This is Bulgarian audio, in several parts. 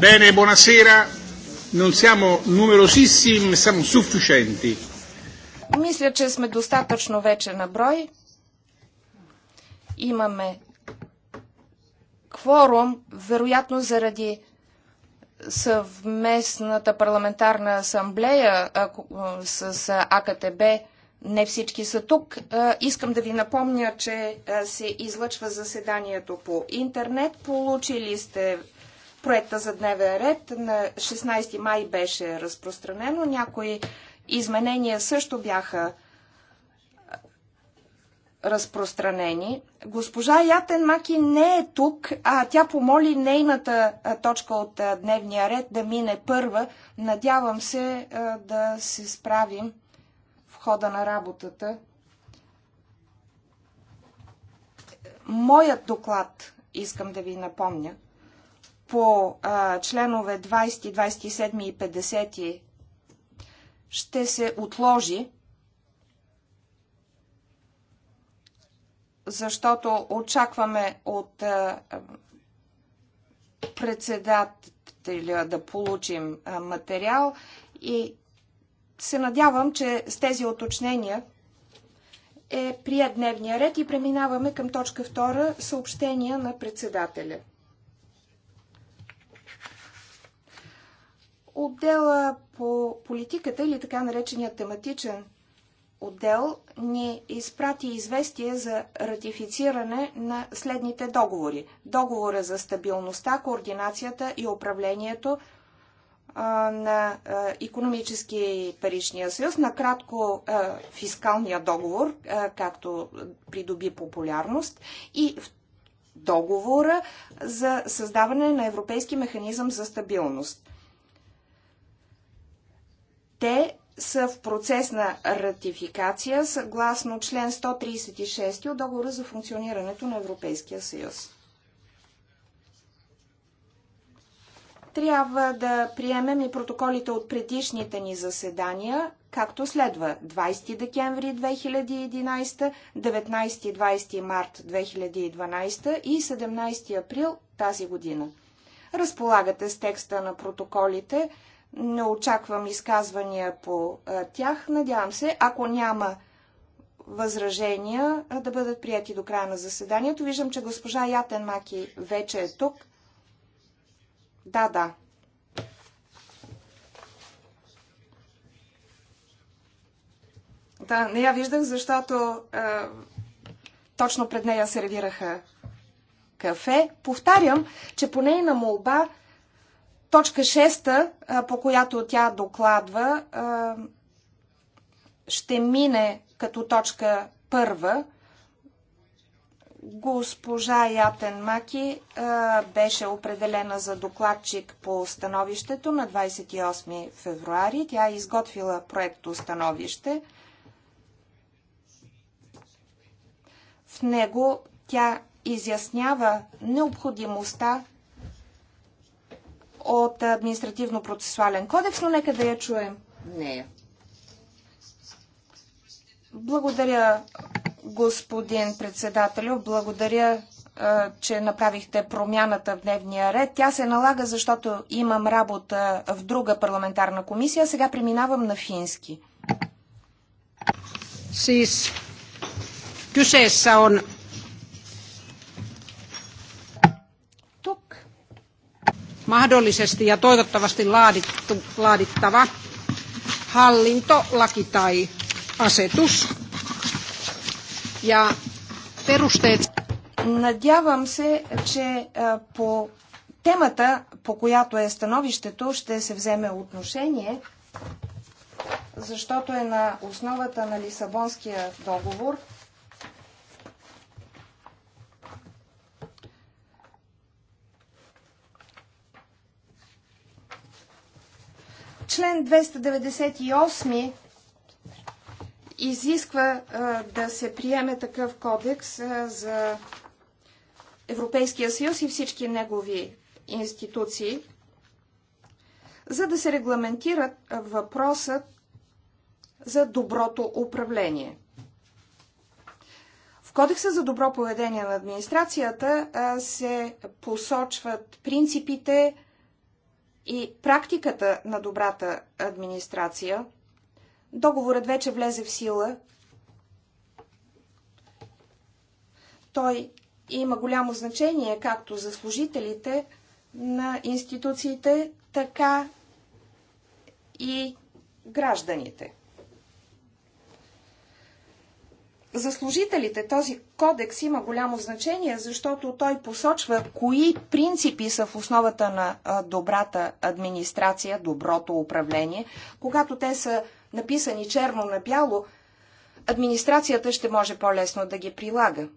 Bene, buonasera. Non siamo numerosissimi, siamo sufficienti. Мисля, че сме достатъчно вече на брой. Имаме кворум, вероятно заради съвместната парламентарна асамблея с АКТБ. Не всички са тук. Искам да ви напомня, че се излъчва заседанието по интернет. Получили сте Проекта за дневен ред на 16 май беше разпространено. Някои изменения също бяха разпространени. Госпожа Ятен Маки не е тук, а тя помоли нейната точка от дневния ред да мине първа. Надявам се да се справим в хода на работата. Моят доклад искам да ви напомня – по а, членове 20, 27 и 50 ще се отложи, защото очакваме от а, председателя да получим а, материал и се надявам, че с тези уточнения е прият дневния ред и преминаваме към точка 2 съобщения на председателя. Отдела по политиката или така наречения тематичен отдел ни изпрати известие за ратифициране на следните договори. Договора за стабилността, координацията и управлението на економически и паричния съюз, накратко кратко фискалния договор, както придоби популярност, и договора за създаване на Европейски механизъм за стабилност. Те са в процес на ратификация съгласно член 136 от договора за функционирането на Европейския съюз. Трябва да приемем и протоколите от предишните ни заседания, както следва 20 декември 2011, 19 и 20 март 2012 и 17 април тази година. Разполагате с текста на протоколите не очаквам изказвания по тях. Надявам се, ако няма възражения, да бъдат прияти до края на заседанието. Виждам, че госпожа Ятен Маки вече е тук. Да, да. Да, не я виждах, защото е, точно пред нея сервираха кафе. Повтарям, че по нейна молба Точка 6, по която тя докладва, ще мине като точка първа. Госпожа Ятен Маки беше определена за докладчик по становището на 28 февруари. Тя е изготвила проекто становище. В него тя изяснява необходимостта от административно-процесуален кодекс, но нека да я чуем нея. Благодаря, господин председателю. Благодаря, че направихте промяната в дневния ред. Тя се налага, защото имам работа в друга парламентарна комисия. Сега преминавам на фински. Siis kyseessä on mahdollisesti ja toivottavasti laadittu, laadittava hallintolaki tai asetus. Ja perusteet. Надявам се, че е, по темата, по която е становището, ще се вземе отношение, защото е на основата на Лисабонския договор – Член 298 изисква да се приеме такъв кодекс за Европейския съюз и всички негови институции, за да се регламентира въпросът за доброто управление. В Кодекса за добро поведение на администрацията се посочват принципите, и практиката на добрата администрация. Договорът вече влезе в сила. Той има голямо значение както за служителите на институциите, така и гражданите. за служителите този кодекс има голямо значение, защото той посочва кои принципи са в основата на добрата администрация, доброто управление. Когато те са написани черно на бяло, администрацията ще може по-лесно да ги прилага.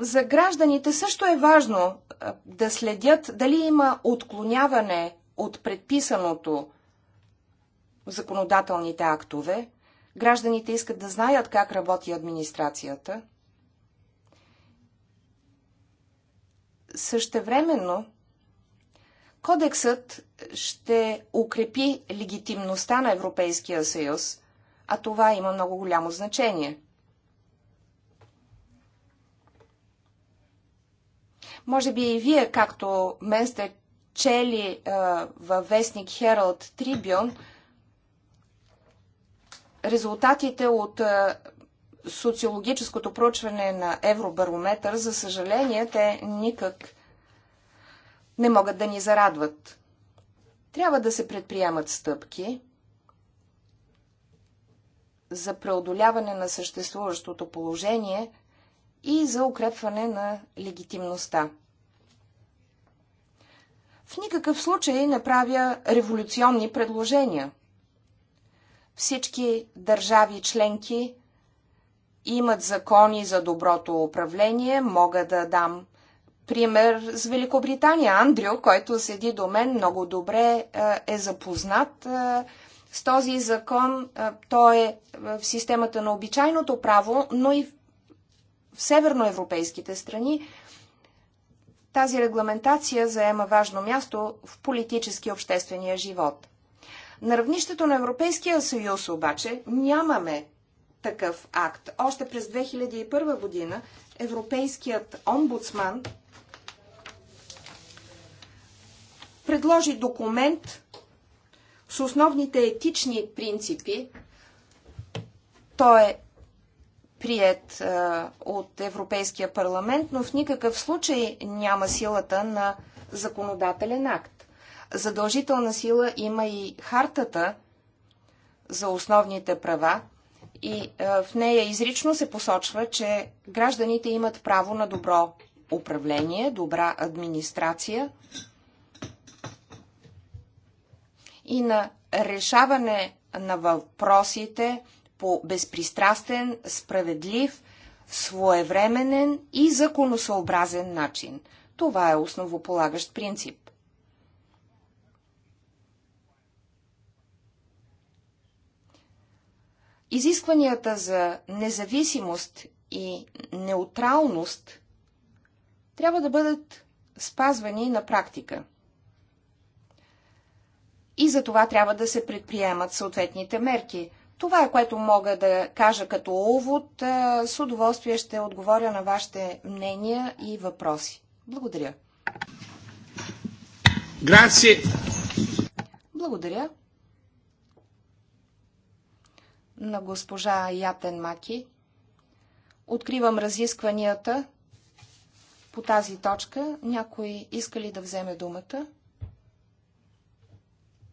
За гражданите също е важно да следят дали има отклоняване от предписаното законодателните актове. Гражданите искат да знаят как работи администрацията. Същевременно, кодексът ще укрепи легитимността на Европейския съюз, а това има много голямо значение. Може би и вие, както мен, сте чели във вестник Herald Tribune резултатите от социологическото проучване на Евробарометър, за съжаление, те никак не могат да ни зарадват. Трябва да се предприемат стъпки за преодоляване на съществуващото положение и за укрепване на легитимността в никакъв случай не правя революционни предложения. Всички държави членки имат закони за доброто управление. Мога да дам пример с Великобритания. Андрю, който седи до мен, много добре е запознат с този закон. Той е в системата на обичайното право, но и в северноевропейските страни тази регламентация заема важно място в политически обществения живот. На равнището на Европейския съюз обаче нямаме такъв акт. Още през 2001 година Европейският омбудсман предложи документ с основните етични принципи. Той е прият от Европейския парламент, но в никакъв случай няма силата на законодателен акт. Задължителна сила има и хартата за основните права и в нея изрично се посочва, че гражданите имат право на добро управление, добра администрация и на решаване на въпросите, по безпристрастен, справедлив, своевременен и законосъобразен начин. Това е основополагащ принцип. Изискванията за независимост и неутралност трябва да бъдат спазвани на практика. И за това трябва да се предприемат съответните мерки. Това е което мога да кажа като увод. Е, с удоволствие ще отговоря на вашите мнения и въпроси. Благодаря. Грация. Благодаря. На госпожа Ятен Маки. Откривам разискванията по тази точка. Някой иска ли да вземе думата?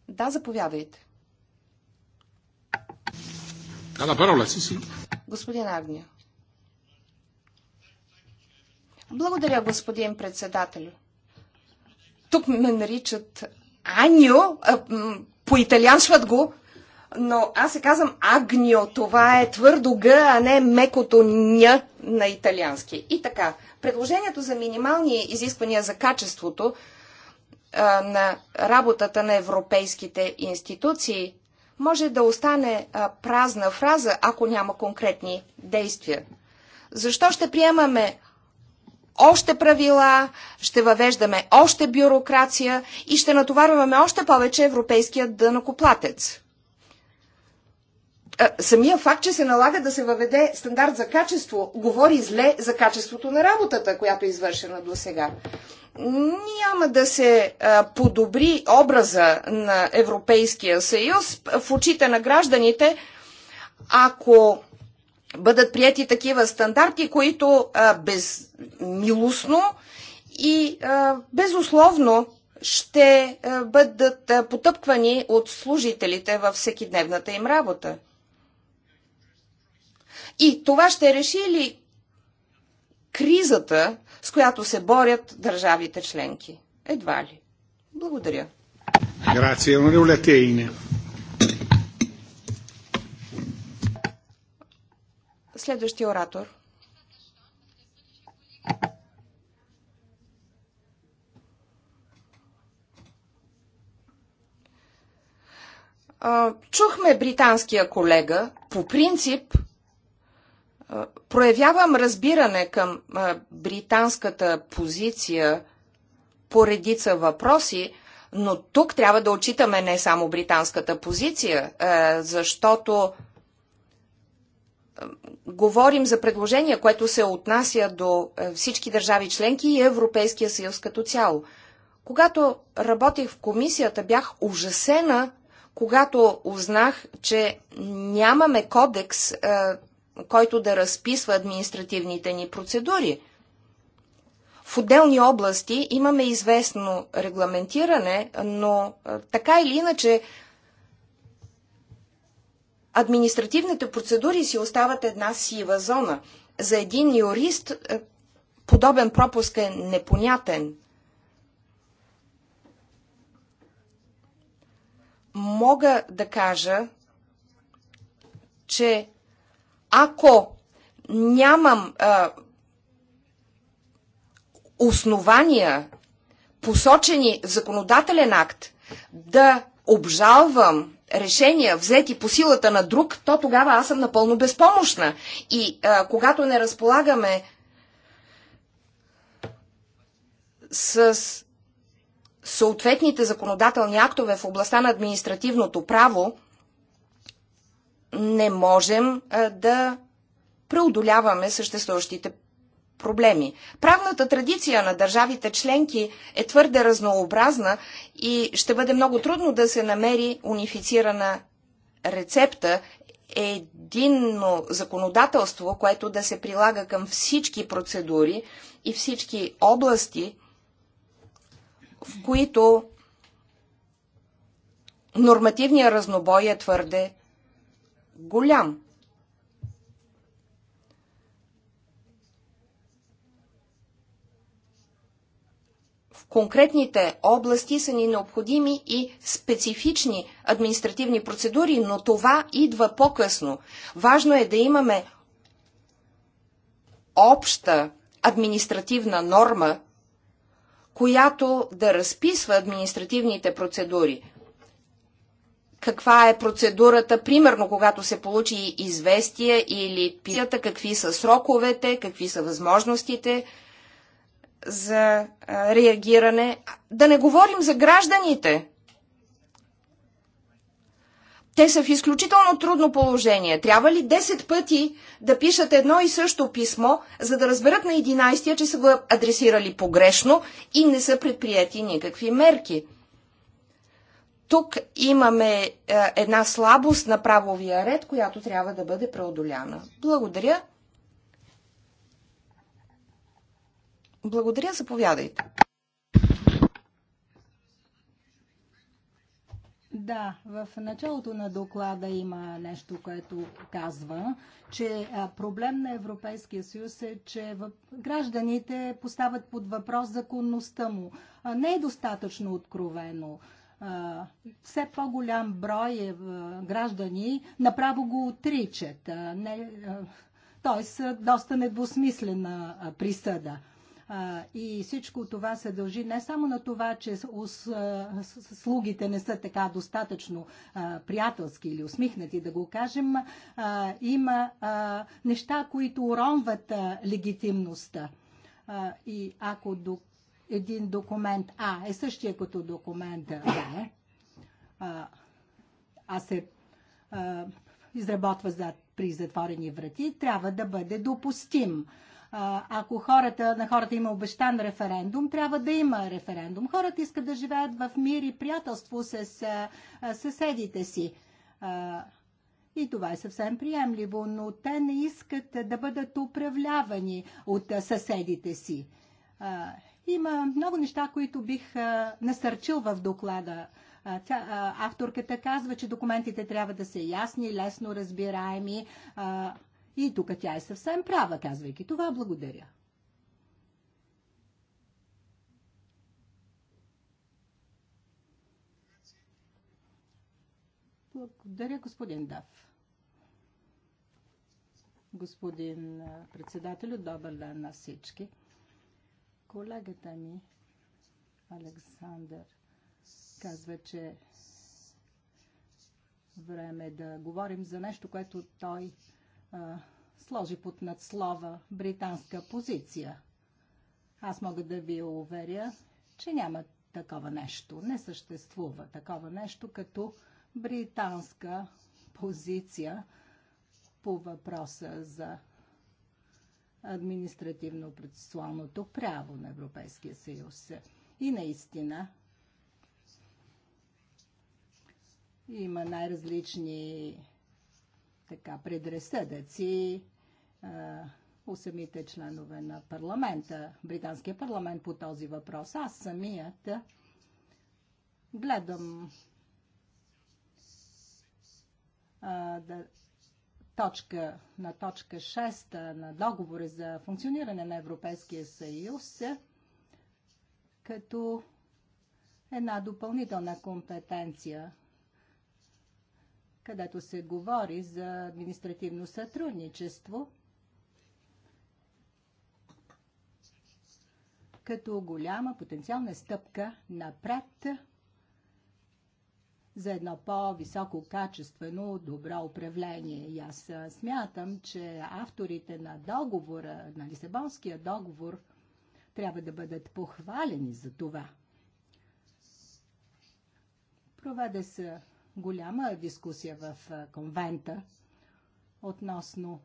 Да, заповядайте. А, да, си, си. Господин Агния. Благодаря, господин председателю. Тук ме наричат Аньо, по-италианшват го, но аз се казвам Агнио, това е твърдо Г, а не мекото ня на италиански. И така, предложението за минимални изисквания за качеството на работата на европейските институции може да остане а, празна фраза, ако няма конкретни действия. Защо ще приемаме още правила, ще въвеждаме още бюрокрация и ще натоварваме още повече европейският дънакоплатец? самия факт, че се налага да се въведе стандарт за качество, говори зле за качеството на работата, която е извършена до сега. Няма да се подобри образа на Европейския съюз в очите на гражданите, ако бъдат прияти такива стандарти, които безмилостно и безусловно ще бъдат потъпквани от служителите във всекидневната им работа. И това ще реши ли кризата, с която се борят държавите членки? Едва ли. Благодаря. Грация, Манюля Тейне. Следващия оратор. Чухме британския колега. По принцип, проявявам разбиране към британската позиция по редица въпроси, но тук трябва да отчитаме не само британската позиция, защото говорим за предложение, което се отнася до всички държави членки и Европейския съюз като цяло. Когато работих в комисията, бях ужасена, когато узнах, че нямаме кодекс който да разписва административните ни процедури. В отделни области имаме известно регламентиране, но така или иначе административните процедури си остават една сива зона. За един юрист подобен пропуск е непонятен. Мога да кажа, че ако нямам а, основания, посочени в законодателен акт, да обжалвам решения, взети по силата на друг, то тогава аз съм напълно безпомощна. И а, когато не разполагаме с съответните законодателни актове в областта на административното право, не можем да преодоляваме съществуващите проблеми. Правната традиция на държавите членки е твърде разнообразна и ще бъде много трудно да се намери унифицирана рецепта, е единно законодателство, което да се прилага към всички процедури и всички области, в които нормативният разнобой е твърде голям. В конкретните области са ни необходими и специфични административни процедури, но това идва по-късно. Важно е да имаме обща административна норма, която да разписва административните процедури, каква е процедурата, примерно когато се получи известие или пията, какви са сроковете, какви са възможностите за реагиране. Да не говорим за гражданите. Те са в изключително трудно положение. Трябва ли 10 пъти да пишат едно и също писмо, за да разберат на 11-я, че са го адресирали погрешно и не са предприяти никакви мерки? тук имаме е, една слабост на правовия ред, която трябва да бъде преодоляна. Благодаря. Благодаря, заповядайте. Да, в началото на доклада има нещо, което казва, че проблем на Европейския съюз е, че гражданите поставят под въпрос законността му. Не е достатъчно откровено все по-голям брой е, граждани направо го отричат. Т.е. доста недвусмислена присъда. И всичко това се дължи не само на това, че слугите не са така достатъчно приятелски или усмихнати, да го кажем. Има неща, които уронват легитимността. И ако един документ А е същия като документ Б, а, а се а, изработва за, при затворени врати, трябва да бъде допустим. А, ако хората, на хората има обещан референдум, трябва да има референдум. Хората искат да живеят в мир и приятелство с а, съседите си. А, и това е съвсем приемливо, но те не искат да бъдат управлявани от съседите си. Има много неща, които бих насърчил в доклада. Авторката казва, че документите трябва да са ясни, лесно разбираеми. И тук тя е съвсем права, казвайки това. Благодаря. Благодаря, господин Дав. Господин председател, добър ден на всички. Колегата ми, Александър, казва, че време е да говорим за нещо, което той а, сложи под надслова британска позиция. Аз мога да ви уверя, че няма такова нещо. Не съществува такова нещо като британска позиция по въпроса за административно-процесуалното право на Европейския съюз. И наистина има най-различни така, предресъдъци а, у самите членове на парламента, британския парламент по този въпрос. Аз самият гледам а, да точка, на точка 6 на договора за функциониране на Европейския съюз като една допълнителна компетенция, където се говори за административно сътрудничество, като голяма потенциална стъпка напред – за едно по-високо качествено добро управление. И аз смятам, че авторите на договора, на Лисабонския договор, трябва да бъдат похвалени за това. Проведе се голяма дискусия в конвента относно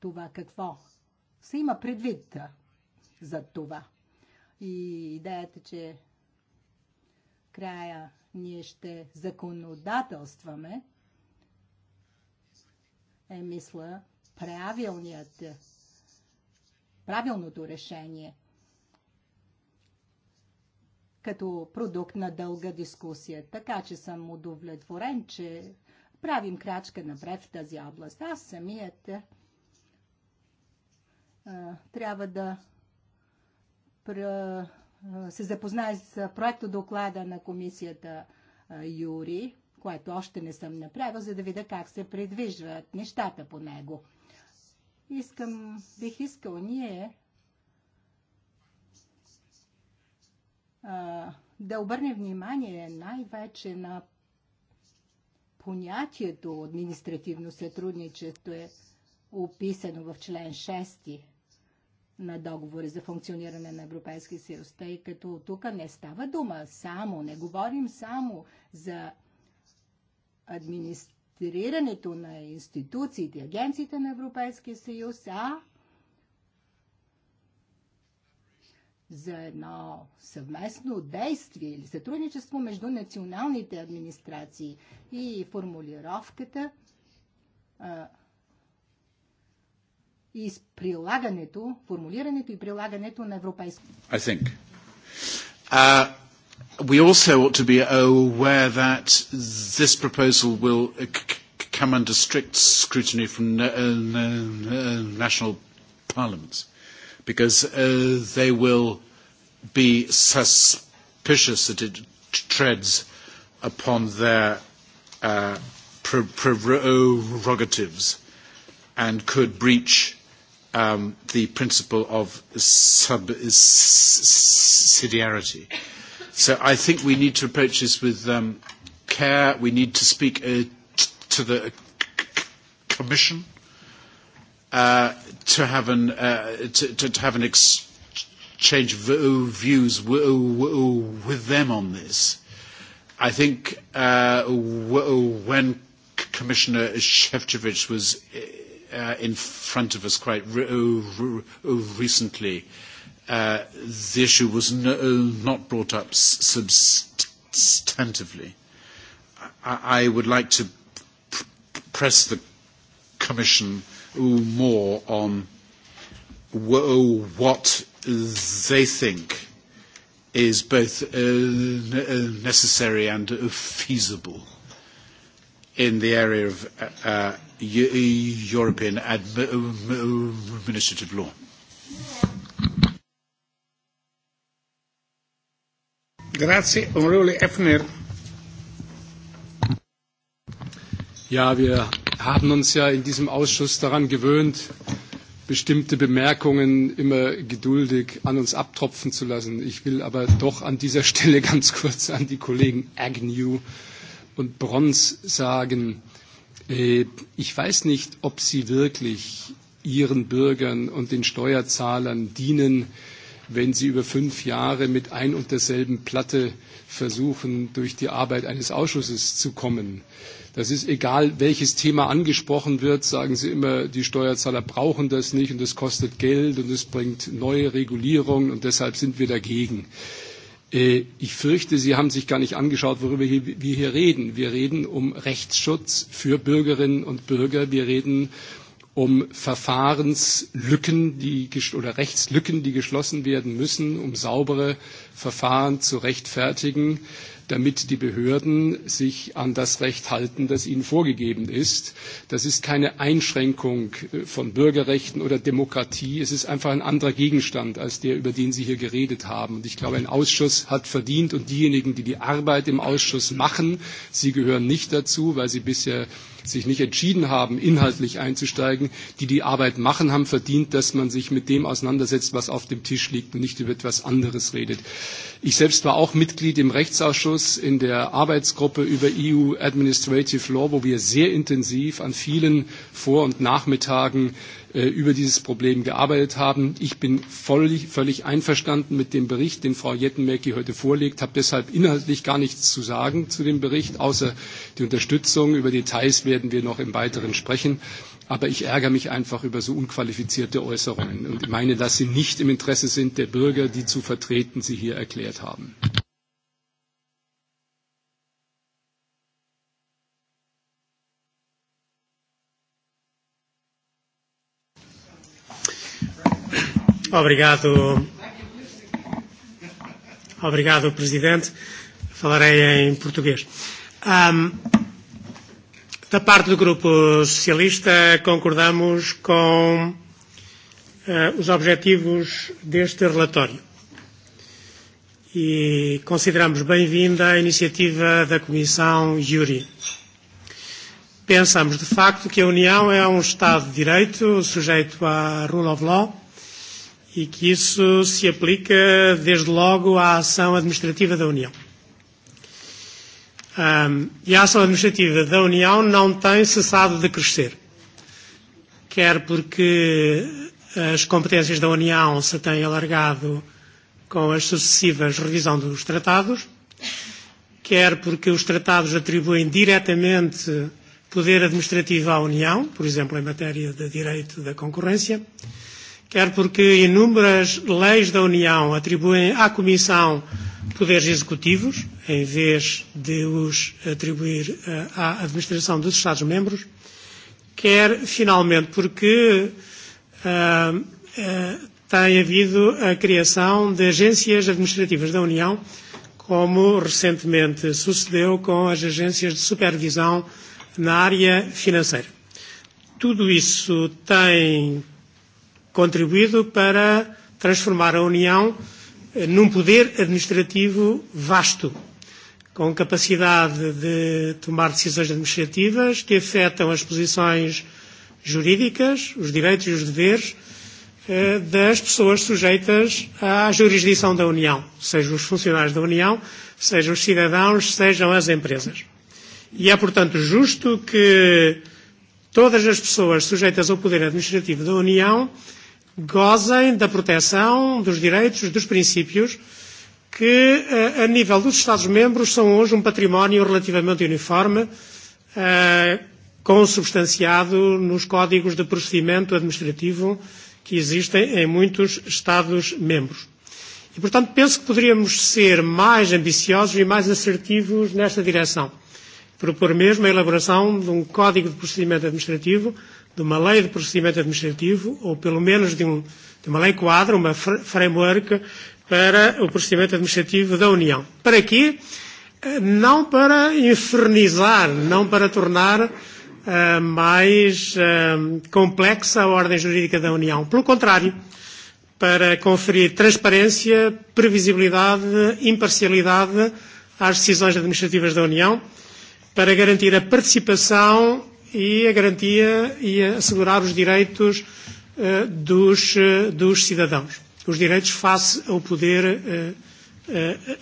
това какво се има предвид за това. И идеята, че края ние ще законодателстваме, е, мисля, правилният, правилното решение като продукт на дълга дискусия. Така че съм удовлетворен, че правим крачка напред в тази област. Аз самият е, а, трябва да е, се запознае с проекта доклада на комисията е, Юри, което още не съм направил, за да видя как се предвижват нещата по него. Искам, бих искал ние е, да обърнем внимание най-вече на понятието административно сътрудничество е описано в член 6 на договори за функциониране на Европейския съюз, тъй като тук не става дума само, не говорим само за администрирането на институциите, агенциите на Европейския съюз, а за едно съвместно действие или сътрудничество между националните администрации и формулировката – и с прилагането, формулирането и прилагането на европейско. I think. Uh, we also ought to be aware that this proposal will come under strict scrutiny from national parliaments because uh, they will be suspicious that it treads upon their uh, prerogatives and could breach the principle of subsidiarity. So I think we need to approach this with care. We need to speak to the Commission to have an exchange of views with them on this. I think when Commissioner Shevchevich was in front of us quite recently, the issue was not brought up substantively. I would like to press the Commission more on what they think is both necessary and feasible in the area of uh, European administrative law. Grazie, onorevole Effner. Ja, wir haben uns ja in diesem Ausschuss daran gewöhnt, bestimmte Bemerkungen immer geduldig an uns abtropfen zu lassen. Ich will aber doch an dieser Stelle ganz kurz an die Kollegen Agnew äh, und Brons sagen, ich weiß nicht, ob sie wirklich ihren Bürgern und den Steuerzahlern dienen, wenn sie über fünf Jahre mit ein und derselben Platte versuchen, durch die Arbeit eines Ausschusses zu kommen. Das ist egal, welches Thema angesprochen wird, sagen Sie immer, die Steuerzahler brauchen das nicht und das kostet Geld und es bringt neue Regulierungen, und deshalb sind wir dagegen. Äh, Ich fürchte, Sie haben sich gar nicht angeschaut, worüber wir hier reden. Wir reden um Rechtsschutz für Bürgerinnen und Bürger. Wir reden um Verfahrenslücken die, oder Rechtslücken, die geschlossen werden müssen, um saubere Verfahren zu rechtfertigen, damit die Behörden sich an das Recht halten, das ihnen vorgegeben ist. Das ist keine Einschränkung von Bürgerrechten oder Demokratie. Es ist einfach ein anderer Gegenstand als der, über den Sie hier geredet haben. Und ich glaube, ein Ausschuss hat verdient und diejenigen, die die Arbeit im Ausschuss machen, sie gehören nicht dazu, weil sie bisher sich nicht entschieden haben, inhaltlich einzusteigen, die die Arbeit machen, haben verdient, dass man sich mit dem auseinandersetzt, was auf dem Tisch liegt und nicht über etwas anderes redet. Ich selbst war auch Mitglied im Rechtsausschuss in der Arbeitsgruppe über EU Administrative Law, wo wir sehr intensiv an vielen Vor- und Nachmittagen über dieses Problem gearbeitet haben. Ich bin völlig, einverstanden mit dem Bericht, den Frau Jettenmäki heute vorlegt, habe deshalb inhaltlich gar nichts zu sagen zu dem Bericht, außer die Unterstützung. Über Details werden wir noch im Weiteren sprechen. Aber ich ärgere mich einfach über so unqualifizierte Äußerungen und meine, dass sie nicht im Interesse sind der Bürger, die zu vertreten sie hier erklärt haben. Obrigado. Obrigado, Presidente. Falarei em português. Um, Da parte do Grupo Socialista, concordamos com uh, os objetivos deste relatório e consideramos bem-vinda a iniciativa da Comissão Juri. Pensamos, de facto, que a União é um Estado de Direito sujeito à rule of law e que isso se aplica, desde logo, à ação administrativa da União e a ação administrativa da União não tem cessado de crescer. Quer porque as competências da União se têm alargado com as sucessivas revisão dos tratados, quer porque os tratados atribuem diretamente poder administrativo à União, por exemplo, em matéria de direito da concorrência, quer porque inúmeras leis da União atribuem à Comissão poderes executivos, em vez de os atribuir à administração dos Estados-membros, quer, finalmente, porque uh, uh, tem havido a criação de agências administrativas da União, como recentemente sucedeu com as agências de supervisão na área financeira. Tudo isso tem contribuído para transformar a União num poder administrativo vasto, com capacidade de tomar decisões administrativas que afetam as posições jurídicas, os direitos e os deveres das pessoas sujeitas à jurisdição da União, sejam os funcionários da União, sejam os cidadãos, sejam as empresas. E é, portanto, justo que todas as pessoas sujeitas ao poder administrativo da União gozem da proteção dos direitos, dos princípios que, a nível dos Estados-membros, são hoje um património relativamente uniforme, consubstanciado nos códigos de procedimento administrativo que existem em muitos Estados-membros. E, portanto, penso que poderíamos ser mais ambiciosos e mais assertivos nesta direção. Propor mesmo a elaboração de um código de procedimento administrativo de uma lei de procedimento administrativo, ou pelo menos de, um, de uma lei quadro, uma framework para o procedimento administrativo da União. Para quê? Não para infernizar, não para tornar uh, mais uh, complexa a ordem jurídica da União. Pelo contrário, para conferir transparência, previsibilidade, imparcialidade às decisões administrativas da União, para garantir a participação e a garantia e a assegurar os direitos dos, dos cidadãos, os direitos face ao poder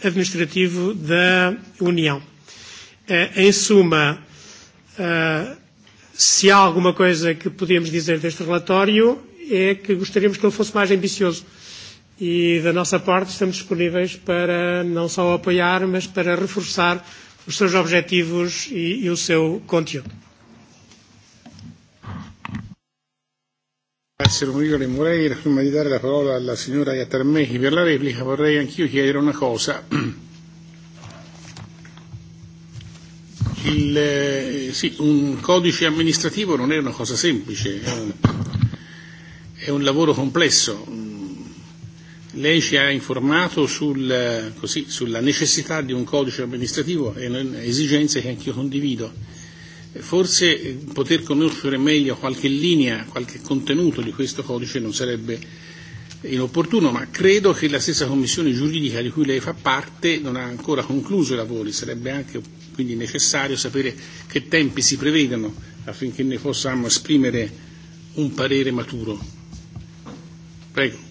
administrativo da União. em suma, se há alguma coisa que podemos dizer deste relatório é que gostaríamos que ele fosse mais ambicioso. E da nossa parte estamos disponíveis para não só apoiar, mas para reforçar os seus objetivos e, e o seu conteúdo. Grazie onorevole Moreira. Prima di dare la parola alla signora Iatarmechi per la replica vorrei anch'io chiedere una cosa. Il, sì, un codice amministrativo non è una cosa semplice, è un, è un lavoro complesso. Lei ci ha informato sul, così, sulla necessità di un codice amministrativo e esigenze che anch'io condivido forse poter conoscere meglio qualche linea, qualche contenuto di questo codice non sarebbe inopportuno, ma credo che la stessa commissione giuridica di cui lei fa parte non ha ancora concluso i lavori, sarebbe anche quindi necessario sapere che tempi si prevedono affinché ne possiamo esprimere un parere maturo. Prego.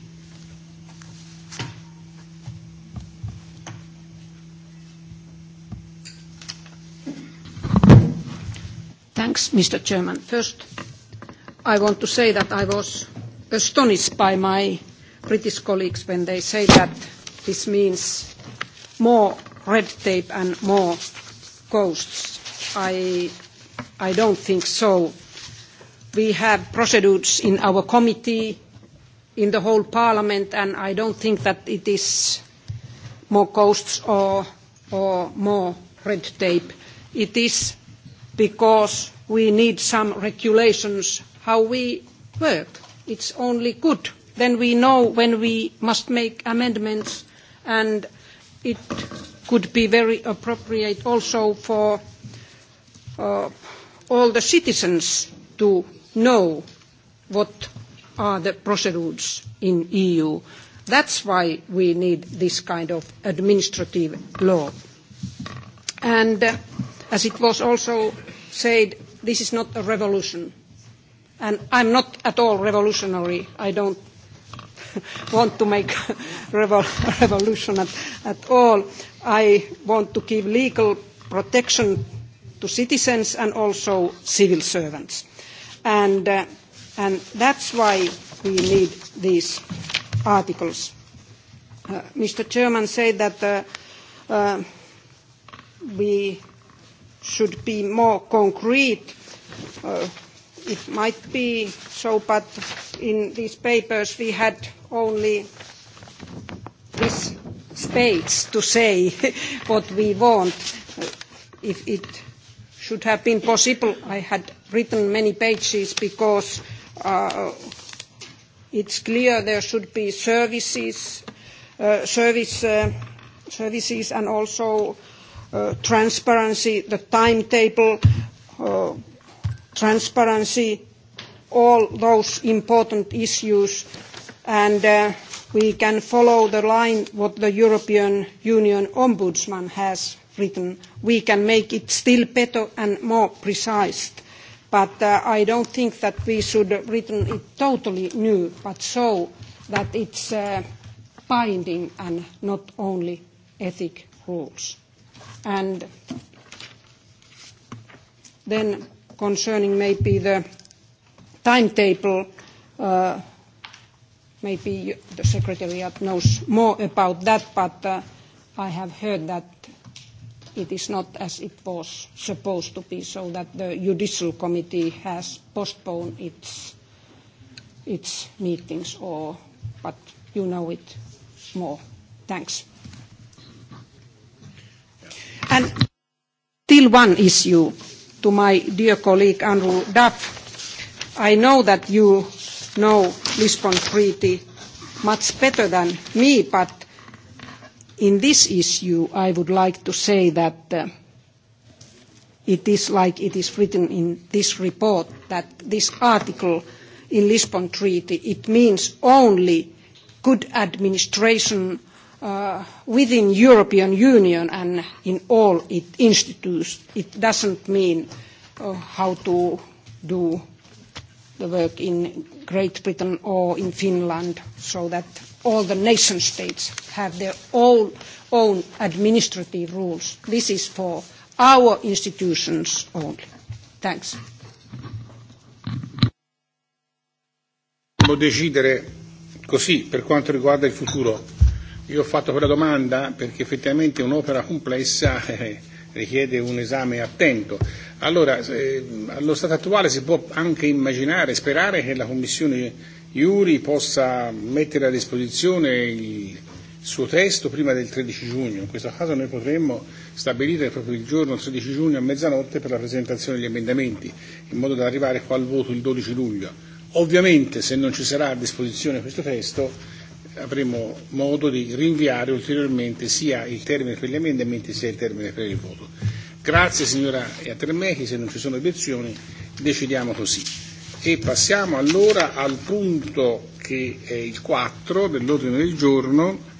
Mr. Chairman. First, I want to say that I was astonished by my British colleagues when they say that this means more red tape and more costs. I, I don't think so. We have procedures in our committee, in the whole parliament, and I don't think that it is more costs or, or more red tape. It is because we need some regulations how we work. It's only good. Then we know when we must make amendments and it could be very appropriate also for all the citizens to know what are the procedures in the EU. That's why we need this kind of administrative law. And as it was also said, this is not a revolution. And I'm not at all revolutionary. I don't want to make a revolution at, at all. I want to give legal protection to citizens and also civil servants. And, uh, and that's why we need these articles. Mr. Chairman said that we should be more concrete. It might be so, but in these papers, we had only this space to say what we want. If it should have been possible, I had written many pages because it is clear there should be services and also transparency, the timetable, transparency, all those important issues, and we can follow the line what the European Union Ombudsman has written. We can make it still better and more precise, but I don't think that we should have written it totally new, but so that it's uh, binding and not only ethic rules. And then concerning maybe the timetable, maybe the secretariat knows more about that, but I have heard that it is not as it was supposed to be, so that the Judicial Committee has postponed its its meetings or, but you know it more. Thanks. And still one issue to my dear colleague Andrew Duff. I know that you know Lisbon Treaty much better than me, but in this issue I would like to say that it is like it is written in this report that this article in Lisbon Treaty, it means only good administration within European Union and in all its institutions, it doesn't mean how to do the work in Great Britain or in Finland, so that all the nation states have their own, own administrative rules. This is for our institutions only. Thanks. Decidere così per quanto riguarda il futuro Io ho fatto quella domanda perché effettivamente un'opera complessa eh, richiede un esame attento. Allora, eh, allo stato attuale si può anche immaginare, sperare che la Commissione Iuri possa mettere a disposizione il suo testo prima del 13 giugno. In questo caso noi potremmo stabilire proprio il giorno 13 giugno a mezzanotte per la presentazione degli emendamenti, in modo da arrivare qua al voto il 12 luglio. Ovviamente se non ci sarà a disposizione questo testo avremo modo di rinviare ulteriormente sia il termine per gli emendamenti sia il termine per il voto. Grazie signora Iatermechi, se non ci sono obiezioni decidiamo così. E passiamo allora al punto che è il 4 dell'ordine del giorno,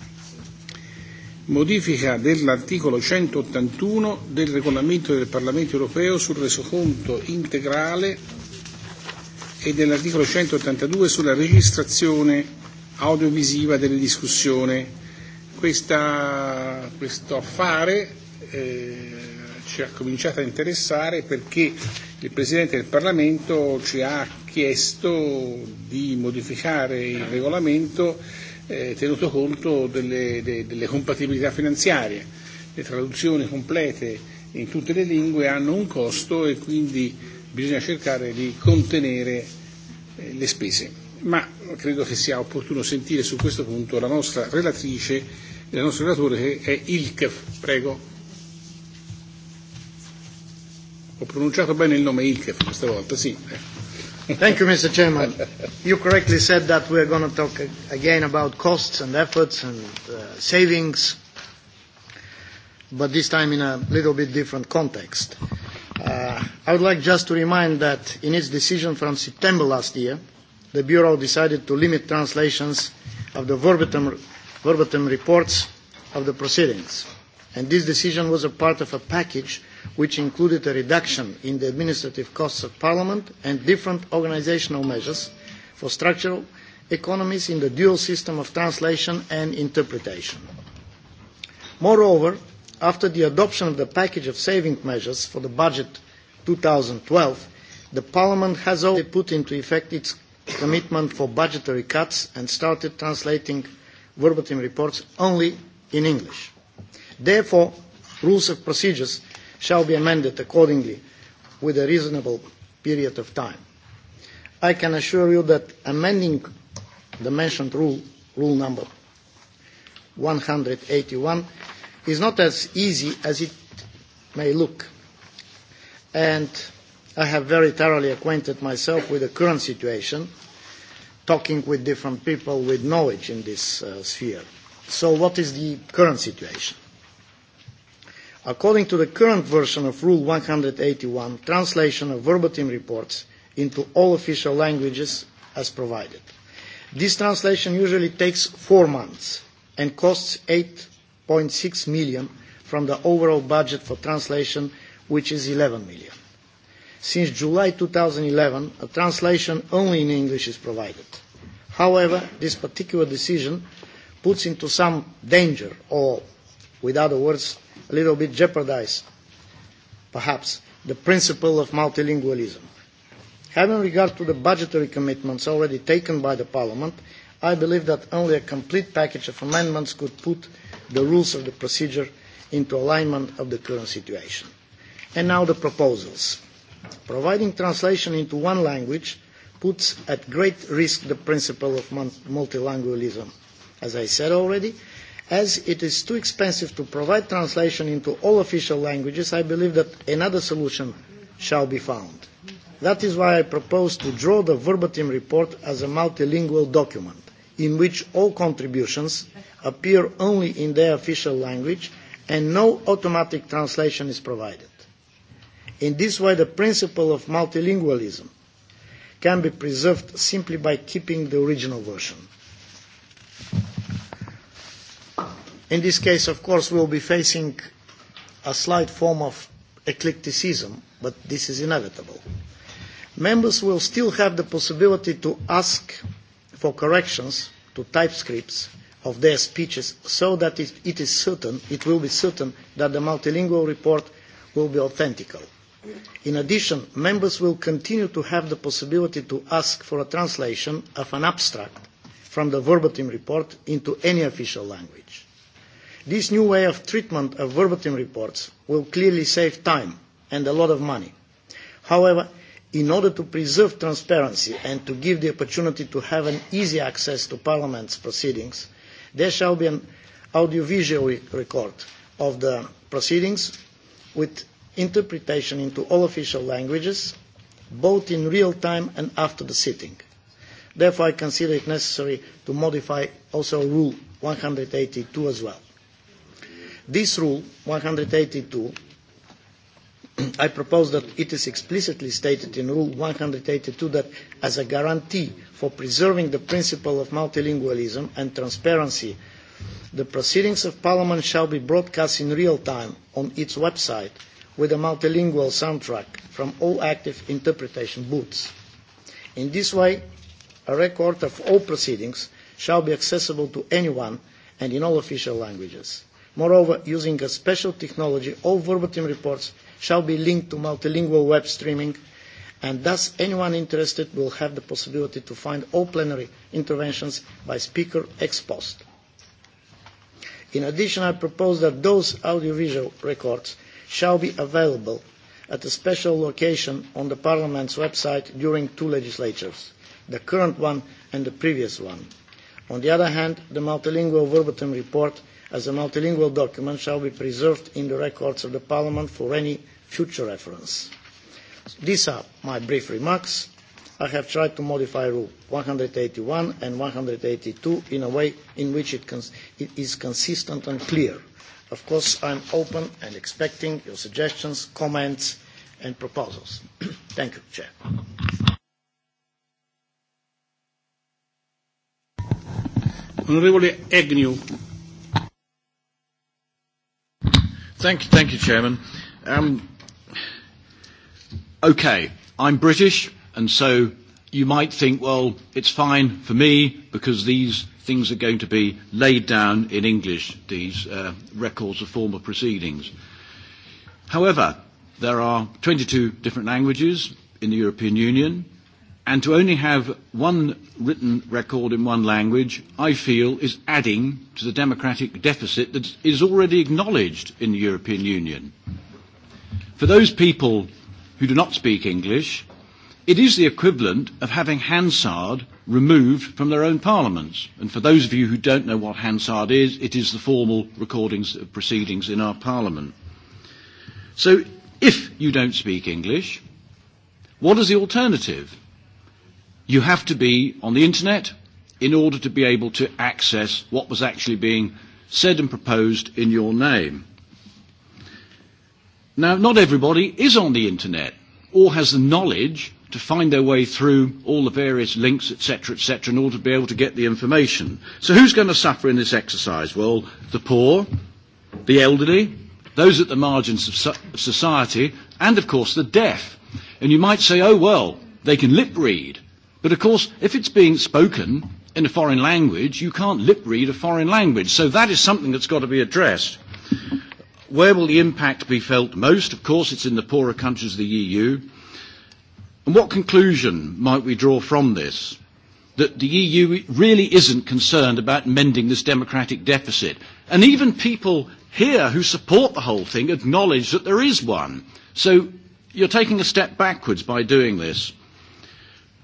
modifica dell'articolo 181 del regolamento del Parlamento europeo sul resoconto integrale e dell'articolo 182 sulla registrazione audiovisiva delle discussioni. Questa, questo affare eh, ci ha cominciato a interessare perché il Presidente del Parlamento ci ha chiesto di modificare il regolamento eh, tenuto conto delle, de, delle compatibilità finanziarie. Le traduzioni complete in tutte le lingue hanno un costo e quindi bisogna cercare di contenere eh, le spese ma credo che sia opportuno sentire su questo punto la nostra relatrice, il nostro relatore che è Ilkef. Prego. Ho pronunciato bene il nome Ilkef questa volta, sì. Thank you, Mr. Chairman. You correctly said that we are going to talk again about costs and efforts and uh, savings, but this time in a little bit different context. Uh, I would like just to remind that in its decision from September last year, the Bureau decided to limit translations of the verbatim, verbatim reports of the proceedings. And this decision was a part of a package which included a reduction in the administrative costs of Parliament and different organizational measures for structural economies in the dual system of translation and interpretation. Moreover, after the adoption of the package of saving measures for the budget 2012, the Parliament has already put into effect its commitment for budgetary cuts and started translating verbatim reports only in English. Therefore, rules of procedures shall be amended accordingly with a reasonable period of time. I can assure you that amending the mentioned rule, rule number 181, is not as easy as it may look. And I have very thoroughly acquainted myself with the current situation, talking with different people with knowledge in this uh, sphere. So what is the current situation? According to the current version of Rule 181, translation of verbatim reports into all official languages as provided. This translation usually takes four months and costs 8.6 million from the overall budget for translation, which is 11 million. Since July 2011, a translation only in English is provided. However, this particular decision puts into some danger, or with other words, a little bit jeopardize, perhaps, the principle of multilingualism. Having regard to the budgetary commitments already taken by the Parliament, I believe that only a complete package of amendments could put the rules of the procedure into alignment of the current situation. And now the proposals. Providing translation into one language puts at great risk the principle of multilingualism, as I said already. As it is too expensive to provide translation into all official languages, I believe that another solution shall be found. That is why I propose to draw the verbatim report as a multilingual document, in which all contributions appear only in their official language and no automatic translation is provided. In this way, the principle of multilingualism can be preserved simply by keeping the original version. In this case, of course, we will be facing a slight form of eclecticism, but this is inevitable. Members will still have the possibility to ask for corrections to typescripts of their speeches so that it, it is certain, it will be certain that the multilingual report will be authentical. In addition, members will continue to have the possibility to ask for a translation of an abstract from the verbatim report into any official language. This new way of treatment of verbatim reports will clearly save time and a lot of money. However, in order to preserve transparency and to give the opportunity to have an easy access to Parliament's proceedings, there shall be an audiovisual record of the proceedings with interpretation into all official languages, both in real time and after the sitting. Therefore, I consider it necessary to modify also Rule 182 as well. This Rule 182, I propose that it is explicitly stated in Rule 182 that as a guarantee for preserving the principle of multilingualism and transparency, the proceedings of Parliament shall be broadcast in real time on its website – with a multilingual soundtrack from all active interpretation booths. In this way, a record of all proceedings shall be accessible to anyone and in all official languages. Moreover, using a special technology, all verbatim reports shall be linked to multilingual web streaming, and thus anyone interested will have the possibility to find all plenary interventions by speaker ex post. In addition, I propose that those audiovisual records shall be available at a special location on the Parliament's website during two legislatures, the current one and the previous one. On the other hand, the multilingual verbatim report as a multilingual document shall be preserved in the records of the Parliament for any future reference. These are my brief remarks. I have tried to modify Rule 181 and 182 in a way in which it, cons- it is consistent and clear Of course, I'm open and expecting your suggestions, comments, and proposals. Thank you, Chair. Onorevole Agnew. Thank you, thank you, Chairman. Um, okay, I'm British, and so you might think, well, it's fine for me because these things are going to be laid down in English, these uh, records of former proceedings. However, there are 22 different languages in the European Union, and to only have one written record in one language, I feel, is adding to the democratic deficit that is already acknowledged in the European Union. For those people who do not speak English, It is the equivalent of having Hansard removed from their own parliaments. And for those of you who don't know what Hansard is, it is the formal recordings of proceedings in our parliament. So if you don't speak English, what is the alternative? You have to be on the internet in order to be able to access what was actually being said and proposed in your name. Now, not everybody is on the internet or has the knowledge to find their way through all the various links, etc., etc., in order to be able to get the information. So who's going to suffer in this exercise? Well, the poor, the elderly, those at the margins of society, and of course the deaf. And you might say, oh well, they can lip read. But of course, if it's being spoken in a foreign language, you can't lip read a foreign language. So that is something that's got to be addressed. Where will the impact be felt most? Of course, it's in the poorer countries of the EU what conclusion might we draw from this? That the EU really isn't concerned about mending this democratic deficit. And even people here who support the whole thing acknowledge that there is one. So you're taking a step backwards by doing this.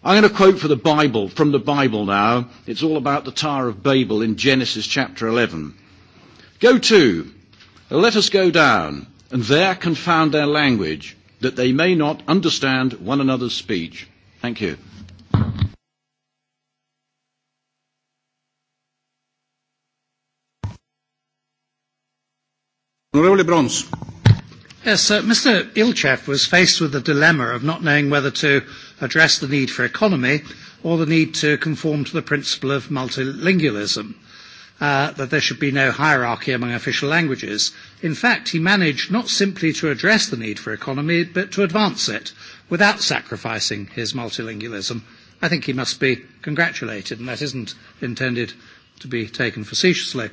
I'm going to quote for the Bible, from the Bible now. It's all about the Tower of Babel in Genesis chapter 11. Go to, let us go down, and there confound their language that they may not understand one another's speech. Thank you. Honourable Yes, sir. Mr. Ilchev was faced with the dilemma of not knowing whether to address the need for economy or the need to conform to the principle of multilingualism uh, that there should be no hierarchy among official languages. In fact, he managed not simply to address the need for economy, but to advance it without sacrificing his multilingualism. I think he must be congratulated, and that isn't intended to be taken facetiously.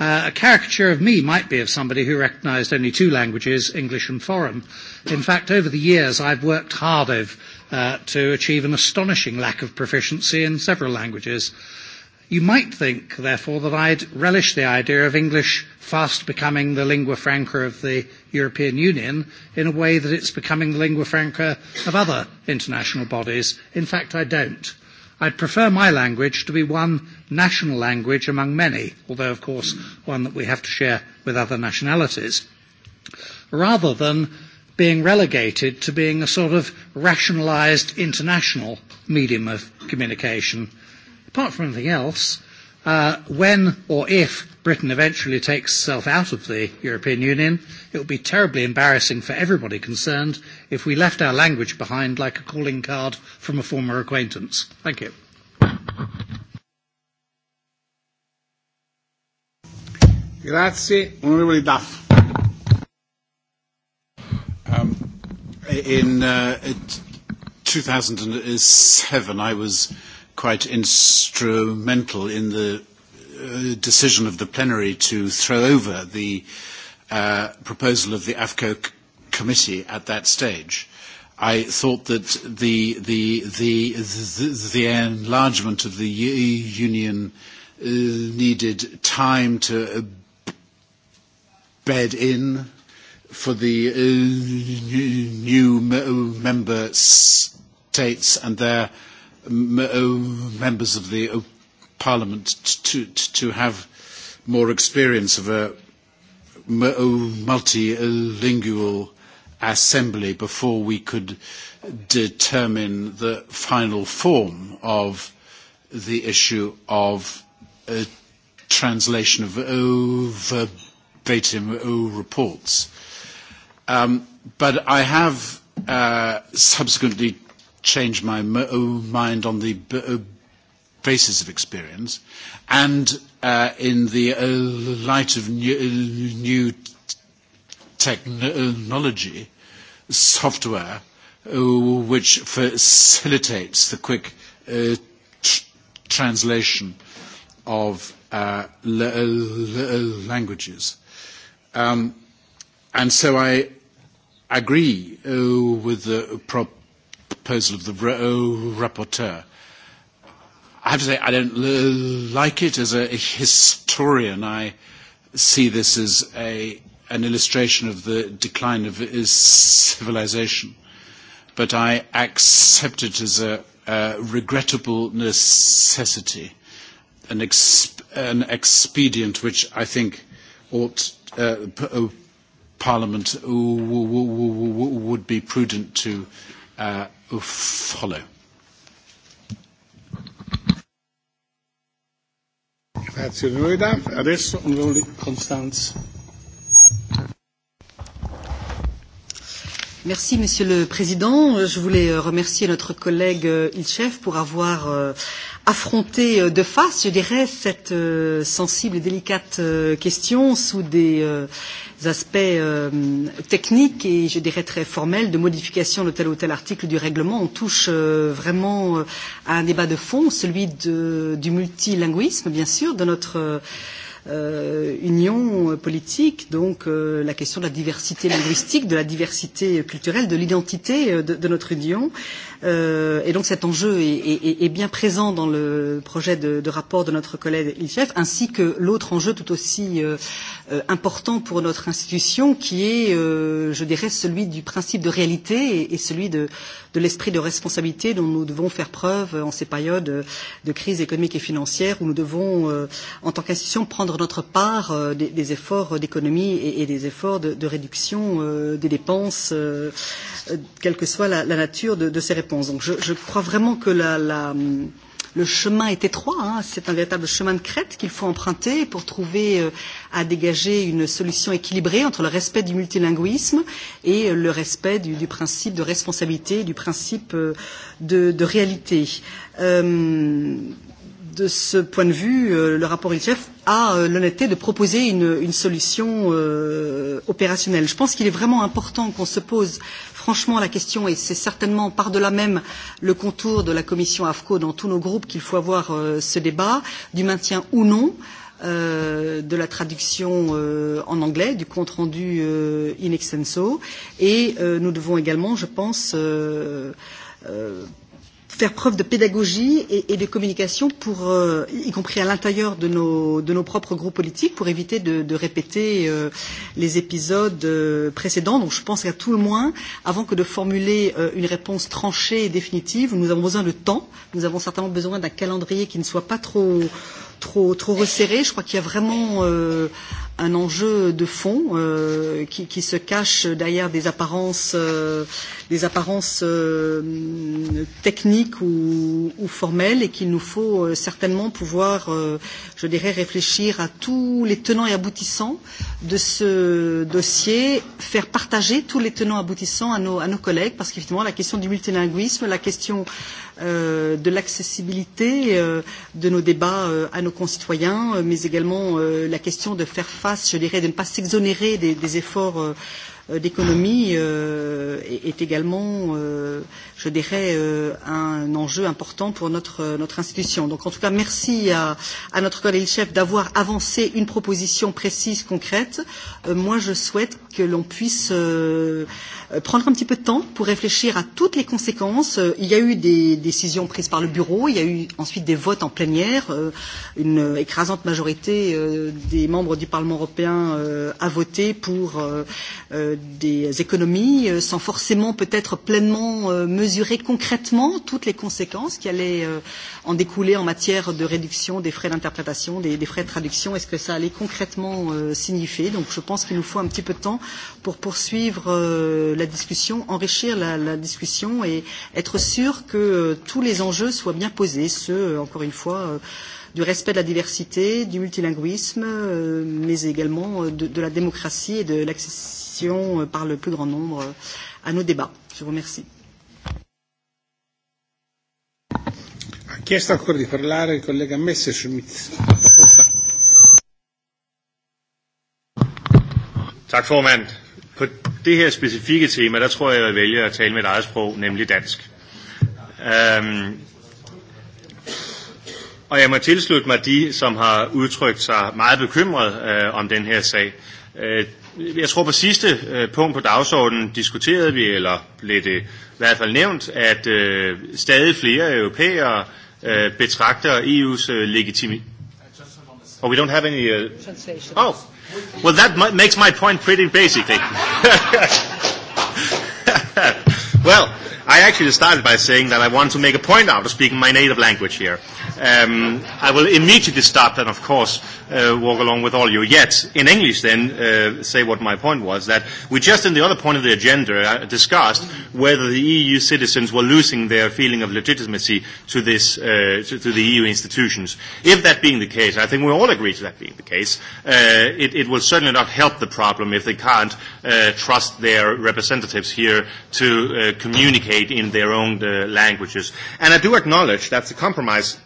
Uh, a caricature of me might be of somebody who recognised only two languages, English and foreign. In fact, over the years, I've worked hard of, uh, to achieve an astonishing lack of proficiency in several languages. You might think, therefore, that I'd relish the idea of English fast becoming the lingua franca of the European Union in a way that it's becoming the lingua franca of other international bodies. In fact, I don't. I'd prefer my language to be one national language among many, although, of course, one that we have to share with other nationalities, rather than being relegated to being a sort of rationalised international medium of communication apart from anything else, uh, when or if Britain eventually takes itself out of the European Union, it would be terribly embarrassing for everybody concerned if we left our language behind like a calling card from a former acquaintance. Thank you. Grazie, onorevole Duff. Um, in uh, 2007, I was quite instrumental in the decision of the plenary to throw over the proposal of the AFCO committee at that stage. I thought that the, the, the, the enlargement of the union needed time to bed in for the new member states and their members of the Parliament to, to have more experience of a multilingual assembly before we could determine the final form of the issue of translation of verbatim reports. but I have subsequently change my mind on the basis of experience, and in the light of new, technology, software, which facilitates the quick translation of languages. and so I agree with the proposal proposal of the rapporteur. I have to say, I don't l like it. As a historian, I see this as a, an illustration of the decline of civilization. But I accept it as a, a regrettable necessity, an, exp- an expedient which I think ought uh, p- Parliament would be prudent to uh, follow. Grazie Noeda. Adesso onorevole Merci Monsieur le Président. Je voulais remercier notre collègue Ilchev pour avoir affronter de face, je dirais, cette sensible et délicate question sous des aspects techniques et, je dirais, très formels de modification de tel ou tel article du règlement. On touche vraiment à un débat de fond, celui de, du multilinguisme, bien sûr, de notre euh, union politique, donc euh, la question de la diversité linguistique, de la diversité culturelle, de l'identité de, de notre union. Euh, et donc cet enjeu est, est, est bien présent dans le projet de, de rapport de notre collègue Ilchev, ainsi que l'autre enjeu tout aussi euh, important pour notre institution qui est, je dirais, celui du principe de réalité et, celui de, l'esprit de responsabilité dont nous devons faire preuve en ces périodes de crise économique et financière où nous devons, en tant qu'institution, prendre notre part des, efforts d'économie et, des efforts de, réduction des dépenses, quelle que soit la, nature de, ces réponses. Donc je, crois vraiment que la le chemin est étroit. Hein. C'est un véritable chemin de crête qu'il faut emprunter pour trouver euh, à dégager une solution équilibrée entre le respect du multilinguisme et euh, le respect du, du principe de responsabilité, du principe euh, de, de réalité. Euh, de ce point de vue, le rapport ITF a l'honnêteté de proposer une, une solution euh, opérationnelle. Je pense qu'il est vraiment important qu'on se pose franchement la question, et c'est certainement par-delà même le contour de la commission AFCO dans tous nos groupes qu'il faut avoir euh, ce débat, du maintien ou non de la traduction euh, en anglais du compte rendu euh, in extenso et euh, nous devons également, je pense, euh, faire preuve de pédagogie et, et de communication, pour, euh, y compris à l'intérieur de nos, de nos propres groupes politiques, pour éviter de, de répéter euh, les épisodes euh, précédents. Donc je pense qu'à tout le moins, avant que de formuler euh, une réponse tranchée et définitive, nous avons besoin de temps, nous avons certainement besoin d'un calendrier qui ne soit pas trop trop, trop resserré. Je crois qu'il y a vraiment euh, un enjeu de fond euh, qui, qui se cache derrière des apparences, euh, des apparences euh, techniques ou, ou formelles et qu'il nous faut euh, certainement pouvoir, euh, je dirais, réfléchir à tous les tenants et aboutissants de ce dossier, faire partager tous les tenants et aboutissants à nos, à nos collègues parce qu'effectivement la question du multilinguisme, la question euh, de l'accessibilité de nos débats à nos concitoyens, mais également la question de faire face, je dirais, de ne pas s'exonérer des, efforts d'économie est également je dirais, euh, un enjeu important pour notre, euh, notre institution. Donc, en tout cas, merci à, à notre collègue chef d'avoir avancé une proposition précise, concrète. Euh, moi, je souhaite que l'on puisse euh, prendre un petit peu de temps pour réfléchir à toutes les conséquences. Il y a eu des décisions prises par le bureau, il y a eu ensuite des votes en plénière. Une écrasante majorité des membres du Parlement européen a voté pour des économies sans forcément peut-être pleinement mesurer mesurer concrètement toutes les conséquences qui allaient euh, en découler en matière de réduction des frais d'interprétation, des, des frais de traduction, est-ce que ça allait concrètement euh, signifier Donc je pense qu'il nous faut un petit peu de temps pour poursuivre euh, la discussion, enrichir la, la discussion et être sûr que euh, tous les enjeux soient bien posés, ceux, euh, encore une fois, euh, du respect de la diversité, du multilinguisme, euh, mais également de, de la démocratie et de l'accession par le plus grand nombre à nos débats. Je vous remercie. chiesto ancora di parlare il collega Messerschmidt. Tak formand. På det her specifikke tema, der tror jeg, jeg vælger at tale mit eget sprog, nemlig dansk. Øhm, og jeg må tilslutte mig de, som har udtrykt sig meget bekymret øh, om den her sag. Øh, jeg tror på sidste øh, punkt på dagsordenen diskuterede vi, eller blev det i hvert fald nævnt, at øh, stadig flere europæere uh, betragter EU's uh, legitimacy. Oh, we don't have any uh, translation. Oh, well, that makes my point pretty basically. well, I actually started by saying that I want to make a point out of speaking my native language here. Um, I will immediately stop and, of course, uh, walk along with all you. Yet, in English, then, uh, say what my point was that we just in the other point of the agenda uh, discussed whether the EU citizens were losing their feeling of legitimacy to, this, uh, to, to the EU institutions. If that being the case, I think we all agree to that being the case, uh, it, it will certainly not help the problem if they can't uh, trust their representatives here to uh, communicate communicate in their own uh, languages. And I do acknowledge that's a compromise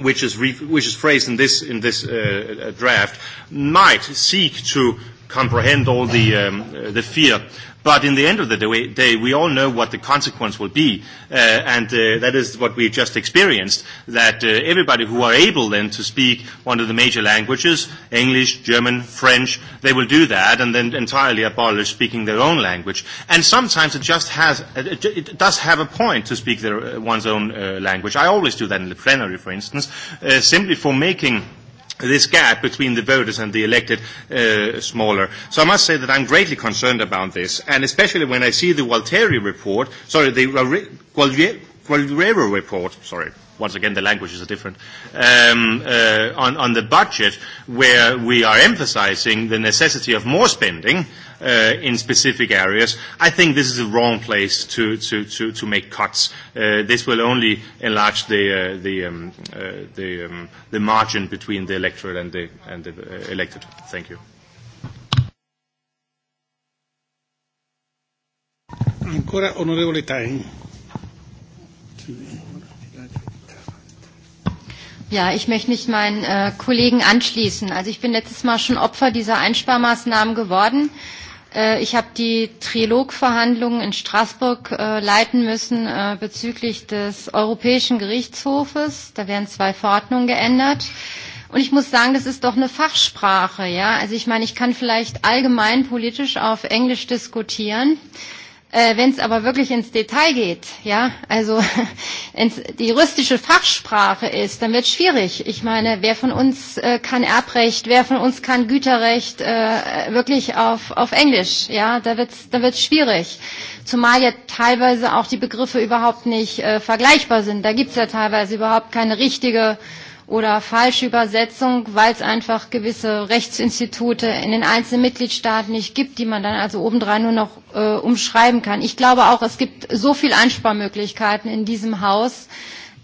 which is, re- which is phrased in this, in this uh, draft might seek to comprehend all the, um, the fear But in the end of the day, we all know what the consequence will be, uh, and uh, that is what we just experienced, that uh, everybody who are able then to speak one of the major languages, English, German, French, they will do that and then entirely abolish speaking their own language. And sometimes it just has, it it does have a point to speak their, one's own uh, language. I always do that in the plenary, for instance, uh, simply for making this gap between the voters and the elected uh, smaller. So I must say that I'm greatly concerned about this, and especially when I see the Walteri report, sorry, the Gualtieri report, sorry, once again, the languages are different, um, uh, on, on the budget, where we are emphasizing the necessity of more spending uh, in specific areas, I think this is the wrong place to, to, to, to make cuts. Uh, this will only enlarge the, uh, the, um, uh, the, um, the margin between the electorate and the, and the uh, elected. Thank you. Ancora onorevole Tain. Ja, ich möchte mich meinen äh, Kollegen anschließen. Also ich bin letztes Mal schon Opfer dieser Einsparmaßnahmen geworden. Äh, ich habe die Trilogverhandlungen in Straßburg äh, leiten müssen äh, bezüglich des Europäischen Gerichtshofes. Da werden zwei Verordnungen geändert. Und ich muss sagen, das ist doch eine Fachsprache. Ja? Also ich meine, ich kann vielleicht allgemein politisch auf Englisch diskutieren. Äh, Äh, Wenn es aber wirklich ins Detail geht, ja, also die juristische Fachsprache ist, dann wird es schwierig. Ich meine, wer von uns äh, kann Erbrecht, wer von uns kann Güterrecht äh, wirklich auf, auf Englisch, ja, da wird es da wird's schwierig. Zumal ja teilweise auch die Begriffe überhaupt nicht äh, vergleichbar sind. Da gibt es ja teilweise überhaupt keine richtige äh, oder falsche Übersetzung, weil es einfach gewisse Rechtsinstitute in den einzelnen Mitgliedstaaten nicht gibt, die man dann also obendrein nur noch äh, umschreiben kann. Ich glaube auch, es gibt so viele Einsparmöglichkeiten in diesem Haus,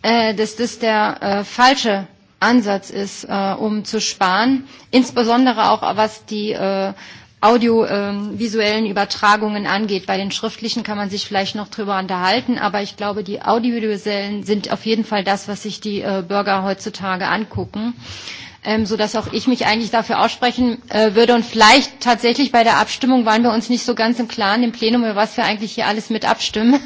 äh, dass das der äh, falsche Ansatz ist, äh, um zu sparen, insbesondere auch was die äh, audiovisuellen Übertragungen angeht. Bei den schriftlichen kann man sich vielleicht noch drüber unterhalten, aber ich glaube, die audiovisuellen sind auf jeden Fall das, was sich die Bürger heutzutage angucken ähm, sodass auch ich mich eigentlich dafür aussprechen äh, würde. Und vielleicht tatsächlich bei der Abstimmung waren wir uns nicht so ganz im Klaren im Plenum, über was wir eigentlich hier alles mit abstimmen.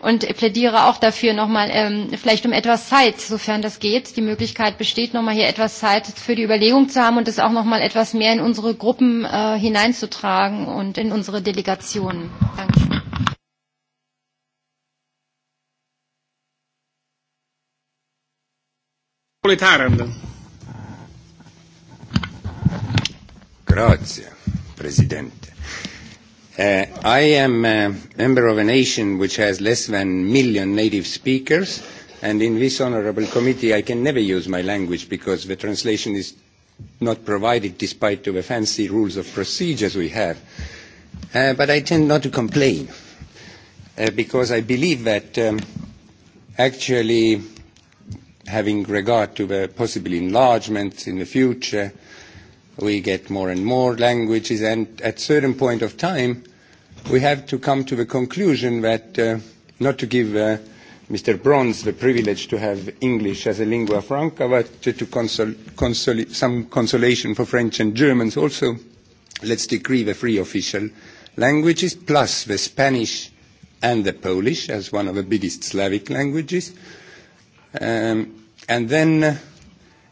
Und plädiere auch dafür nochmal ähm, vielleicht um etwas Zeit, sofern das geht. Die Möglichkeit besteht, nochmal hier etwas Zeit für die Überlegung zu haben und es auch nochmal etwas mehr in unsere Gruppen äh, hineinzutragen und in unsere Delegationen. Danke. Proletarier. Grazie, Presidente. Uh, I am a member of a nation which has less than a million native speakers, and in this honourable committee I can never use my language because the translation is not provided despite the fancy rules of procedures we have. Uh, but I tend not to complain uh, because I believe that um, actually having regard to the possible enlargement in the future, we get more and more languages, and at a certain point of time, we have to come to the conclusion that uh, not to give uh, Mr. Bronze the privilege to have English as a lingua franca, but to, to consol, consol, some consolation for French and Germans also, let's decree the three official languages, plus the Spanish and the Polish as one of the biggest Slavic languages. Um, and then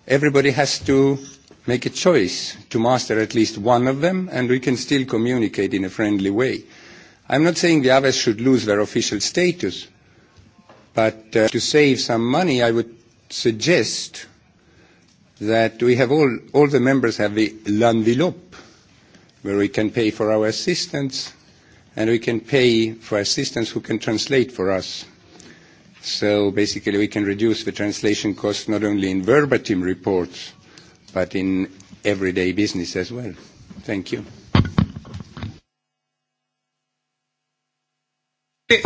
everybody has to make a choice to master at least one of them, and we can still communicate in a friendly way. I'm not saying the others should lose their official status, but uh, to save some money, I would suggest that we have all, all the members have the l'envelope, where we can pay for our assistants, and we can pay for assistants who can translate for us. So basically, we can reduce the translation cost not only in verbatim reports, but in everyday business as well. Thank you.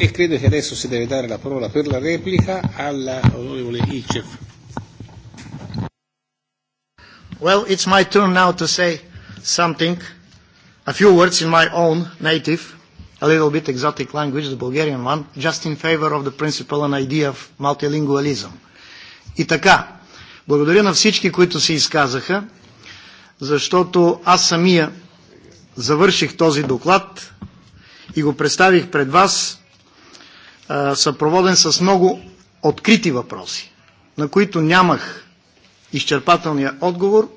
E credo che adesso si deve dare la parola per la replica all'onorevole Ilchev. Well, it's my turn now to say something, a few words in my own native, a little bit exotic language, the Bulgarian one, just in favor of the principle and idea of multilingualism. И така, благодаря на всички, които се изказаха, защото аз самия завърших този доклад и го представих пред вас, съпроводен с много открити въпроси, на които нямах изчерпателния отговор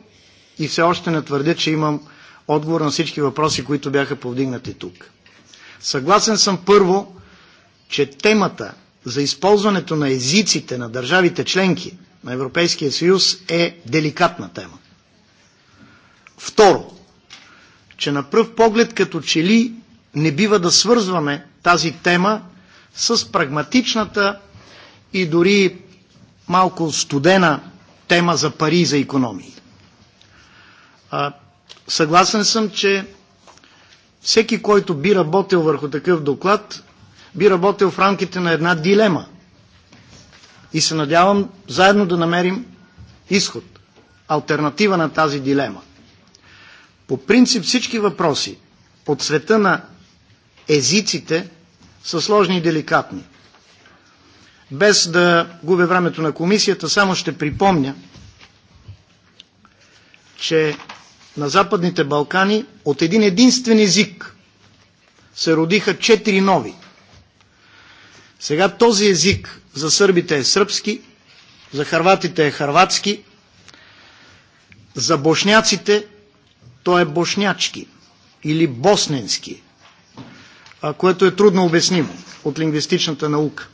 и все още не твърдя, че имам отговор на всички въпроси, които бяха повдигнати тук. Съгласен съм първо, че темата за използването на езиците на държавите членки – на Европейския съюз е деликатна тема. Второ, че на пръв поглед като че ли не бива да свързваме тази тема с прагматичната и дори малко студена тема за пари и за економии. А, съгласен съм, че всеки, който би работил върху такъв доклад, би работил в рамките на една дилема – и се надявам заедно да намерим изход, альтернатива на тази дилема. По принцип всички въпроси от света на езиците са сложни и деликатни. Без да губя времето на комисията, само ще припомня, че на Западните Балкани от един единствен език се родиха четири нови – сега този език за сърбите е сръбски, за харватите е харватски, за бошняците той е бошнячки или босненски, което е трудно обяснимо от лингвистичната наука.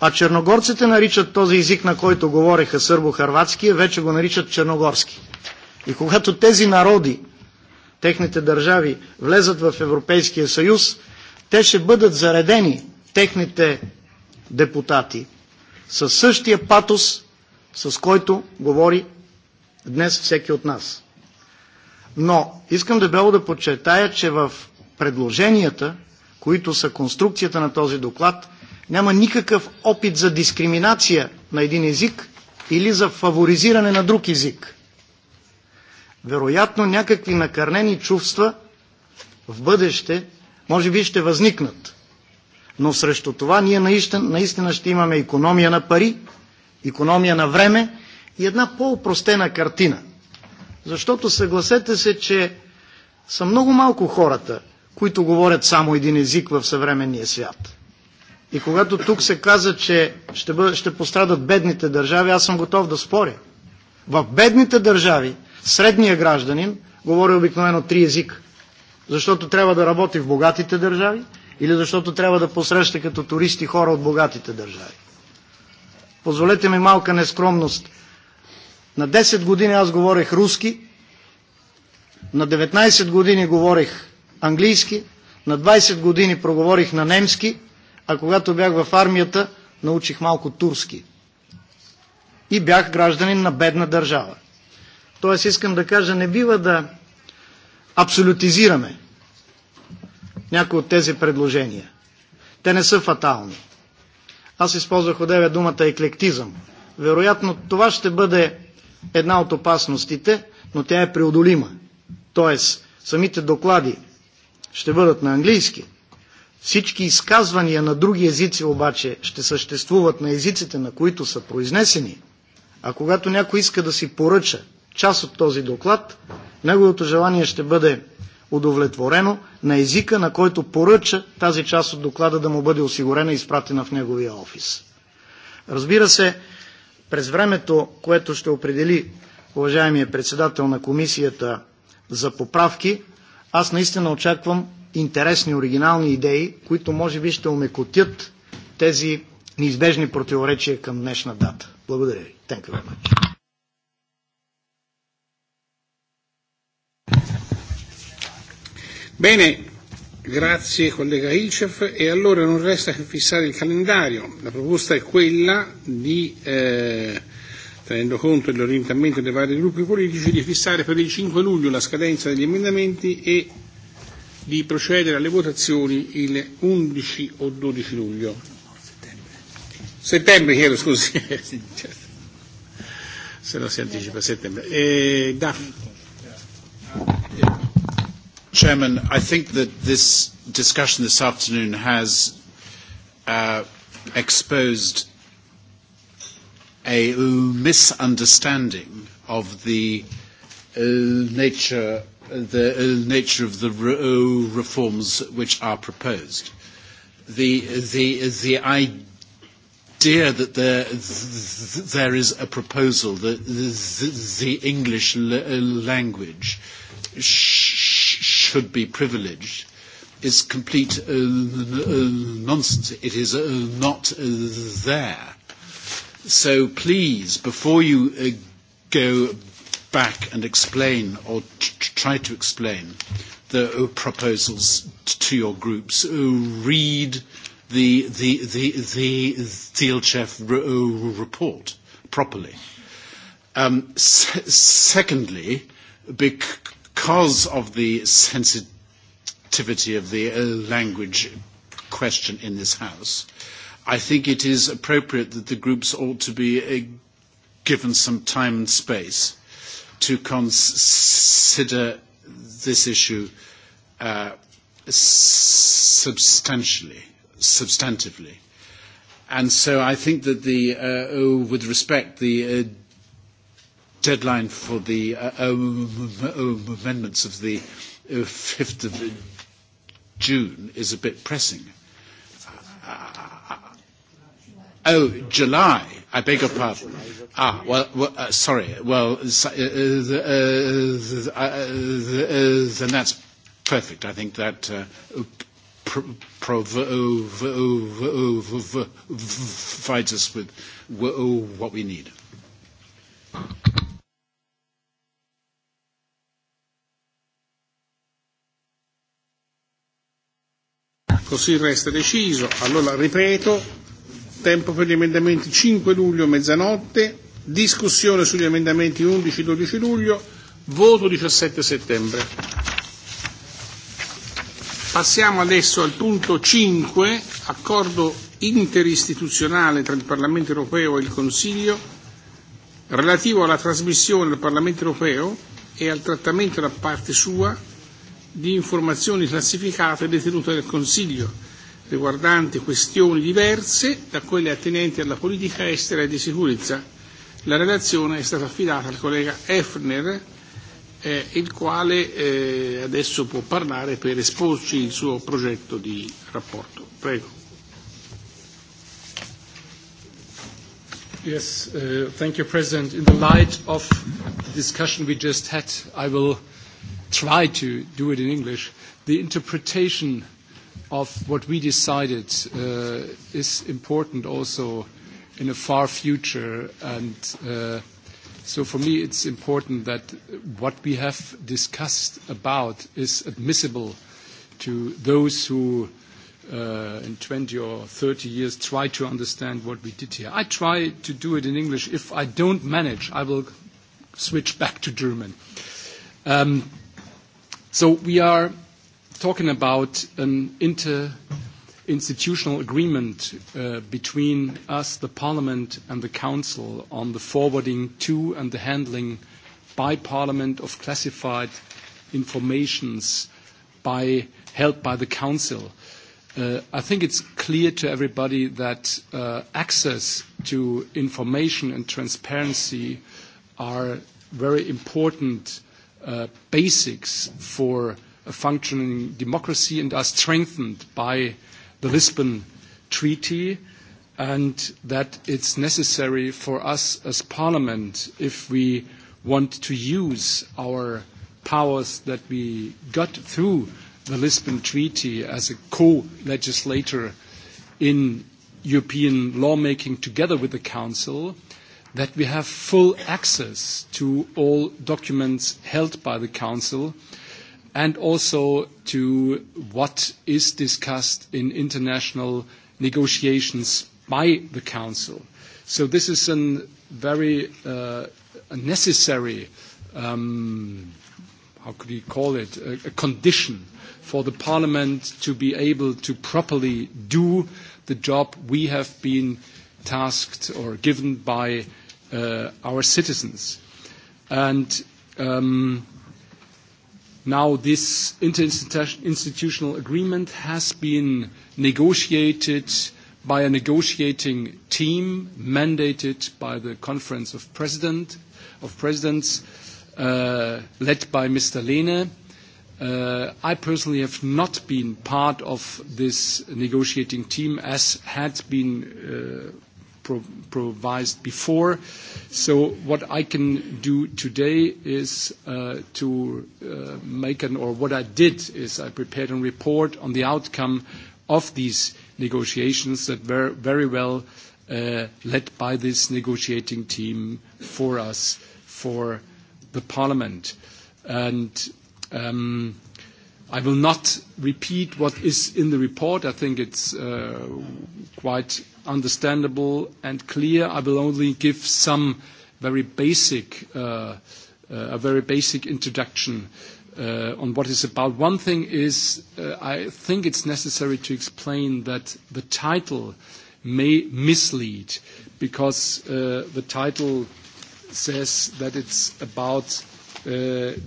А черногорците наричат този език, на който говореха сърбо-харватски, вече го наричат черногорски. И когато тези народи, техните държави, влезат в Европейския съюз, те ще бъдат заредени техните депутати със същия патос, с който говори днес всеки от нас. Но искам дебело да подчертая, че в предложенията, които са конструкцията на този доклад, няма никакъв опит за дискриминация на един език или за фаворизиране на друг език. Вероятно някакви накърнени чувства в бъдеще може би ще възникнат но срещу това ние наистина, наистина ще имаме економия на пари, економия на време и една по-упростена картина. Защото съгласете се, че са много малко хората, които говорят само един език в съвременния свят. И когато тук се каза, че ще, бъд, ще пострадат бедните държави, аз съм готов да споря. В бедните държави средния гражданин говори обикновено три езика. Защото трябва да работи в богатите държави, или защото трябва да посреща като туристи хора от богатите държави. Позволете ми малка нескромност. На 10 години аз говорех руски, на 19 години говорих английски, на 20 години проговорих на немски, а когато бях в армията, научих малко турски. И бях гражданин на бедна държава. Тоест искам да кажа, не бива да абсолютизираме някои от тези предложения. Те не са фатални. Аз използвах одеве думата еклектизъм. Вероятно това ще бъде една от опасностите, но тя е преодолима. Тоест, самите доклади ще бъдат на английски. Всички изказвания на други езици обаче ще съществуват на езиците, на които са произнесени. А когато някой иска да си поръча част от този доклад, неговото желание ще бъде удовлетворено на езика, на който поръча тази част от доклада да му бъде осигурена и изпратена в неговия офис. Разбира се, през времето, което ще определи уважаемия председател на комисията за поправки, аз наистина очаквам интересни, оригинални идеи, които може би ще омекотят тези неизбежни противоречия към днешна дата. Благодаря ви. Thank you very much. Bene, grazie collega Ilcef e allora non resta che fissare il calendario. La proposta è quella di, eh, tenendo conto dell'orientamento dei vari gruppi politici, di fissare per il 5 luglio la scadenza degli emendamenti e di procedere alle votazioni il 11 o 12 luglio. Settembre, chiedo scusi. Se no si anticipa settembre. Eh, Daff. Chairman, I think that this discussion this afternoon has uh, exposed a misunderstanding of the nature the nature of the reforms which are proposed. The, the, the idea that there, there is a proposal that the English language should be privileged is complete nonsense. It is not there. So please, before you go back and explain or try to explain the proposals to your groups, read the, the, the, the DLCHEF report properly. secondly, because because of the sensitivity of the language question in this House, I think it is appropriate that the groups ought to be given some time and space to consider this issue substantially, substantively. And so I think that the, with respect, the deadline for the amendments of the fifth of June is a bit pressing. Oh, July. I beg your pardon. Ah, well, well uh, sorry. Well, uh, uh, uh, then that's perfect. I think that uh, provides us with what we need. Così resta deciso. Allora ripeto, tempo per gli emendamenti 5 luglio mezzanotte, discussione sugli emendamenti 11-12 luglio, voto 17 settembre. Passiamo adesso al punto 5, accordo interistituzionale tra il Parlamento europeo e il Consiglio relativo alla trasmissione al Parlamento europeo e al trattamento da parte sua di informazioni classificate detenute dal Consiglio, riguardanti questioni diverse da quelle attinenti alla politica estera e di sicurezza. La relazione è stata affidata al collega Efner, eh, il quale eh, adesso può parlare per esporci il suo progetto di rapporto. Prego. Yes, uh, thank you, President. In the light of the discussion we just had, I will try to do it in English, the interpretation of what we decided is important also in a far future. And so for me, it's important that what we have discussed about is admissible to those who in 20 or 30 years try to understand what we did here. I try to do it in English. If I don't manage, I will switch back to German. Um, So we are talking about an inter-institutional agreement between us, the Parliament, and the Council on the forwarding to and the handling by Parliament of classified informations by, held by the Council. I think it's clear to everybody that access to information and transparency are very important basics for a functioning democracy and are strengthened by the Lisbon Treaty, and that it's necessary for us as Parliament, if we want to use our powers that we got through the Lisbon Treaty as a co-legislator in European lawmaking together with the Council, that we have full access to all documents held by the Council and also to what is discussed in international negotiations by the Council. So this is a very necessary, how could you call it, a condition for the Parliament to be able to properly do the job we have been tasked or given by our citizens. And now this interinstitutional agreement has been negotiated by a negotiating team mandated by the Conference of, President, of Presidents, led by Mr. Lehne. I personally have not been part of this negotiating team, as had been improvised before. So what I can do today is to make an, or what I did is I prepared a report on the outcome of these negotiations that were very well led by this negotiating team for us, for the parliament. And I will not repeat what is in the report. I think it's quite understandable and clear. I will only give some very basic, a very basic introduction on what it's about. One thing is, I think it's necessary to explain that the title may mislead because the title says that it's about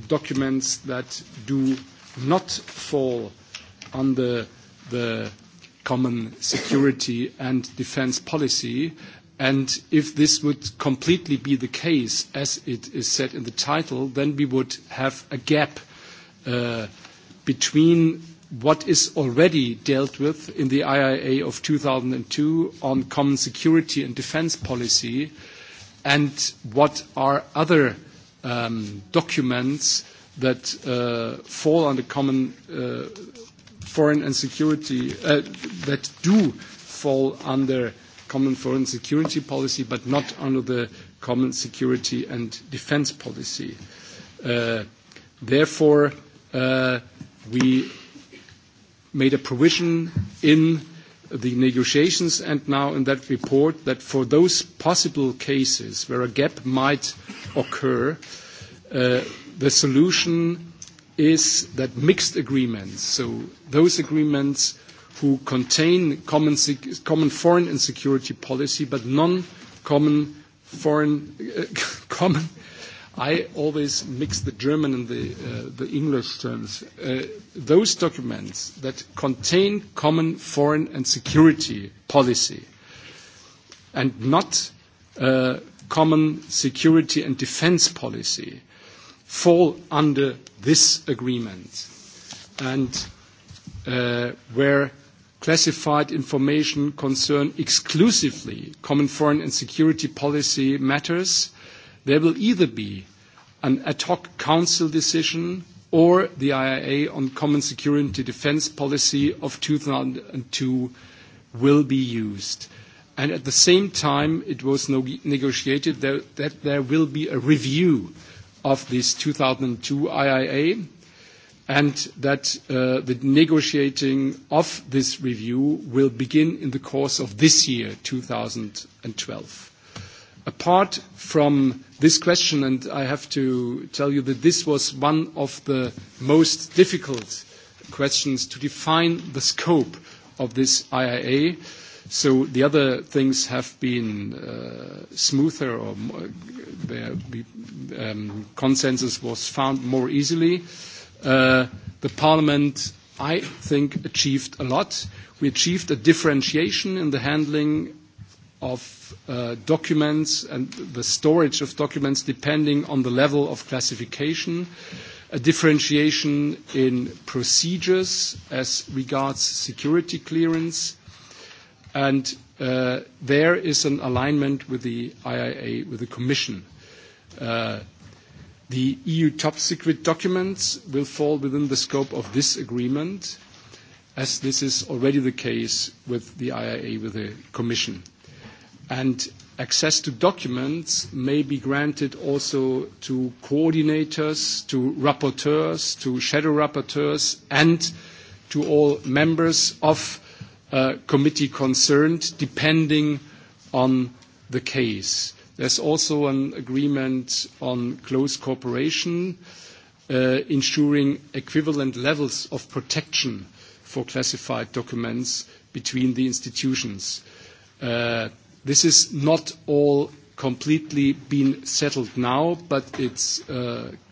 documents that do not fall under the common security and defence policy. And if this would completely be the case, as it is said in the title, then we would have a gap between what is already dealt with in the IIA of two thousand two on common security and defence policy and what are other documents that fall under common foreign and security that do fall under common foreign security policy, but not under the common security and defence policy. Therefore, we made a provision in the negotiations and now in that report that for those possible cases where a gap might occur, the solution is that mixed agreements, so those agreements who contain common, foreign and security policy, but non-common foreign common. I always mix the German and the, English terms. those documents that contain common foreign and security policy and not common security and defence policy fall under this agreement and where classified information concern exclusively common foreign and security policy matters, there will either be an ad hoc council decision or the IIA on common security defence policy of 2002 will be used. And at the same time, it was negotiated that there will be a review of this 2002 IIA, and that the negotiating of this review will begin in the course of this year, 2012. Apart from this question, and I have to tell you that this was one of the most difficult questions to define the scope of this IIA. So the other things have been smoother or where the consensus was found more easily. The parliament, I think, achieved a lot. We achieved a differentiation in the handling of documents and the storage of documents depending on the level of classification, a differentiation in procedures as regards security clearance, and there is an alignment with the IIA, with the Commission. The EU top secret documents will fall within the scope of this agreement, as this is already the case with the IIA, with the Commission. And access to documents may be granted also to coordinators, to rapporteurs, to shadow rapporteurs, and to all members of a committee concerned, depending on the case. There's also an agreement on close cooperation, ensuring equivalent levels of protection for classified documents between the institutions. This is not all completely been settled now, but it's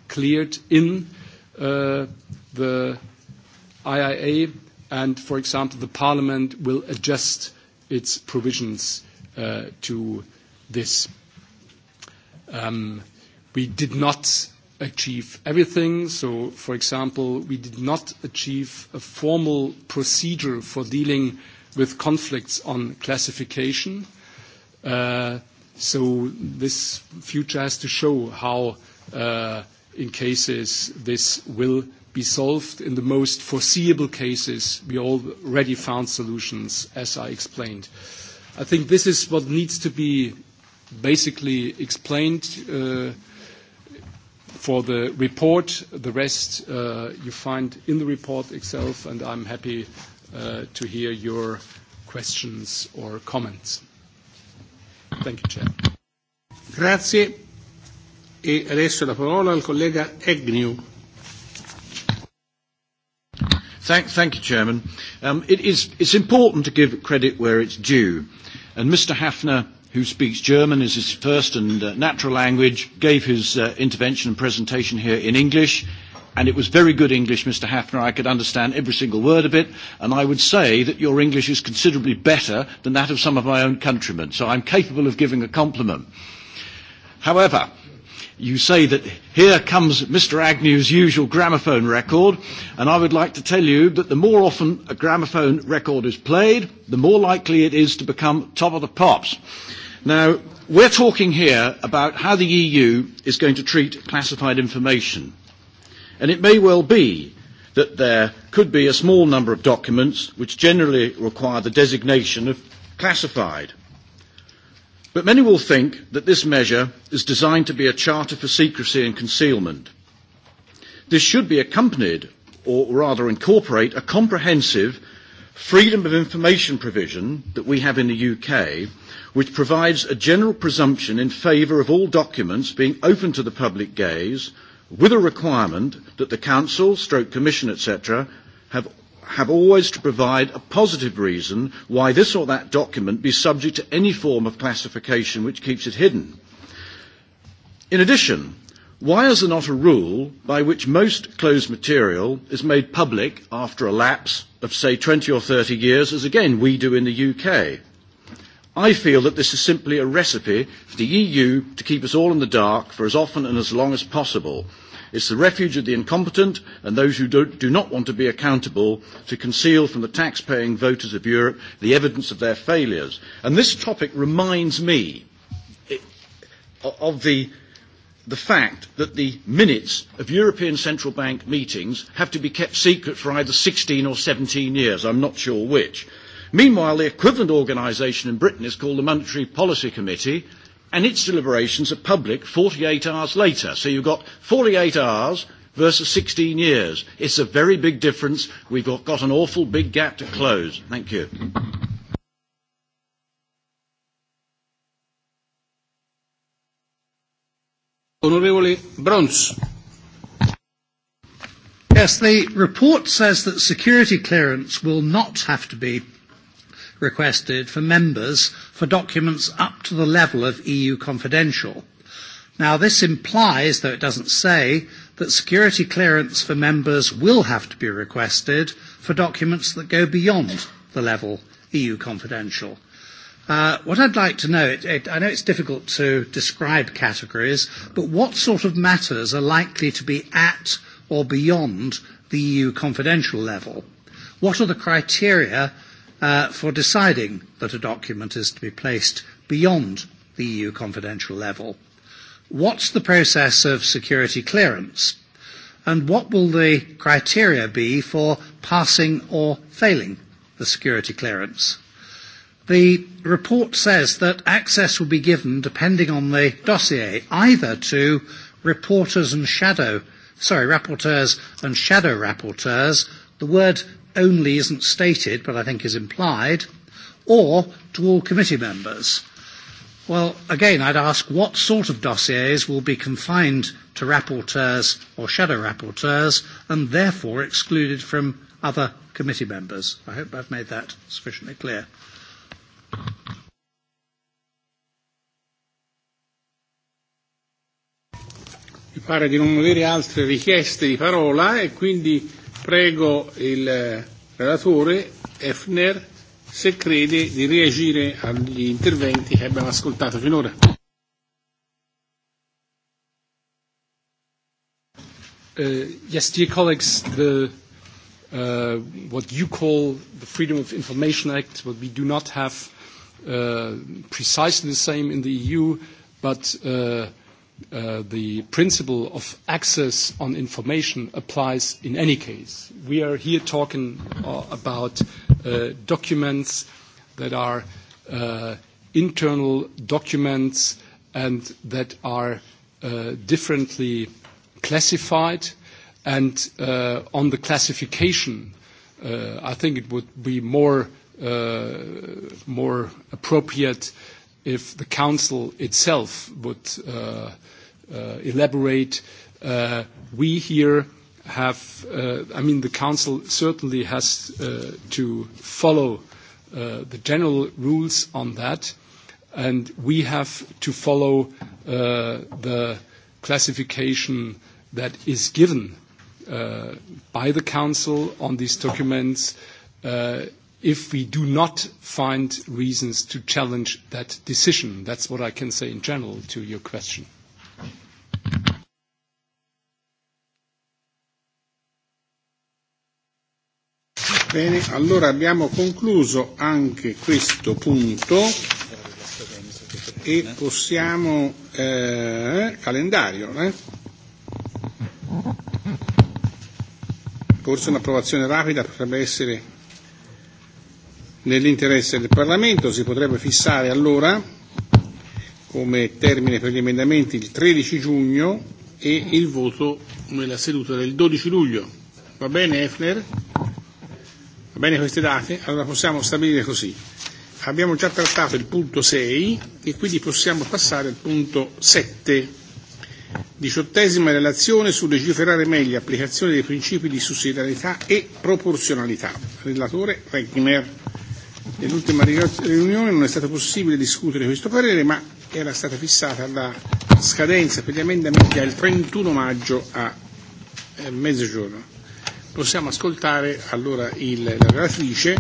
cleared in the IIA, and, for example, the parliament will adjust its provisions to this. We did not achieve everything. So, for example, we did not achieve a formal procedure for dealing with conflicts on classification. So this future has to show how, in cases, this will be solved. In the most foreseeable cases, we already found solutions, as I explained. I think this is what needs to be basically explained uh, for the report. The rest uh, you find in the report itself, and I'm happy uh, to hear your questions or comments. Thank you, Chair. Grazie. E adesso la parola al collega Agnew. Thank, thank you, Chairman. Um, it is, it's important to give credit where it's due. And Mr. Hafner who speaks German as his first and uh, natural language, gave his uh, intervention and presentation here in English. And it was very good English, Mr. Hafner. I could understand every single word of it. And I would say that your English is considerably better than that of some of my own countrymen. So I'm capable of giving a compliment. However, you say that here comes Mr. Agnew's usual gramophone record, and I would like to tell you that the more often a gramophone record is played, the more likely it is to become top of the pops. Now, we're talking here about how the EU is going to treat classified information. And it may well be that there could be a small number of documents which generally require the designation of classified. But many will think that this measure is designed to be a charter for secrecy and concealment. This should be accompanied, or rather incorporate, a comprehensive freedom of information provision that we have in the UK, which provides a general presumption in favour of all documents being open to the public gaze, with a requirement that the Council, Stroke Commission, etc., have have always to provide a positive reason why this or that document be subject to any form of classification which keeps it hidden. In addition, why is there not a rule by which most closed material is made public after a lapse of, say, 20 or 30 years, as again we do in the UK? I feel that this is simply a recipe for the EU to keep us all in the dark for as often and as long as possible, It's the refuge of the incompetent and those who do not want to be accountable to conceal from the tax-paying voters of Europe the evidence of their failures. And this topic reminds me of the the fact that the minutes of European Central Bank meetings have to be kept secret for either 16 or 17 years, I'm not sure which. Meanwhile, the equivalent organisation in Britain is called the Monetary Policy Committee, and its deliberations are public 48 hours later. So you've got 48 hours versus 16 years. It's a very big difference. We've got, got an awful big gap to close. Thank you. Honourable Bruns. Yes, the report says that security clearance will not have to be requested for members for documents up to the level of EU confidential. Now, this implies, though it doesn't say, that security clearance for members will have to be requested for documents that go beyond the level EU confidential. Uh, what I'd like to know, it, it, I know it's difficult to describe categories, but what sort of matters are likely to be at or beyond the EU confidential level? What are the criteria uh, for deciding that a document is to be placed beyond the EU confidential level? What's the process of security clearance? And what will the criteria be for passing or failing the security clearance? The report says that access will be given, depending on the dossier, either to reporters and shadow, sorry, rapporteurs and shadow rapporteurs. The word only isn't stated, but I think is implied, or to all committee members. Well, again, I'd ask what sort of dossiers will be confined to rapporteurs or shadow rapporteurs and therefore excluded from other committee members. I hope I've made that sufficiently clear. Mi pare di non avere altre richieste di parola e quindi Prego il relatore Efner se crede di reagire agli interventi che abbiamo ascoltato finora. Uh, yes, dear colleagues, the, uh, what you call the Freedom of Information Act, what we do not have uh, precisely the same in the EU, but uh, the principle of access on information applies in any case. We are here talking about documents that are internal documents and that are differently classified. And on the classification, I think it would be more appropriate if the council itself would elaborate. We here have, I mean, the council certainly has to follow the general rules on that, and we have to follow the classification that is given by the council on these documents if we do not find reasons to challenge that decision. That's what I can say in general to your question. Bene, allora abbiamo concluso anche questo punto e possiamo eh, calendario. Eh? Forse un'approvazione rapida potrebbe essere nell'interesse del Parlamento, si potrebbe fissare allora come termine per gli emendamenti il 13 giugno e il voto nella seduta del 12 luglio. Va bene Efner? Bene queste date? Allora possiamo stabilire così. Abbiamo già trattato il punto 6 e quindi possiamo passare al punto 7. Diciottesima relazione su legiferare meglio applicazione dei principi di sussidiarietà e proporzionalità. Relatore Regner. Nell'ultima riunione non è stato possibile discutere questo parere, ma era stata fissata la scadenza per gli emendamenti al 31 maggio a mezzogiorno. Possiamo ascoltare allora il, la relatrice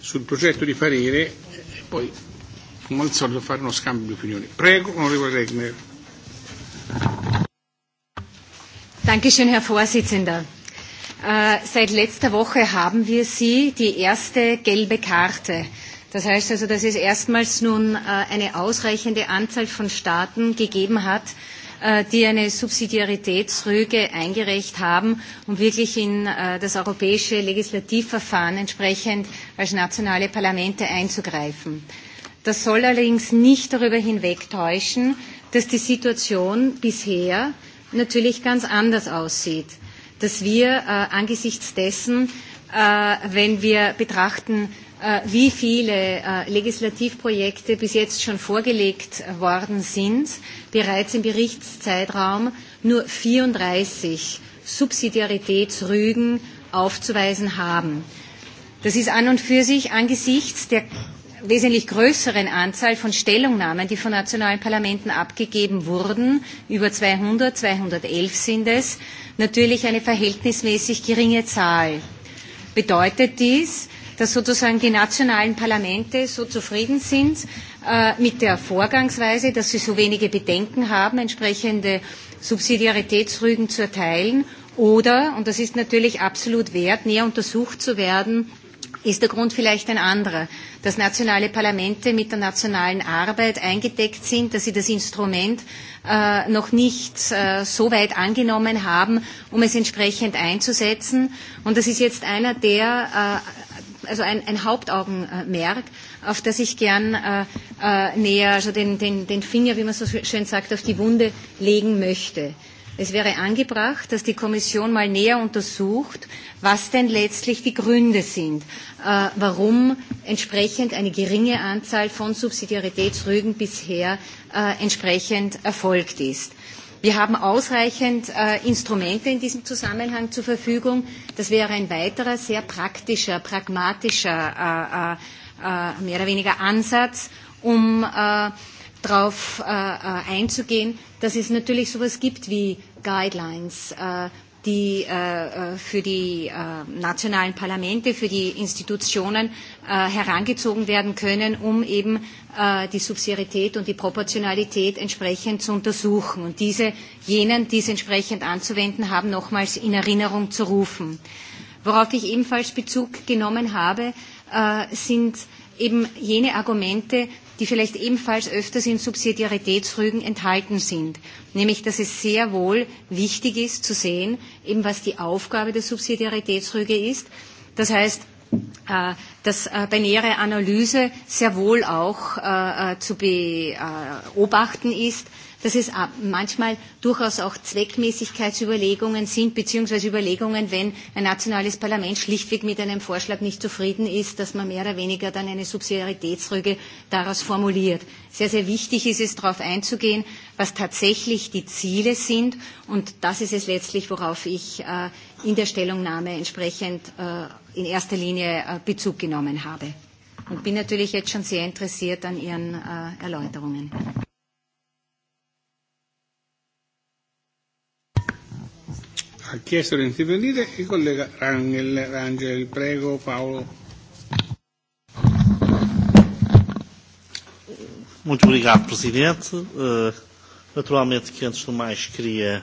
sul progetto di parere e poi, come al solito, fare uno scambio di opinioni. Prego, onorevole Regner. Dankeschön, Herr Vorsitzender. Seit letzter Woche haben wir Sie die erste gelbe Karte. Das heißt also, dass es erstmals nun eine ausreichende Anzahl von Staaten gegeben hat, die eine Subsidiaritätsrüge eingereicht haben, um wirklich in das europäische Legislativverfahren entsprechend als nationale Parlamente einzugreifen. Das soll allerdings nicht darüber hinwegtäuschen, dass die Situation bisher natürlich ganz anders aussieht, dass wir angesichts dessen, wenn wir betrachten, wie viele Legislativprojekte bis jetzt schon vorgelegt worden sind. Bereits im Berichtszeitraum nur 34 Subsidiaritätsrügen aufzuweisen haben. Das ist an und für sich angesichts der wesentlich größeren Anzahl von Stellungnahmen, die von nationalen Parlamenten abgegeben wurden, über 200, 211 sind es, natürlich eine verhältnismäßig geringe Zahl. Bedeutet dies, dass sozusagen die nationalen Parlamente so zufrieden sind mit der Vorgangsweise, dass sie so wenige Bedenken haben, entsprechende Subsidiaritätsrügen zu erteilen. Oder, und das ist natürlich absolut wert, näher untersucht zu werden, ist der Grund vielleicht ein anderer, dass nationale Parlamente mit der nationalen Arbeit eingedeckt sind, dass sie das Instrument noch nicht so weit angenommen haben, um es entsprechend einzusetzen. Und das ist jetzt einer der also ein, ein Hauptaugenmerk, auf das ich gern äh, äh, näher, also den, den, den Finger, wie man so schön sagt, auf die Wunde legen möchte. Es wäre angebracht, dass die Kommission mal näher untersucht, was denn letztlich die Gründe sind, äh, warum entsprechend eine geringe Anzahl von Subsidiaritätsrügen bisher äh, entsprechend erfolgt ist. Wir haben ausreichend Instrumente in diesem Zusammenhang zur Verfügung. Das wäre ein weiterer sehr praktischer, pragmatischer, mehr oder weniger Ansatz, um darauf einzugehen, dass es natürlich so etwas gibt wie Guidelines, die äh, für die äh, nationalen Parlamente, für die Institutionen äh, herangezogen werden können, um eben äh, die Subsidiarität und die Proportionalität entsprechend zu untersuchen und diese, jenen, die es entsprechend anzuwenden haben, nochmals in Erinnerung zu rufen. Worauf ich ebenfalls Bezug genommen habe, äh, sind eben jene Argumente, die vielleicht ebenfalls öfters in Subsidiaritätsrügen enthalten sind, nämlich dass es sehr wohl wichtig ist zu sehen, eben was die Aufgabe der Subsidiaritätsrüge ist. Das heißt, dass bei näherer Analyse sehr wohl auch zu beobachten ist, dass es manchmal durchaus auch Zweckmäßigkeitsüberlegungen sind, beziehungsweise Überlegungen, wenn ein nationales Parlament schlichtweg mit einem Vorschlag nicht zufrieden ist, dass man mehr oder weniger dann eine Subsidiaritätsrüge daraus formuliert. Sehr, sehr wichtig ist es, darauf einzugehen, was tatsächlich die Ziele sind. Und das ist es letztlich, worauf ich in der Stellungnahme entsprechend in erster Linie Bezug genommen habe. Und bin natürlich jetzt schon sehr interessiert an Ihren Erläuterungen. ha chiesto di intervenire il collega Rangel. Rangel, prego Paolo. Muito obrigado, Presidente. Uh, naturalmente que antes de mais queria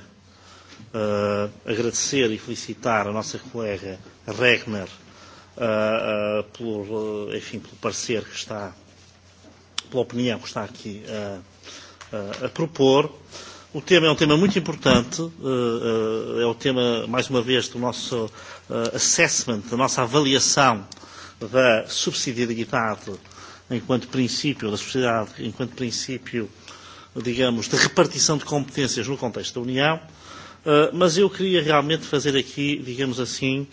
uh, agradecer e felicitar a nossa colega Regner uh, uh, pelo, uh, enfim, pelo parecer que está, pela opinião que está aqui uh, uh, a propor. Uh, O tema é um tema muito importante, é o tema, mais uma vez, do nosso assessment, da nossa avaliação da subsidiariedade enquanto princípio da sociedade, enquanto princípio, digamos, de repartição de competências no contexto da União, mas eu queria realmente fazer aqui, digamos assim,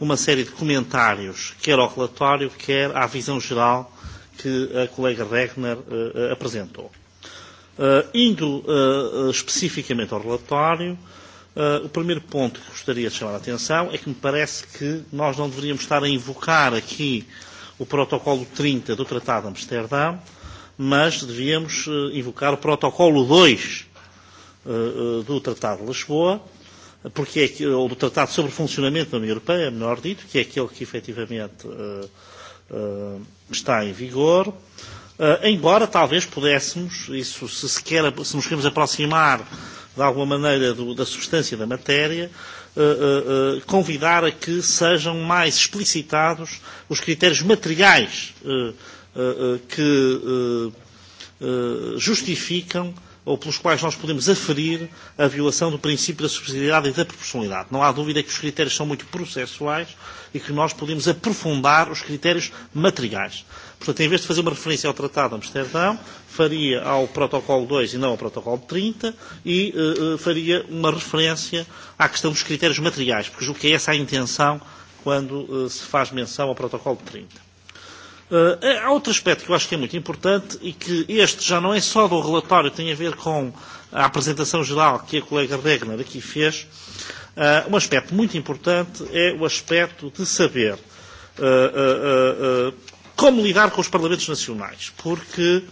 uma série de comentários, quer ao relatório, quer à visão geral que a colega Regner apresentou. Uh, indo uh, uh, especificamente ao relatório, uh, o primeiro ponto que gostaria de chamar a atenção é que me parece que nós não deveríamos estar a invocar aqui o protocolo 30 do Tratado de Amsterdão, mas devíamos uh, invocar o protocolo 2 uh, uh, do Tratado de Lisboa, porque é que, ou do Tratado sobre o Funcionamento da União Europeia, melhor dito, que é aquele que efetivamente uh, uh, está em vigor. Uh, Uh, embora talvez pudéssemos, isso se, sequer, se nos queremos aproximar de alguma maneira do, da substância da matéria, uh, uh, uh, convidar a que sejam mais explicitados os critérios materiais uh, uh, uh, que uh, uh, justificam ou pelos quais nós podemos aferir a violação do princípio da subsidiariedade e da proporcionalidade. Não há dúvida que os critérios são muito processuais e que nós podemos aprofundar os critérios materiais. Portanto, em vez de fazer uma referência ao Tratado de Amsterdão, faria ao Protocolo 2 e não ao Protocolo 30 e uh, faria uma referência à questão dos critérios materiais, porque julgo que é essa a intenção quando uh, se faz menção ao Protocolo 30. Há outro aspecto que eu acho que é muito importante e que este já não é só do relatório, tem a ver com a apresentação geral que a colega Regner aqui fez. Um aspecto muito importante é o aspecto de saber como lidar com os parlamentos nacionais, porque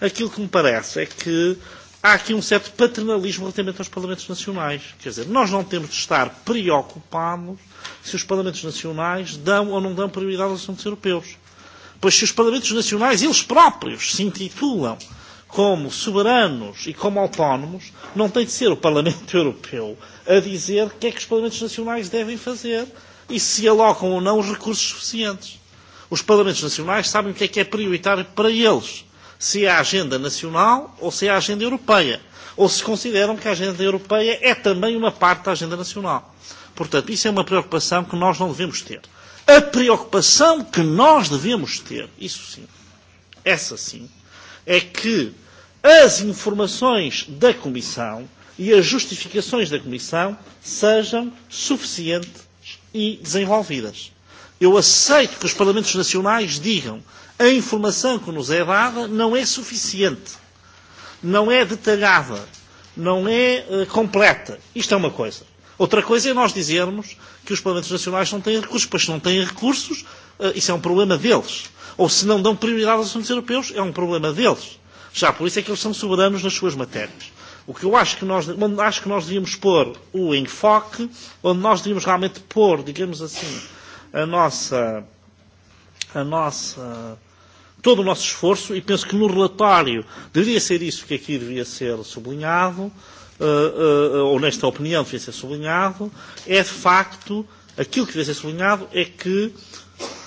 aquilo que me parece é que há aqui um certo paternalismo relativamente aos parlamentos nacionais. Quer dizer, nós não temos de estar preocupados se os parlamentos nacionais dão ou não dão prioridade aos assuntos europeus pois se os Parlamentos Nacionais, eles próprios, se intitulam como soberanos e como autónomos, não tem de ser o Parlamento Europeu a dizer o que é que os Parlamentos Nacionais devem fazer e se alocam ou não os recursos suficientes. Os Parlamentos Nacionais sabem o que é que é prioritário para eles, se é a agenda nacional ou se é a agenda europeia, ou se consideram que a agenda europeia é também uma parte da agenda nacional. Portanto, isso é uma preocupação que nós não devemos ter. A preocupação que nós devemos ter, isso sim, essa sim, é que as informações da Comissão e as justificações da Comissão sejam suficientes e desenvolvidas. Eu aceito que os Parlamentos Nacionais digam a informação que nos é dada não é suficiente, não é detalhada, não é uh, completa. Isto é uma coisa. Outra coisa é nós dizermos que os Parlamentos Nacionais não têm recursos. Pois se não têm recursos, isso é um problema deles. Ou se não dão prioridade aos assuntos europeus, é um problema deles. Já por isso é que eles são soberanos nas suas matérias. O que eu acho que nós, acho que nós devíamos pôr o enfoque, onde nós devíamos realmente pôr, digamos assim, a nossa, a nossa, todo o nosso esforço, e penso que no relatório deveria ser isso que aqui devia ser sublinhado, ou nesta opinião devia ser sublinhado, é de facto, aquilo que devia ser sublinhado é que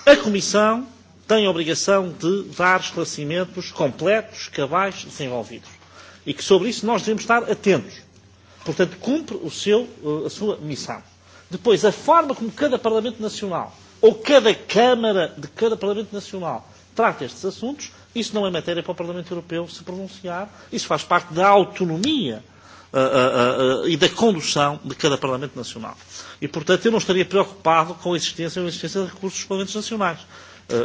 a Comissão tem a obrigação de dar esclarecimentos completos, cabais, desenvolvidos. E que sobre isso nós devemos estar atentos. Portanto, cumpre o seu, a sua missão. Depois, a forma como cada Parlamento Nacional ou cada Câmara de cada Parlamento Nacional trata estes assuntos, isso não é matéria para o Parlamento Europeu se pronunciar, isso faz parte da autonomia e da condução de cada Parlamento Nacional. E, portanto, eu não estaria preocupado com a existência ou a existência de recursos dos Parlamentos Nacionais.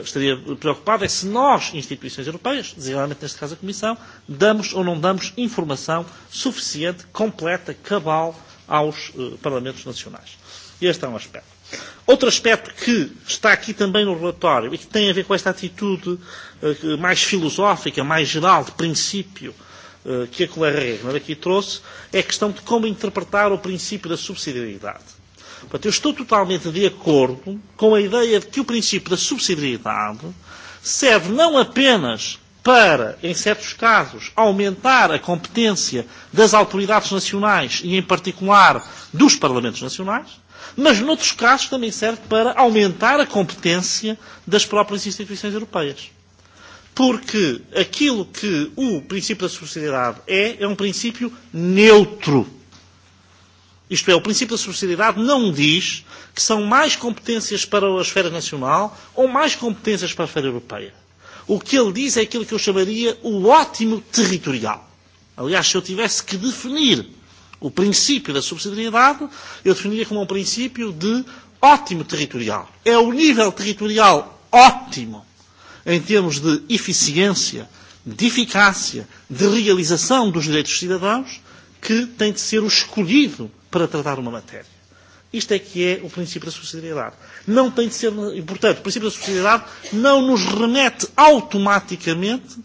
estaria preocupado é se nós, instituições europeias, designadamente neste caso a Comissão, damos ou não damos informação suficiente, completa, cabal aos Parlamentos Nacionais. Este é um aspecto. Outro aspecto que está aqui também no relatório e que tem a ver com esta atitude mais filosófica, mais geral, de princípio, uh, que a colega Regner aqui trouxe, é a questão de como interpretar o princípio da subsidiariedade. Portanto, eu estou totalmente de acordo com a ideia de que o princípio da subsidiariedade serve não apenas para, em certos casos, aumentar a competência das autoridades nacionais e, em particular, dos parlamentos nacionais, mas, noutros casos, também serve para aumentar a competência das próprias instituições europeias porque aquilo que o princípio da subsidiariedade é, é um princípio neutro. Isto é, o princípio da subsidiariedade não diz que são mais competências para a esfera nacional ou mais competências para a esfera europeia. O que ele diz é aquilo que eu chamaria o ótimo territorial. Aliás, se eu tivesse que definir o princípio da subsidiariedade, eu definiria como um princípio de ótimo territorial. É o nível territorial ótimo em termos de eficiência, de eficácia, de realização dos direitos dos cidadãos, que tem de ser o escolhido para tratar uma matéria. Isto é que é o princípio da subsidiariedade. Não tem de ser, e portanto, o princípio da subsidiariedade não nos remete automaticamente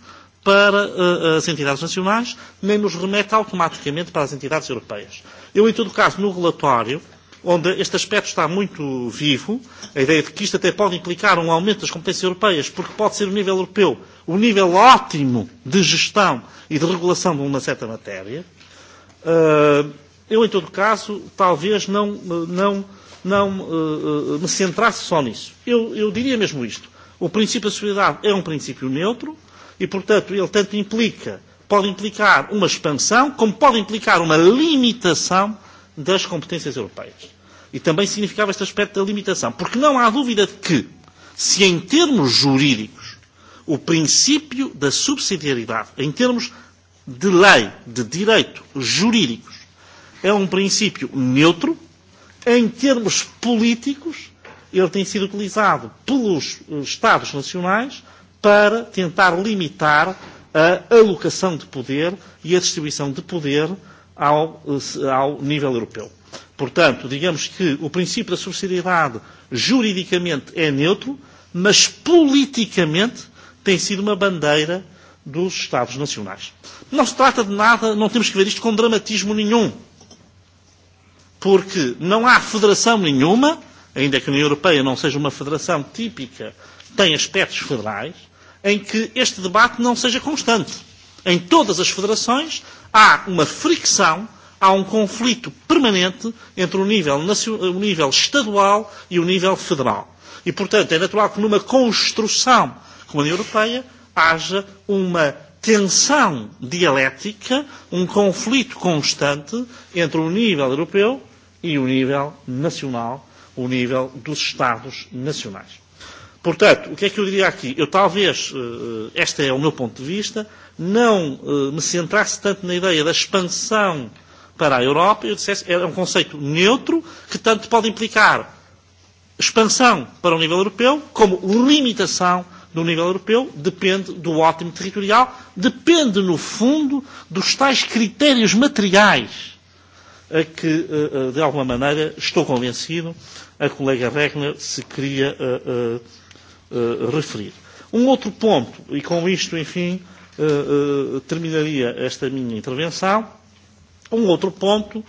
para uh, as entidades nacionais, nem nos remete automaticamente para as entidades europeias. Eu, em todo caso, no relatório, onde este aspecto está muito vivo, a ideia de que isto até pode implicar um aumento das competências europeias, porque pode ser o nível europeu o nível ótimo de gestão e de regulação de uma certa matéria. Eu, em todo caso, talvez não, não, não me centrasse só nisso. Eu, eu diria mesmo isto. O princípio da sociedade é um princípio neutro e, portanto, ele tanto implica, pode implicar uma expansão, como pode implicar uma limitação das competências europeias. E também significava este aspecto da limitação. Porque não há dúvida de que, se em termos jurídicos, o princípio da subsidiariedade, em termos de lei, de direito jurídicos, é um princípio neutro, em termos políticos, ele tem sido utilizado pelos Estados nacionais para tentar limitar a alocação de poder e a distribuição de poder ao, ao nível europeu. Portanto, digamos que o princípio da subsidiariedade juridicamente é neutro, mas politicamente tem sido uma bandeira dos Estados Nacionais. Não se trata de nada, não temos que ver isto com dramatismo nenhum, porque não há federação nenhuma, ainda que a União Europeia não seja uma federação típica, tem aspectos federais, em que este debate não seja constante. Em todas as federações há uma fricção, há um conflito permanente entre o nível, o nível estadual e o nível federal. E, portanto, é natural que numa construção com a União Europeia haja uma tensão dialética, um conflito constante entre o nível europeu e o nível nacional, o nível dos Estados nacionais. Portanto, o que é que eu diria aqui? Eu talvez, este é o meu ponto de vista, não me centrasse tanto na ideia da expansão para a Europa, eu dissesse é um conceito neutro que tanto pode implicar expansão para o nível europeu como limitação do nível europeu, depende do ótimo territorial, depende, no fundo, dos tais critérios materiais a que, de alguma maneira, estou convencido, a colega Regner se queria referir. Um outro ponto, e com isto, enfim, uh, uh, terminaria esta minha intervenção, um outro ponto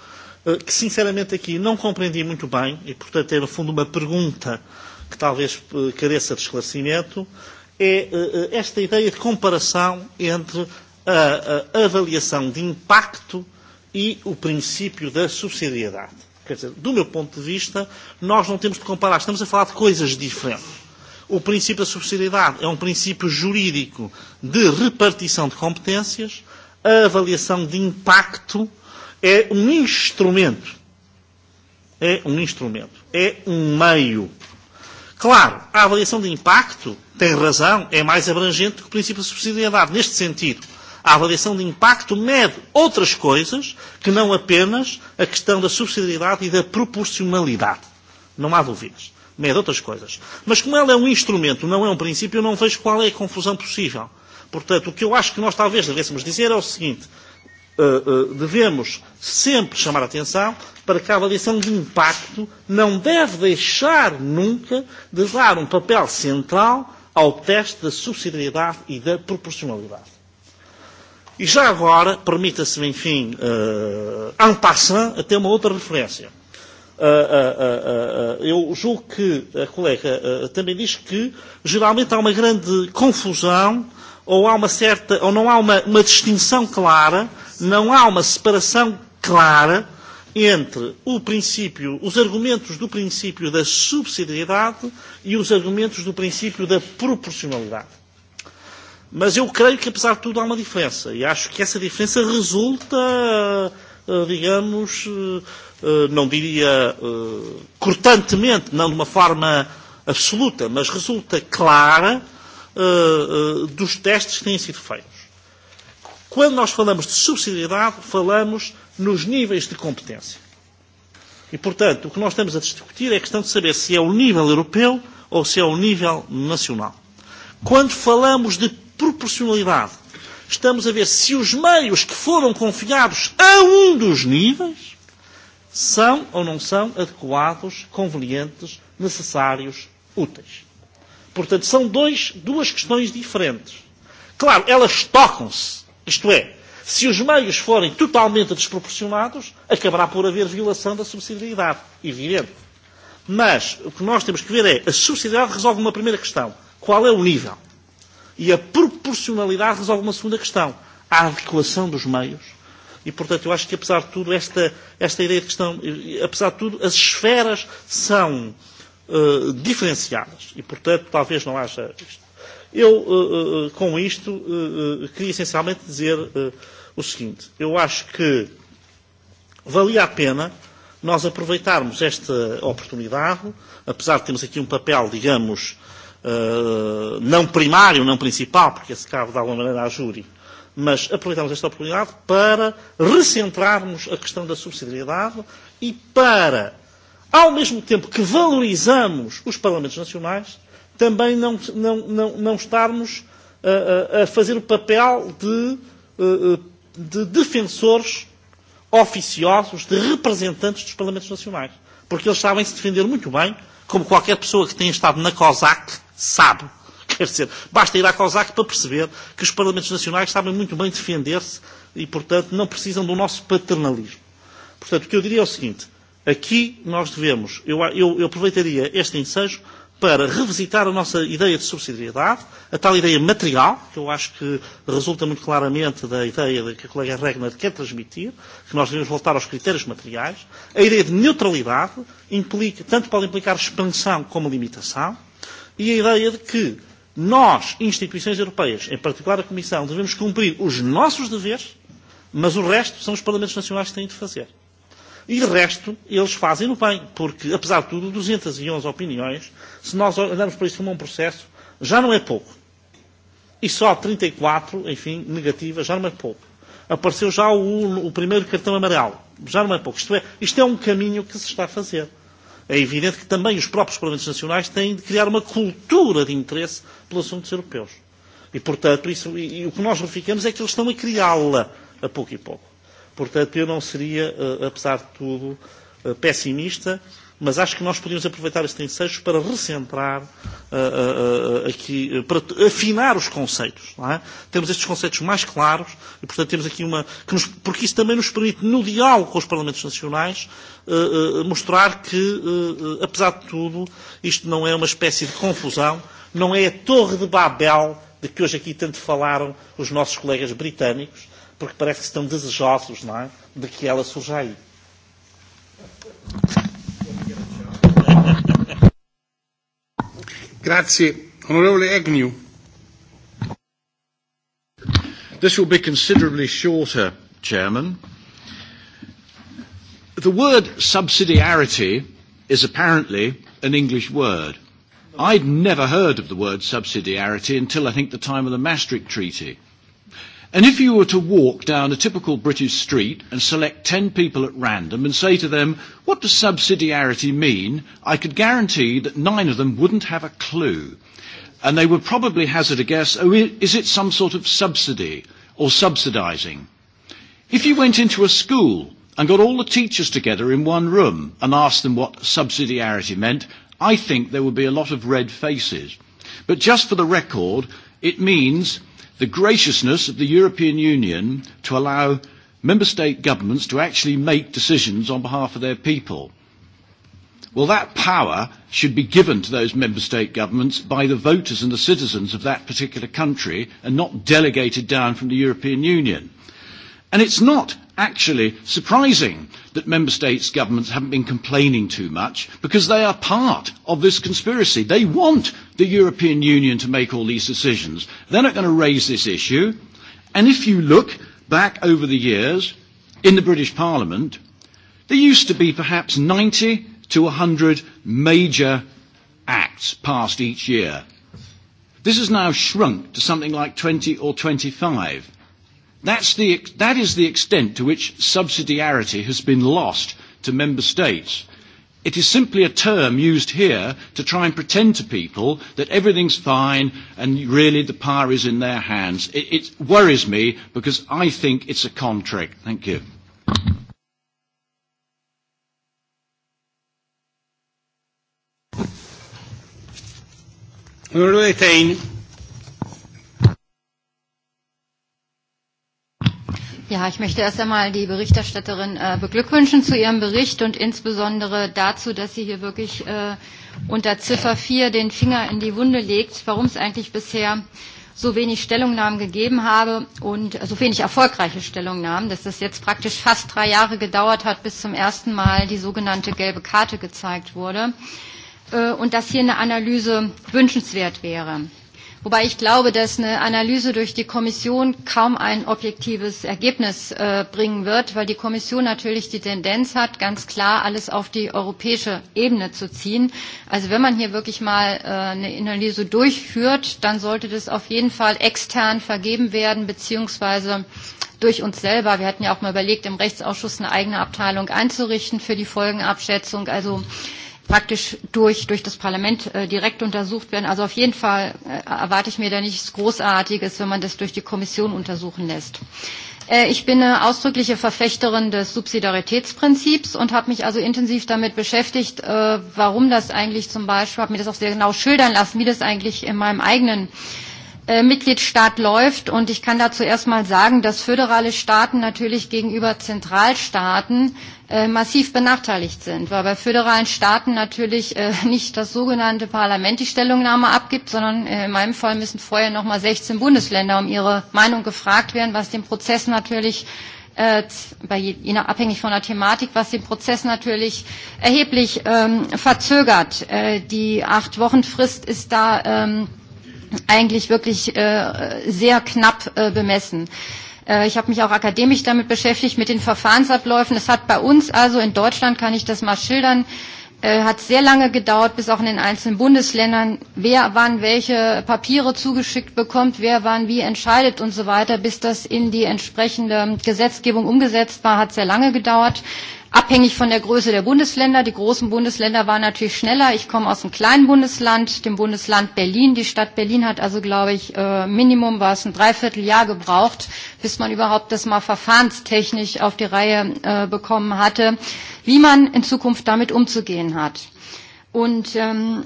uh, que, sinceramente, aqui não compreendi muito bem, e, portanto, é, no fundo, uma pergunta que talvez uh, careça de esclarecimento, é uh, esta ideia de comparação entre a, a avaliação de impacto e o princípio da subsidiariedade. Quer dizer, do meu ponto de vista, nós não temos de comparar, estamos a falar de coisas diferentes. O princípio da subsidiariedade é um princípio jurídico de repartição de competências. A avaliação de impacto é um instrumento. É um instrumento. É um meio. Claro, a avaliação de impacto, tem razão, é mais abrangente que o princípio da subsidiariedade. Neste sentido, a avaliação de impacto mede outras coisas que não apenas a questão da subsidiariedade e da proporcionalidade. Não há dúvidas mede outras coisas. Mas como ela é um instrumento, não é um princípio, eu não vejo qual é a confusão possível. Portanto, o que eu acho que nós talvez devêssemos dizer é o seguinte: uh, uh, devemos sempre chamar a atenção para que a avaliação de impacto não deve deixar nunca de dar um papel central ao teste da subsidiariedade e da proporcionalidade. E já agora, permita-se, enfim, uh, en passant, até uma outra referência eu julgo que a colega também diz que geralmente há uma grande confusão ou há uma certa ou não há uma, uma distinção clara, não há uma separação clara entre o princípio, os argumentos do princípio da subsidiariedade e os argumentos do princípio da proporcionalidade. Mas eu creio que, apesar de tudo, há uma diferença. E acho que essa diferença resulta, digamos, não diria cortantemente, não de uma forma absoluta, mas resulta clara dos testes que têm sido feitos. Quando nós falamos de subsidiariedade, falamos nos níveis de competência. E, portanto, o que nós estamos a discutir é a questão de saber se é o nível europeu ou se é o nível nacional. Quando falamos de proporcionalidade, estamos a ver se os meios que foram confiados a um dos níveis são ou não são adequados, convenientes, necessários, úteis. Portanto, são dois, duas questões diferentes. Claro, elas tocam-se. Isto é, se os meios forem totalmente desproporcionados, acabará por haver violação da subsidiariedade. Evidente. Mas o que nós temos que ver é a subsidiariedade resolve uma primeira questão. Qual é o nível? E a proporcionalidade resolve uma segunda questão. A adequação dos meios E, portanto, eu acho que, apesar de tudo, esta, esta ideia de questão, apesar de tudo, as esferas são uh, diferenciadas. E, portanto, talvez não haja isto. Eu, uh, uh, com isto, uh, uh, queria essencialmente dizer uh, o seguinte. Eu acho que valia a pena nós aproveitarmos esta oportunidade, apesar de termos aqui um papel, digamos, uh, não primário, não principal, porque esse cabo de alguma maneira à júri, uh, mas aproveitamos esta oportunidade para recentrarmos a questão da subsidiariedade e para, ao mesmo tempo que valorizamos os Parlamentos Nacionais, também não, não, não, não estarmos a, a fazer o papel de, de defensores oficiosos, de representantes dos Parlamentos Nacionais. Porque eles sabem se defender muito bem, como qualquer pessoa que tenha estado na COSAC sabe Quer dizer, basta ir à COSAC para perceber que os Parlamentos Nacionais sabem muito bem defender-se e, portanto, não precisam do nosso paternalismo. Portanto, o que eu diria é o seguinte: aqui nós devemos, eu, eu, eu aproveitaria este ensejo para revisitar a nossa ideia de subsidiariedade, a tal ideia material, que eu acho que resulta muito claramente da ideia que a colega Regner quer transmitir, que nós devemos voltar aos critérios materiais. A ideia de neutralidade implica, tanto pode implicar expansão como limitação, e a ideia de que Nós, instituições europeias, em particular a Comissão, devemos cumprir os nossos deveres, mas o resto são os Parlamentos Nacionais que têm de fazer. E o resto eles fazem no bem, porque, apesar de tudo, 211 opiniões, se nós olharmos para isso como um processo, já não é pouco. E só 34, enfim, negativas, já não é pouco. Apareceu já o, o primeiro cartão amarelo, já não é pouco. Isto é, isto é um caminho que se está a fazer é evidente que também os próprios Parlamentos Nacionais têm de criar uma cultura de interesse pelos assuntos europeus. E, portanto, isso, e, e o que nós verificamos é que eles estão a criá-la a pouco e pouco. Portanto, eu não seria, apesar de tudo, pessimista mas acho que nós podíamos aproveitar este ensejo para recentrar uh, uh, aqui, para afinar os conceitos. Não é? Temos estes conceitos mais claros e, portanto, temos aqui uma. Que nos, porque isso também nos permite, no diálogo com os Parlamentos Nacionais, uh, uh, mostrar que, uh, uh, apesar de tudo, isto não é uma espécie de confusão, não é a Torre de Babel de que hoje aqui tanto falaram os nossos colegas britânicos, porque parece que estão desejosos não é? de que ela surja aí. Grazie. Onorevole Agnew. This will be considerably shorter, Chairman. The word subsidiarity is apparently an English word. I'd never heard of the word subsidiarity until I think the time of the Maastricht Treaty. And if you were to walk down a typical British street and select 10 people at random and say to them, what does subsidiarity mean? I could guarantee that nine of them wouldn't have a clue. And they would probably hazard a guess, oh, is it some sort of subsidy or subsidising? If you went into a school and got all the teachers together in one room and asked them what subsidiarity meant, I think there would be a lot of red faces. But just for the record, it means the graciousness of the European Union to allow member state governments to actually make decisions on behalf of their people. Well, that power should be given to those member state governments by the voters and the citizens of that particular country and not delegated down from the European Union. And it's not actually surprising that member states' governments haven't been complaining too much because they are part of this conspiracy. They want the European Union to make all these decisions. They're not going to raise this issue. And if you look back over the years in the British Parliament, there used to be perhaps 90 to 100 major acts passed each year. This has now shrunk to something like 20 or 25. That's the, that is the extent to which subsidiarity has been lost to member states. It is simply a term used here to try and pretend to people that everything's fine and really the power is in their hands. It, it worries me because I think it's a contract. Thank you. Honourable Ja, ich möchte erst einmal die Berichterstatterin äh, beglückwünschen zu ihrem Bericht und insbesondere dazu, dass sie hier wirklich äh, unter Ziffer 4 den Finger in die Wunde legt, warum es eigentlich bisher so wenig Stellungnahmen gegeben habe und so wenig erfolgreiche Stellungnahmen, dass das jetzt praktisch fast drei Jahre gedauert hat, bis zum ersten Mal die sogenannte gelbe Karte gezeigt wurde und dass hier eine Analyse wünschenswert wäre. Wobei ich glaube, dass eine Analyse durch die Kommission kaum ein objektives Ergebnis bringen wird, weil die Kommission natürlich die Tendenz hat, ganz klar alles auf die europäische Ebene zu ziehen. Also wenn man hier wirklich mal eine Analyse durchführt, dann sollte das auf jeden Fall extern vergeben werden, beziehungsweise durch uns selber. Wir hatten ja auch mal überlegt, im Rechtsausschuss eine eigene Abteilung einzurichten für die Folgenabschätzung. Also praktisch durch, durch das Parlament äh, direkt untersucht werden. Also auf jeden Fall äh, erwarte ich mir da nichts Großartiges, wenn man das durch die Kommission untersuchen lässt. Ich bin eine ausdrückliche Verfechterin des Subsidiaritätsprinzips und habe mich also intensiv damit beschäftigt, warum das eigentlich zum Beispiel, habe mir das auch sehr genau schildern lassen, wie das eigentlich in meinem eigenen äh, Mitgliedstaat läuft. Und ich kann dazu erst mal sagen, dass föderale Staaten natürlich gegenüber Zentralstaaten massiv benachteiligt sind, weil bei föderalen Staaten natürlich nicht das sogenannte Parlament die Stellungnahme abgibt, sondern in meinem Fall müssen vorher noch mal 16 Bundesländer um ihre Meinung gefragt werden, was den Prozess natürlich bei, je nach, abhängig von der Thematik, was den Prozess natürlich erheblich ähm, verzögert. Äh, die Acht-Wochen-Frist ist da ähm, eigentlich wirklich äh, sehr knapp äh, bemessen. Ich habe mich auch akademisch damit beschäftigt, mit den Verfahrensabläufen. Es hat bei uns also in Deutschland, kann ich das mal schildern, hat sehr lange gedauert, bis auch in den einzelnen Bundesländern, wer wann welche Papiere zugeschickt bekommt, wer wann wie entscheidet und so weiter, bis das in die entsprechende Gesetzgebung umgesetzt war, hat sehr lange gedauert abhängig von der Größe der Bundesländer. Die großen Bundesländer waren natürlich schneller. Ich komme aus einem kleinen Bundesland, dem Bundesland Berlin. Die Stadt Berlin hat also, glaube ich, äh, Minimum war es ein Dreivierteljahr gebraucht, bis man überhaupt das mal verfahrenstechnisch auf die Reihe äh, bekommen hatte, wie man in Zukunft damit umzugehen hat. Und ähm,